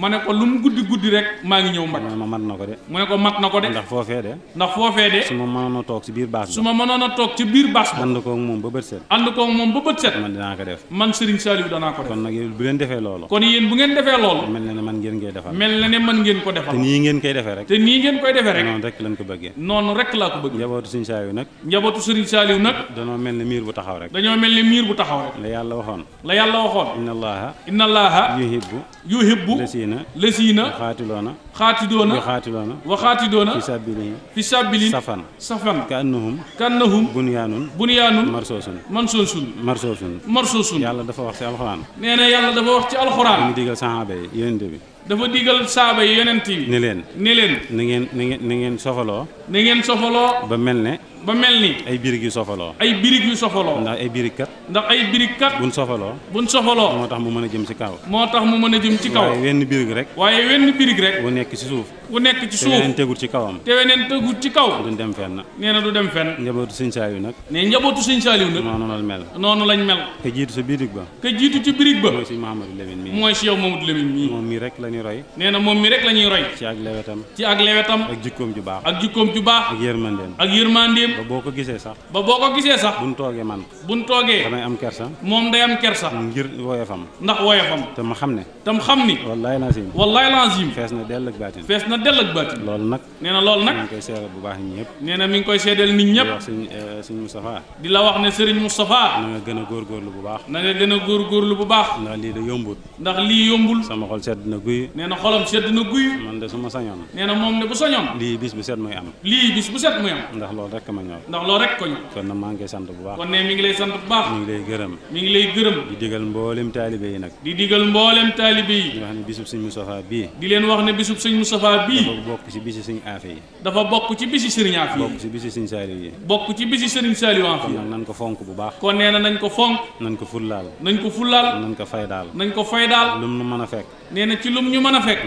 ma ne ko lu mu guddi guddi rek maa ngi ñëw Mbakke mat na ko de mu ne ko mat na ko de ndax foofee de ndax foofee de su ma mënoon a toog ci biir baas bi su ma mënoon a toog ci biir baas bi ànd koog moom ba bët set ànd koog moom ba bët set man dinaa ko def man Serigne Saliou danaa ko def kon nag yéen bu ngeen defee loolu kon yéen bu ngeen defee loolu mel na ne man ngeen koy defal mel na ne man ngeen ko defal te nii ngeen koy defee rek te nii ngeen koy defee rek noonu rek lañ ko bëggee noonu rek laa ko bëggee njabootu Serigne Saliou nag njabootu Serigne Saliou nag dañoo mel ne miir bu taxaw rek dañoo mel ne miir bu taxaw rek la yàlla waxoon la yàlla waxoon inna allaha inna allaha yuhibbu yuhibbu lasiina lasiina xaatiloona xaatidoona waxaatidoona waxaatidoona fi sabilihi fi sabilihi safan safan ka annahum ka annahum bunyaanun bunyaanun marsoosun mansoosun marsoosun marsoosun yàlla dafa wax ci alxuraan nee na yàlla dafa wax ci alxuraan mu yi dafa digal saaba yi yonent bi ni leen ni leen na ngeen na na ngeen sofaloo na sofaloo ba mel ne ba mel ni ay birig yu sofaloo ay birig yu sofaloo ndax ay birig kat ndax ay birig kat buñ sofaloo buñ sofaloo moo tax mu mën a jëm ci kaw moo tax mu mën a jëm ci wu nekk ci suuf te weneen tegul ci ci kaw du dem fenn nee na du dem fenn njabootu sëñ Saaliw nag ne njabootu sëñ Saaliw nag noonu lañ mel noonu lañ mel ka jiitu sa birig ba ka jiitu ci birig ba mooy si Mahamadou Lamine mii mooy si yow Mamadou Lamine moom mi rek la ñuy roy nee na moom mi rek la ñuy roy ci ak lewetam ci ak lewetam ak jikkoom ju baax ak jikkoom ju baax ak yërmandeem ak yërmandeem ba boo ko gisee sax ba boo ko gisee sax bu buñ toogee man bu buñ toogee damay am kersa moom day am kersa ngir woyofam ndax woyofam te ma xam ne tam xam ni wallaay lazim wallaay lazim fees na dell ak fees dell ak baatin loolu nag nee na nag mi ngi koy seedal bu baax nit ñëpp nee na mi ngi koy seedal nit ñëpp wax sëñ eh, sëñ Moustapha di la wax ne sëriñ Moustapha na nga gën bu baax na nga a góorgóorlu bu baax ndax lii da yombul ndax lii yombul sama xol sedd na guy nee na xolam sedd na guy man de su ma sañoon nee moom de bu sañoon lii bis bu set muy am lii bis bu set muy am ndax loolu rek ma ñor ndax loolu rek ko ñor kon nag koy sant bu baax kon ne mi ngi lay sant lay gërëm mi lay gërëm di digal mboolem taalibe yi nag di digal mboolem taalibe yi di wax ne bisub sëñ Moustapha bii di leen wax ne bisub sëñ Moustapha bii dafa bokk ci bisi sëriñ aafe yi dafa bokk ci bisi sëriñ aafe yi bokk bokk ci bisi sëriñ saaliw aafe yi kon a fekk nee na ci lum ñu mën a fekk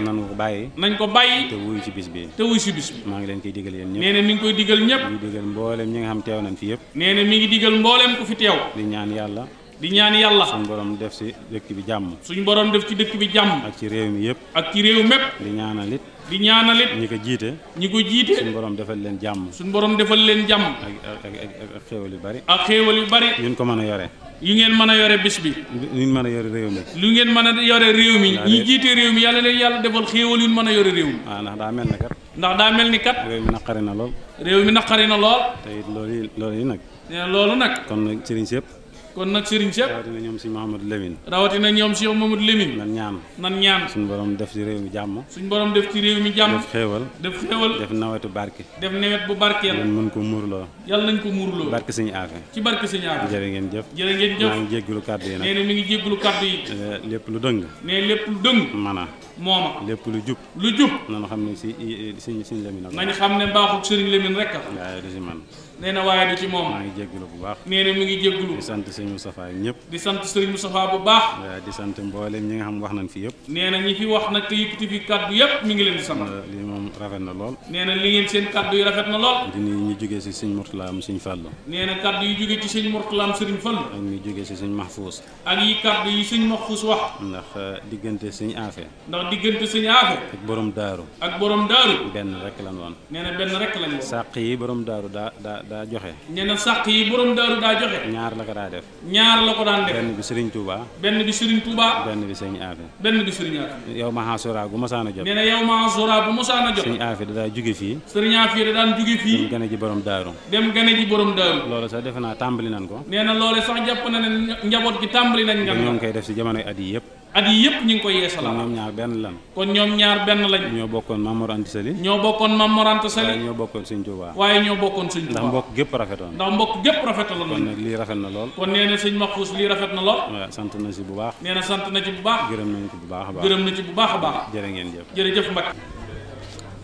nañ ko bàyyi ci bis bi maa ngi leen koy digal yéen ñëpp nee mi ngi koy digal ñëpp mi ngi digal mboolem ku fi teew di ñaan yàlla di ñaan yàlla suñu borom def ci dëkk bi jàmm suñu borom def ci dëkk bi jàmm ak ci réew mi yëpp ak ci réew mépp di ñaanal di ñaanalit ñi ko jiite ñi ko jiite suñu borom defal leen jàmm suñu borom defal leen jàmm ak ak yu bari ak xéewal yu bari yuñ ko mën a yore yu ngeen mën a yore bis bi luñ mën a yore réew mi lu ngeen mën a yore réew mi ñi jiite réew mi yàlla leen yàlla defal xéewal yu mën a yore réew mi waaw ndax daa mel ni kat ndax daa mel ni kat réew mi naqari na lool réew mi naqari na lool te it loolu yi loolu yi nag nee loolu nag kon nag sëriñ kon nag sëriñ Cheikh rawatina ñoom si Mouhamadou Lamine rawatina ñoom si Mouhamadou Lamine nan ñaan nan ñaan suñ borom def ci réew mi jàmm suñ borom def ci réew mi jàmm def xéewal def xéewal def nawetu barke def nawet bu barkeel yàlla mën ko muurloo yàlla nañ ko muurloo barke sëñ aafe ci barke sëñ aafe jërë ngeen jëf jërë ngeen jëf maa ngi jéggalu kàddu yi nag nee ngi jéggalu kàddu yi eh, lépp lu dëng nee lépp lu dëng mana mooma lépp lu jub lu jub nanu xam ne si sëñ sëñ Lamine nañ xam ne baaxul sëriñ Lamine rek waaye man nee na waaye du ci moom. maa ngi jégalu bu baax. nee na mi ngi jégalu. di sant sëñ Moustapha ak ñëpp. di sant sëñ Moustapha bu baax. di sant mboolem ñi nga xam wax nañ fi yëpp. nee ñu fi wax nag te yëkkati fi kaddu yëpp mi ngi leen di sant. lii moom rafet na lool. nee na li ngeen seen kaddu yi rafet na lool. di nuyu ñu jógee si sëñ Mourtala am sëñ Fallou. nee kaddu yi jógee ci sëñ Mourtala am sëñ Fallou. ak ñu jógee si sëñ Mahfous. ak yi kaddu yi sëñ Mahfous wax. ndax euh, diggante suñu Afe. ndax diggante sëñ Afe. ak boroom daaru. ak borom daaru. benn rek lañ woon. daa joxe nee na sàq yi borom daaru daa joxe ñaar la ko daa def ñaar la ko daan def benn bi sëriñ Touba benn bi sëriñ Touba benn bi sëriñ Afe bi yow ma bu a jot bu mosaan a jot sëriñ Afe da daa jóge fii sëriñ Afe da daan jóge fii dem gane ji borom daaru dem gane ji borom daaru loolu sax defe naa tàmbali nañ ko nee na loole sax jàpp na ne njaboot gi tàmbali nañ nga ñoo ngi koy def si jamonoy at yi yëpp at yii yëpp ñu ngi koy yeesalaat kon ñoom ñaar benn lan kon ñoom ñaar benn lañ ñoo bokkoon Mame Mor Anta Sali ñoo bokkoon Mame Mor Anta Sali ñoo bokkoon Sëñ Tuubaa waaye ñoo bokkoon ndax mbokk gépp rafetoon ndax mbokk gépp rafetaloon kon lii rafet na lool kon nee na sëñ Maxfuus lii rafet na lool sant na si bu baax nee na sant na ci bu baax gërëm nañ ci bu baax a baax gërëm na ci bu baax a baax jërë ngeen jëf jërëjëf Mbacke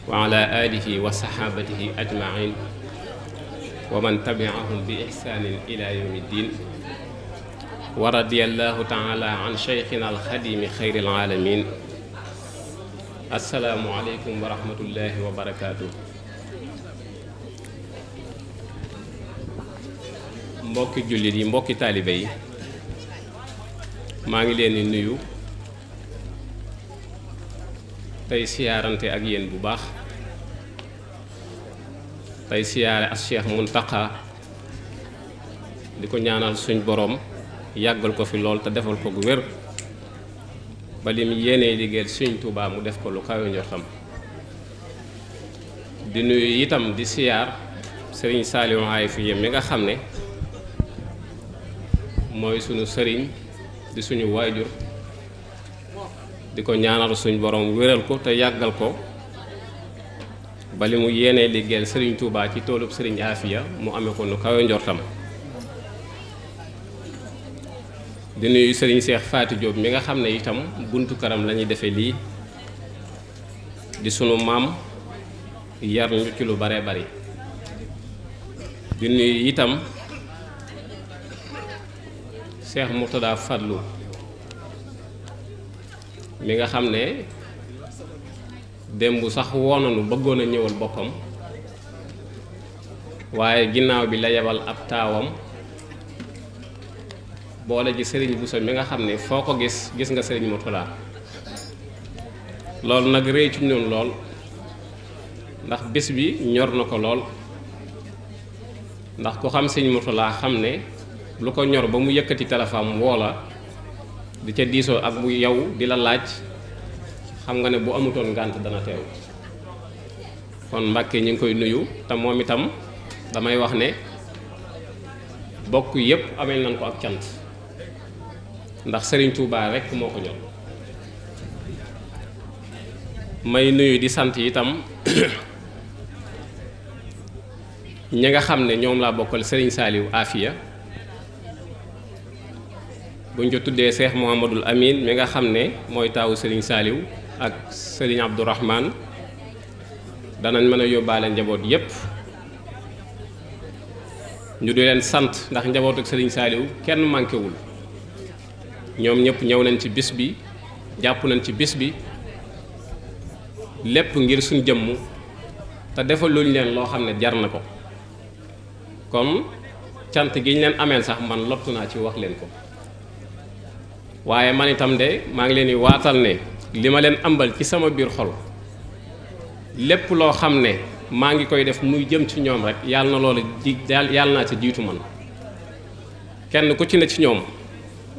wa ala alihi wa sahabatihi ajmain wa man tabiahum bi ihsanin ila yawmi wa radiyallahu taala an cheikhina alxadimi xayril alamin assalaamu aleykum wa rahmatullahi mbokki jullit yi mbokki taalibe yi maa ngi leen di nuyu tey siyaarante ak yéen bu baax tey siyaare ak Cheikh Muntaqa di ko ñaanal suñ boroom yàggal ko fi lool te defal ko ku wér ba lim yéenee liggéeyal Sëriñ Tuubaa mu def ko lu kawe njortam di nuyu itam di siyaar sëriñ Saliou Afiya mi nga xam ne mooy sunu sëriñ di suñu waajur di ko ñaanal suñ boroom wéral ko te yàggal ko ba li mu yéenee liggéeyal Sëriñ Tuubaa ci toolub Sëriñ Afiya mu amee ko nu kawe njortam di nuyu Serigne Cheikh Faty Diop mi nga xam ne itam buntu këram lañuy ñuy defee lii di suñu maam yar ñu ci lu bare bari di nuyu itam Cheikh Mourtada Fadlu mi nga xam ne démb sax woon nañu bëggoon a ñëwal boppam waaye ginnaaw bi la yebal ab taawam. boole ji sëriñ Bousso mi nga xam ne foo ko gis gis nga sëriñ Mourtala loolu nag réy ci noonu lool ndax bés bi ñor na ko lool ndax ku xam sëriñ Mourtala xam ne lu ko ñor ba mu yëkkati téléphone woo la di ca diisoo ak bu yow di la laaj xam nga ne bu amutoon ngànt dana teew kon Mbàkke ñu ngi koy nuyu te moom itam damay wax ne bokk yépp amee nañ ko ak cant ndax sëriñ Touba rek moo ko ñor may nuyu di sant itam ñi nga xam ne ñoom laa bokkal sëriñ Saliou Afia buñ ko tuddee Cheikh Mouhamadul Amin mi nga xam ne mooy taawu sëriñ saaliw ak sëriñ Abdourahman danañ mën a yóbbaale njaboot yépp ñu di leen sant ndax njaboot ak sëriñ saaliw kenn mànkewul ñoom ñëpp ñëw nañ ci bis bi jàpp nañ ci bis bi lépp ngir suñ jëmm te defal leen loo xam ne jar na ko kon cant gi ñu leen ameel sax man lottu naa ci wax leen ko waaye man itam de maa ngi leen di waatal ne li ma leen ambal ci sama biir xol lépp loo xam ne maa ngi koy def muy jëm ci ñoom rek yàlla na loolu ji yàlla naa ci jiitu man kenn ku ci ne ci ñoom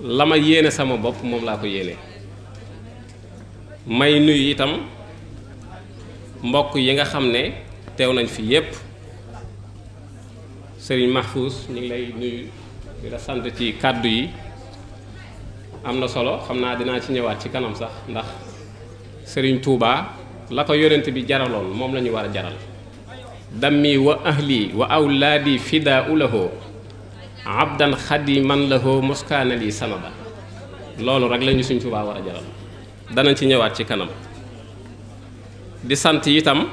la ma yéene sama bopp moom laa ko yéene may nuyu itam mbokk yi nga xam ne teew nañ fi yépp sëriñ Mahfous ñu ngi lay nuyu di la sant ci kàddu yi am na solo xam naa dinaa ci ñëwaat ci kanam sax ndax sëriñ Touba la ko yonent bi jaraloon moom la war a jaral dammi wa ahli wa awlaadi fidaa ulahoo abdan xadiman lahu muskaana lii sanada loolu rek lañu suñ Tuubaa war a jaral dana ci ñëwaat ci kanam di sant itam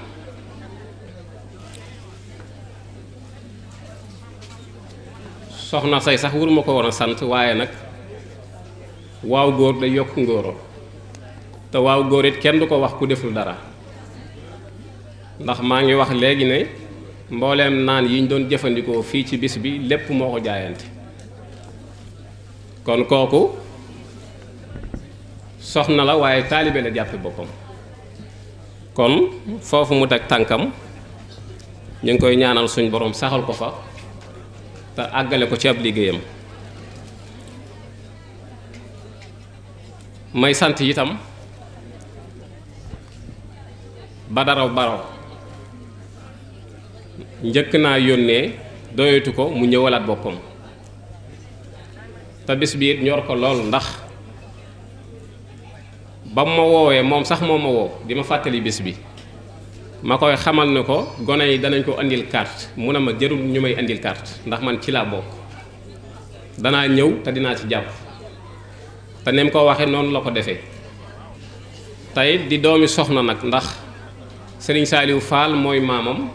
soxna say sax wuruma ko war a sant waaye nag waaw góor day yokk ngóoro te waaw góor kenn du ko wax ku deful dara ndax maa ngi wax léegi ne mbooleem naan yi ñu doon jëfandikoo fii ci bis bi lépp moo ko jaayante kon kooku soxna la waaye taalibe la jàppe boppam kon foofu mu teg tànkam ñu ngi koy ñaanal suñ boroom saxal ko fa te àggale ko ci ab liggéeyam may sant itam dara baraw njëkk naa yónnee doyatu ko mu ñëwalaat boppam te bis bi ñor ko lool ndax ba ma woowee moom sax moo ma woo di ma fàttali bis bi ma koy xamal ne ko gone yi danañ ko indil carte mu ne ma jërul ñu may indil carte ndax man ci laa bokk danaa ñëw te dinaa ci jàpp te nem ko waxee noonu la ko defee tey di doomi soxna nag ndax Serigne Saliou Fall mooy maamam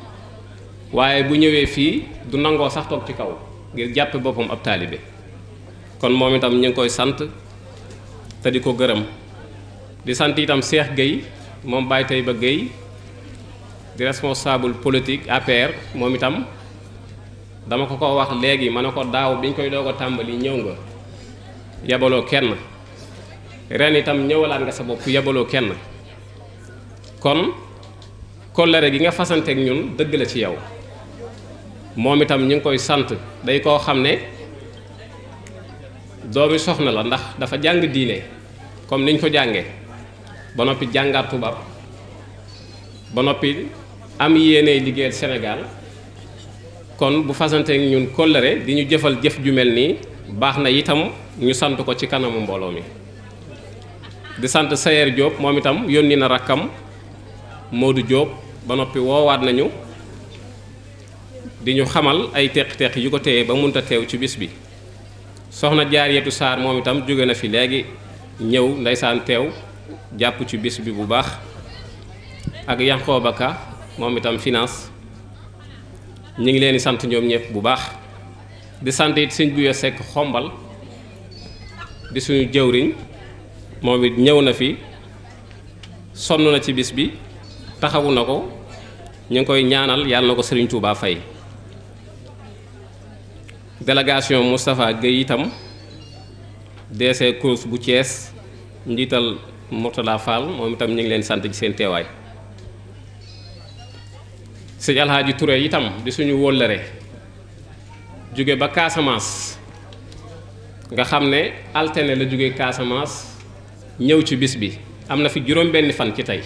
waaye bu ñëwee fii du nangoo sax toog ci kaw ngir jàppe boppam ab taalibe kon moom itam ñu ngi koy sant te di ko gërëm di sant itam Cheikh Gueye moom baay tey ba Gueye di responsable politique APR moom itam dama ko ko wax léegi ma ne ko daaw biñ koy doog a tàmbali ñëw nga yabaloo kenn ren itam ñëwalaat nga sa bopp yabaloo kenn kon kollëre gi nga fasanteek ñun dëgg la ci yow moom itam ñu ngi koy sant day koo xam ne doomi soxna la ndax dafa jàng diine comme niñ ko jàngee ba noppi jàngaat tubaab ba noppi am yéeney liggéeyal Sénégal kon bu fasanteek ñun kóllëre di ñu jëfal jëf ju mel nii baax na itam ñu sant ko ci kanamu mbooloo mi di sant Sayer Diop moom itam yónni na rakkam Modou Diop ba noppi woowaat nañu di ñu xamal ay teq-teq yu ko téye ba munta teew ci bis bi soxna jaar Jaariyatu Saar moom itam jóge na fi léegi ñëw ndeysaan teew jàpp ci bis bi bu baax ak Yankooba moom itam finance ñu ngi leen di sant ñoom ñëpp bu baax di sant it sëñ Buya Sekk xombal di suñu jëwriñ moom it ñëw na fi sonn na ci bis bi taxawu na ko ñu ngi koy ñaanal yàlla na ko Sëriñ Tuubaa fay délégation Moustapha Guèye itam DC Crous bu Thiès njiital Mourtala Fall moom itam ñu ngi leen sant ci seen teewaay sëñ Alhaaji Touré itam di suñu wóllëre jóge ba Casamance nga xam ne altine la jóge Casamance ñëw ci bis bi am na fi juróom-benn fan ci tey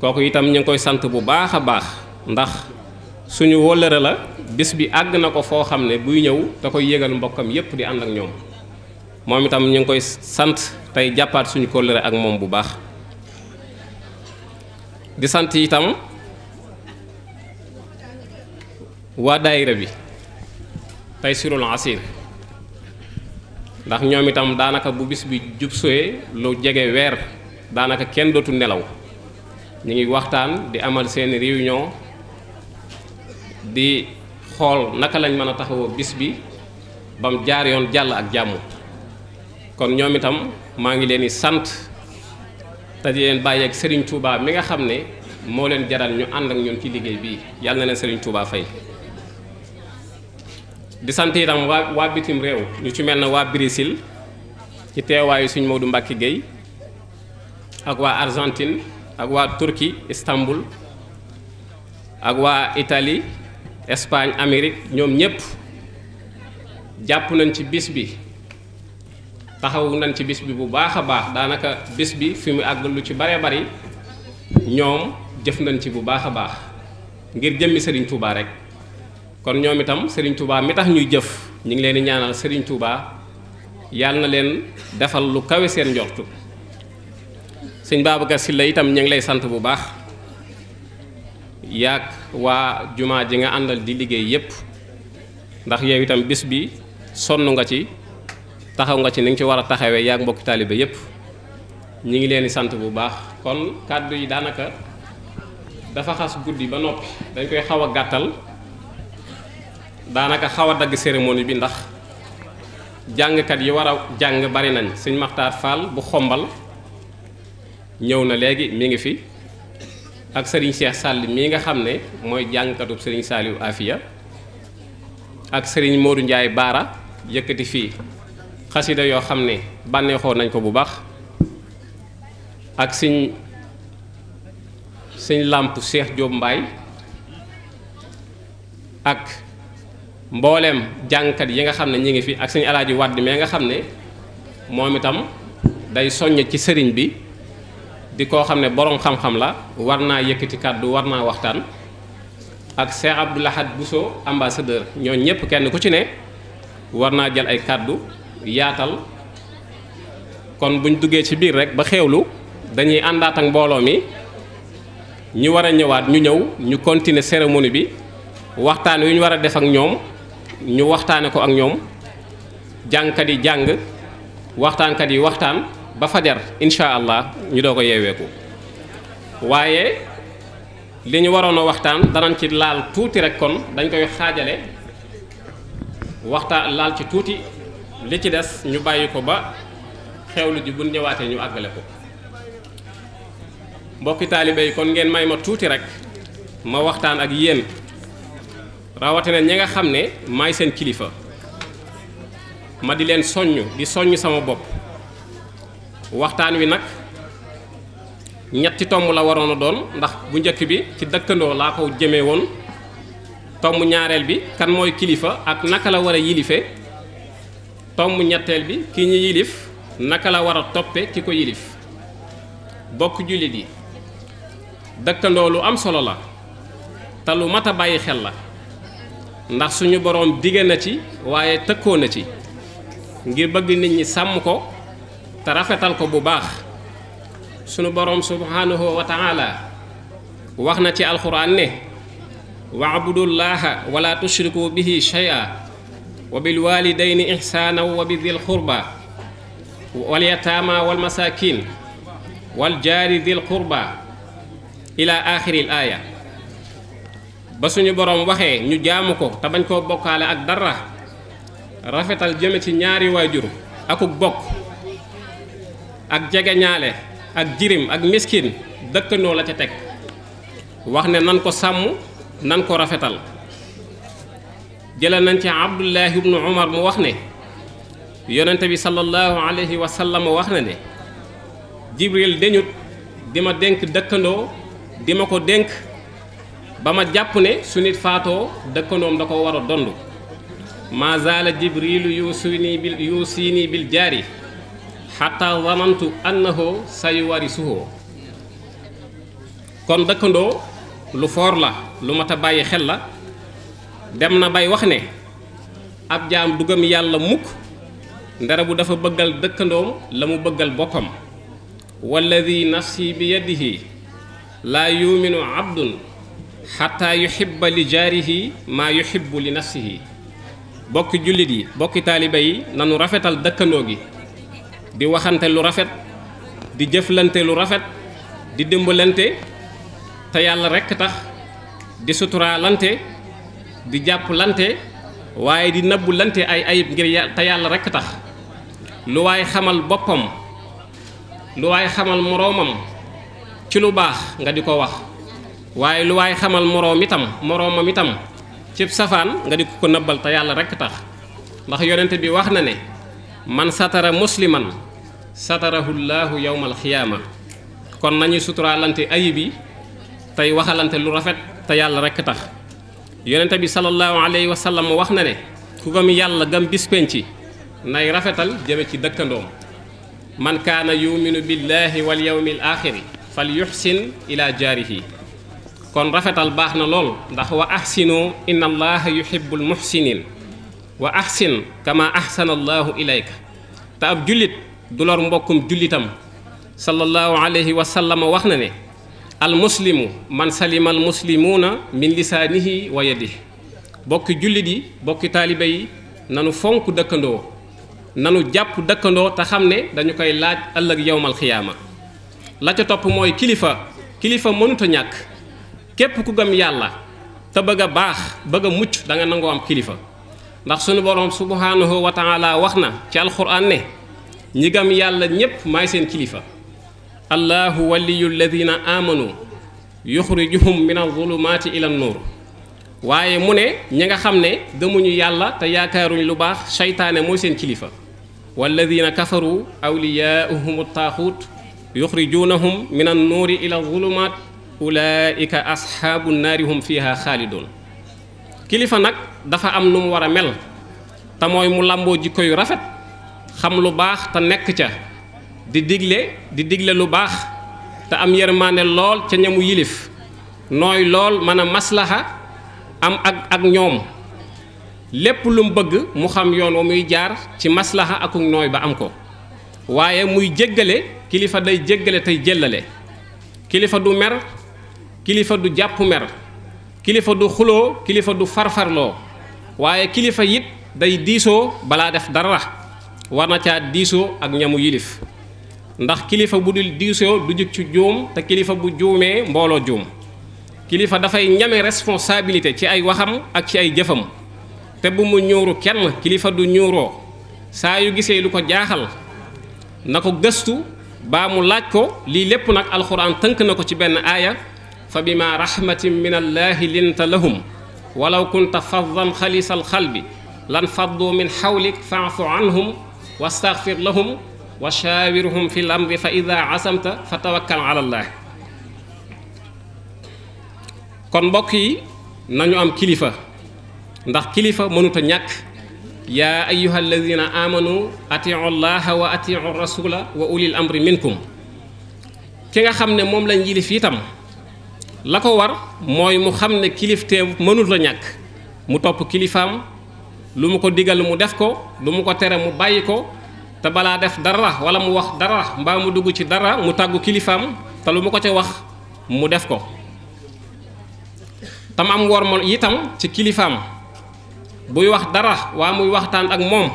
kooku itam ñu ngi koy sant bu baax a baax ndax suñu wóllëre la bis bi àgg na ko foo xam ne buy ñëw da koy yégal mbokkam yépp di ànd ak ñoom moom itam ñu ngi koy sant tey jàppaat suñu kóllëre ak moom bu baax di sant itam waa daayira bi tey sirul asir ndax ñoom itam daanaka bu bis bi jub soyee lu jege weer daanaka kenn dootu nelaw ñu ngi waxtaan di amal seeni réunion di xool naka lañ mën a taxawoo bis bi ba jaar yoon jàll ak jàmm kon ñoom itam maa ngi leen di sant te di leen bàyyi ak Serigne Touba mi nga xam ne moo leen jaral ñu ànd ak ñoom ci liggéey bi yàlla na leen Serigne Touba fay. di sant itam waa waa bitim réew ñu ci mel ne waa Brésil ci teewaayu suñ Maodo mbàkki géey ak waa Argentine ak waa Turquie Istanbul ak waa Italie. Espagne Amérique ñoom ñépp jàpp nañ ci bis bi taxawu nañ ci bis bi bu baax a baax daanaka bis bi fi mu àgg lu ci bare bari ñoom jëf nañ ci bu baax a baax ngir jëmmi sëriñ Touba rek kon ñoom itam sëriñ Touba mi tax ñuy jëf ñu ngi leen di ñaanal sëriñ Touba yàlla na leen defal lu kawe seen njortu sëñ Babacar Sylla itam ñu ngi lay sant bu baax. yaag waa jumaa ji nga àndal di liggéey yépp ndax yow itam bis bi sonn nga ci taxaw nga ci ni nga ci war a taxawee yaag mbokki taalibe yépp ñi ngi leen di sant bu baax kon kàddu yi daanaka dafa xas guddi ba noppi dañ koy xaw a gàttal daanaka xaw a dagg cérémonie bi ndax jàngkat yi war a jàng bari nañ sëñ Maxtaar Fall bu xombal ñëw na léegi mi ngi fi ak sëriñ Cheikh Sall mii nga xam ne mooy jàngkatub sëriñ Saliou Afia ak sëriñ Modou njaay Baara yëkkati fii xasida yoo xam ne bànneexoo nañ ko bu baax ak sëñ sëñ làmp Cheikh Diop Mbaye ak mbooleem jàngkat yi nga xam ne ñi ngi fi ak sëñ Alaaji Wàdd mais nga xam ne moom itam day soññ ci sëriñ bi di koo xam ne boroom xam-xam la war naa yëkkati kàddu war naa waxtaan ak Cheikh Abdou Lahad Bousso ambassadeur ñoo ñëpp kenn ku ci ne war naa jël ay kàddu yaatal kon buñ duggee ci biir rek ba xeewlu dañuy àndaat ak mbooloo mi ñu war a ñëwaat ñu ñëw ñu continuer cérémonie bi waxtaan wi ñu war a def ak ñoom ñu waxtaane ko ak ñoom jàngkat yi jàng waxtaankat yi waxtaan ba fajar incha allah ñu doo ko yeeweeku waaye li ñu waroon a waxtaan danañ ci laal tuuti rek kon dañ koy xaajale waxtaan laal ci tuuti li ci des ñu bàyyi ko ba xewlu ji bu ñu àggale ko mbokki taalibe yi kon ngeen may ma tuuti rek ma waxtaan ak yéen rawatina ñi nga xam ne maay seen kilifa ma di leen soññ di soññ sama bopp waxtaan wi nag ñetti tomb la waroon a doon ndax bu njëkk bi ci dëkkandoo laa ko jëmee woon tomb ñaareel bi kan mooy kilifa ak naka la war a yilife tomb ñetteel bi ki ñu yilif naka la war a toppe ki ko yilif bokk jullit yi dëkkandoo lu am solo la te lu mat a bàyyi xel la ndax suñu boroom dige na ci waaye tëkkoo na ci ngir bëgg nit ñi sàmm ko te rafetal ko bu baax sunu boroom subhaanahu wa taala wax na ci alxuraan ne waabudullaha wala tushriku bihi shay'a wa bil walidayni ihsaanan wa bi dil qurba wal yataama wal masaakin wal jaari dil qurba ila axiril aaya ba suñu boroom waxee ñu jaamu ko te bañ koo bokkaale ak dara rafetal jëme ci ñaari waajur akuk bokk ak jegeñaale ak jirim ak miskin dëkkandoo la ca teg wax ne nan ko sàmm nan ko rafetal jële nañ ci abdullahi umar mu wax ne yonente bi sallallahu alayhi wa sallam wax na ne jibril deñut di ma dénk dëkkandoo di ma ko dénk ba ma jàpp ne su nit faatoo dëkkandoom da ko war a dond maa zaala jibrilu yuusini bil yuusini bil jaari xataa zanantu annahu sayuwarisuhu kon dëkkandoo lu foor la lu mat a bàyyi xel la dem na bay wax ne ab jaam dugam yàlla mukk ndara bu dafa bëggal dëkkandoom la mu bëggal boppam walladi nafsi bi yadihi laa yuminu abdun xataa yuhibba li jaarihi maa yuhibbu li nafsihi bokki jullit yi bokki taaliba yi nanu rafetal dëkkandoo gi di waxante lu rafet di jëflante lu rafet di dimbalante te yàlla rekk tax di suturaalante di jàppalante waaye di nëbbulante ay ayib ngir te yàlla rekk tax lu waay xamal boppam lu waay xamal moroomam ci lu baax nga di ko wax waaye lu waay xamal moroom itam moroomam itam ci safaan nga di ko ko nëbbal te yàlla rekk tax ndax yonent bi wax na ne man satara musliman satarahu llaahu yowmal xiyaama kon nañu suturaalante ayib yi tey waxalante lu rafet te yàlla rekk tax yonente bi sallallahu alayhi wa sallam wax na ne ku gëm yàlla gëm bis penc nay rafetal jëme ci dëkkandoom man kaana yuminu billahi wal yawmil axiri fal yuxsin ila jaarihi kon rafetal baax na lool ndax wa ahsinu inna allaha yuhibbul muhsinin wa ahsin kama ahsana ilayka te ab jullit du mbokkum jullitam sallallahu alayhi wa sallam wax na ne al muslimu man salima al muslimuuna min lisaanihi wa yadihi bokki jullit yi bokki taalibe yi nanu fonk dëkkandoo nanu jàpp dëkkandoo te xam ne dañu koy laaj ëllëg yowmal xiyaama la ca topp mooy kilifa kilifa mënuta ñàkk képp ku gëm yàlla te bëgg a baax bëgg a mucc danga nga am kilifa ndax sunu borom subhanahu wa taala wax na ci alquran ne ñi yàlla ñépp maay seen kilifa allahu waliyu alladina amanu yuxrijuhum min alzulumaati ila nuur waaye mu ne ñi nga xam ne gëmuñu yàlla te yaakaaruñ lu baax seytaane mooy seen kilifa walladina kafaru awliyaauhum taaxuut yuxrijunahum min annuuri ila alzulumaat ulaika ashaabu naari hum fiha xaalidun kilifa nag dafa am nu mu war a mel te mooy mu làmboo jikko yu rafet xam lu baax te nekk ca di digle di digle lu baax te am yërmaande lool ca ñamu yilif nooy lool mën a maslaha am ak ak ñoom lépp lum bëgg mu xam yoon wa muy jaar ci maslaha akuk nooy ba am ko waaye muy jéggale kilifa day jéggale tey jëllale kilifa du mer kilifa du jàpp mer kilifa du xuloo kilifa du farfarloo waaye kilifa it day diisoo balaa def dara war na caa diisoo ak ñamu yilif ndax kilifa bu dul diisoo du jug ci juum te kilifa bu juumee mbooloo juum kilifa dafay ñame responsabilité ci ay waxam ak ci ay jëfam te bu mu ñuuru kenn kilifa du ñuuroo saa yu gisee lu ko jaaxal na ko gëstu baa mu laaj ko lii lépp nag alxuraan tënk na ko ci benn aaya fa bima rahmatin min allaahi linta lahum walaw kunta faddan xalisal xalbi lan faddu min xawlik faafu anhum wastaxfir lahum fi l amri fa ida asamta fa tawakkal ala kon mbokk yi nañu am kilifa ndax kilifa mënut a ñàkk yaa ayuha alladina amanu atiu llaha wa atiu rasula wa ulil amri minkum ki nga xam ne moom lañ yilif itam la ko war mooy mu xam ne kilifteef mënut la ñàkk mu topp kilifaam lu mu ko digal mu def ko lu mu ko tere mu bàyyi ko te balaa def dara wala mu wax dara mbaa mu dugg ci dara mu tàggu kilifaam te lu mu ko ca wax mu def ko tam am wormal itam ci kilifaam buy wax dara waa muy waxtaan ak moom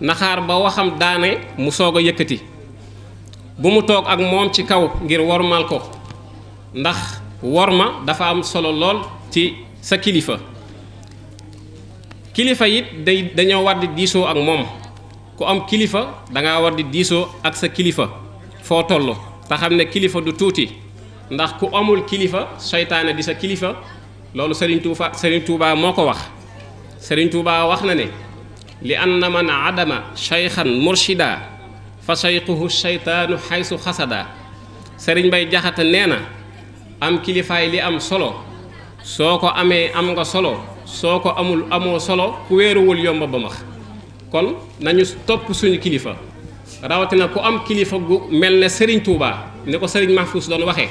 naxaar ba waxam daane mu soog a yëkkati bu mu toog ak moom ci kaw ngir wormal ko ndax worma dafa am solo lool ci sa kilifa kilifa it day dañoo war di diisoo ak moom ku am kilifa danga war di diisoo ak sa kilifa foo toll te xam ne kilifa du tuuti ndax ku amul kilifa seytaane di sa kilifa loolu Serigne Touba Serigne Touba moo ko wax Serigne Touba wax na ne li anna man adama cheykhan murshida fa cheykhuhu seytaanu xaysu xasada Serigne Bay Jaxate nee na am kilifaay li am solo soo ko amee am nga solo soo ko amul amoo solo ku wéeruwul yomba ba max kon nañu topp suñu kilifa rawatina ku am kilifa gu mel ne sëriñ Touba ne ko Serigne Mahfous doon waxee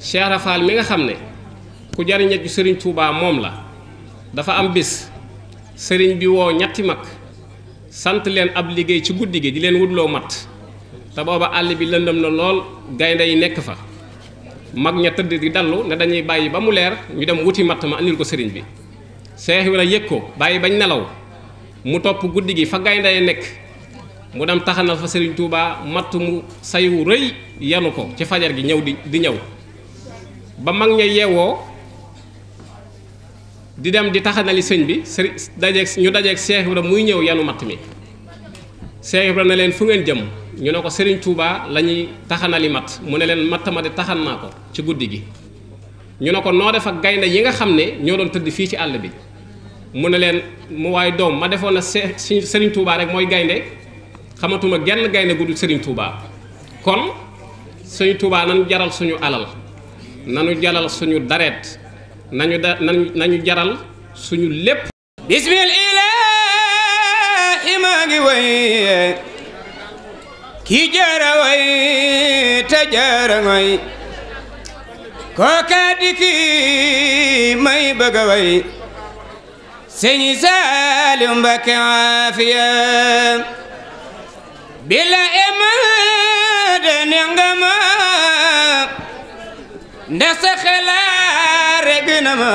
Cheikh mi nga xam ne ku jariñ ak sëriñ Touba moom la dafa am bis sëriñ bi woo ñetti mag sant leen ab liggéey ci guddi gi di leen wutloo matt te booba àll bi lëndëm na lool gaynde yi nekk fa mag ña tëdd di dallu ne dañuy bàyyi ba mu leer ñu dem wuti matt ma andil ko Serigne bi. Seex Ibra yëg ko bàyyi bañ nelaw mu topp guddi gi fa gaynde yi nekk mu dem taxanal fa seriñ Touba matt mu sayu rëy yanu ko ci fajar gi ñëw di di ñëw ba mag ña yeewoo di dem di taxanali sëñ bi sëriñ dajeeg ñu dajeeg Seex Ibra muy ñëw yanu matt mi Seex Ibra ne leen fu ngeen jëm ñu ne ko Serigne Touba la ñuy taxanali matt mu ne leen matt ma di taxan ko ci guddi gi ñu ne ko noo def ak gaynde yi nga xam ne ñoo doon tëdd fii ci àll bi mu ne leen mu waaye doom ma defoon na Serigne tuubaa rek mooy gaynde xamatuma genn gaynde gu dul Serigne Touba kon Serigne Touba nañu jaral suñu alal nañu jaral suñu dareet nañu da nañu jaral suñu lépp bismil ilaahi maa ngi way ki jara te jara ngoy kooka di ki may bëgga way sëñ Saaliw Mbakke aafiya bila emaade ne nga ma ndax xelaa reg na ma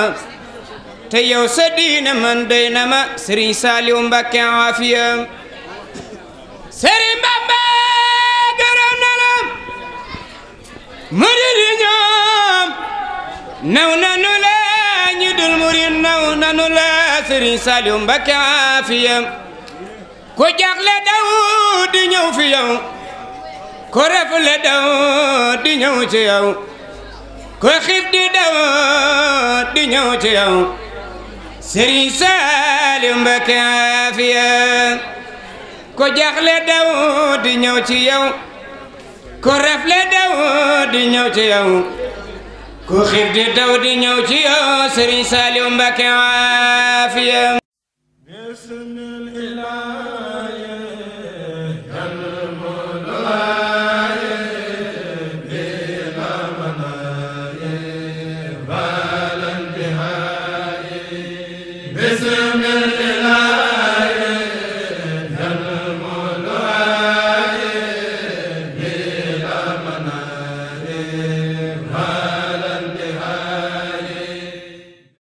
te yow sa diine man doy na ma sëriñ Saaliw Mbakke aafiya sëriñ Bamba gërëm la mu di ñoom naw nanu la ñi dul murid naw nanu la sëriñ Saliou Mbacké aafiyam ku jaxle daw di ñëw fi yow ku rafle daw di ñëw ci yow ku di daw di ñëw ci sëriñ Saliou Mbacké aafiyam ku jaxle daw di ñëw ci yow ku rafle daw di ñëw ci ku xiif di daw di ñëw ci yow sëriñ Saliou Mbacke aafiya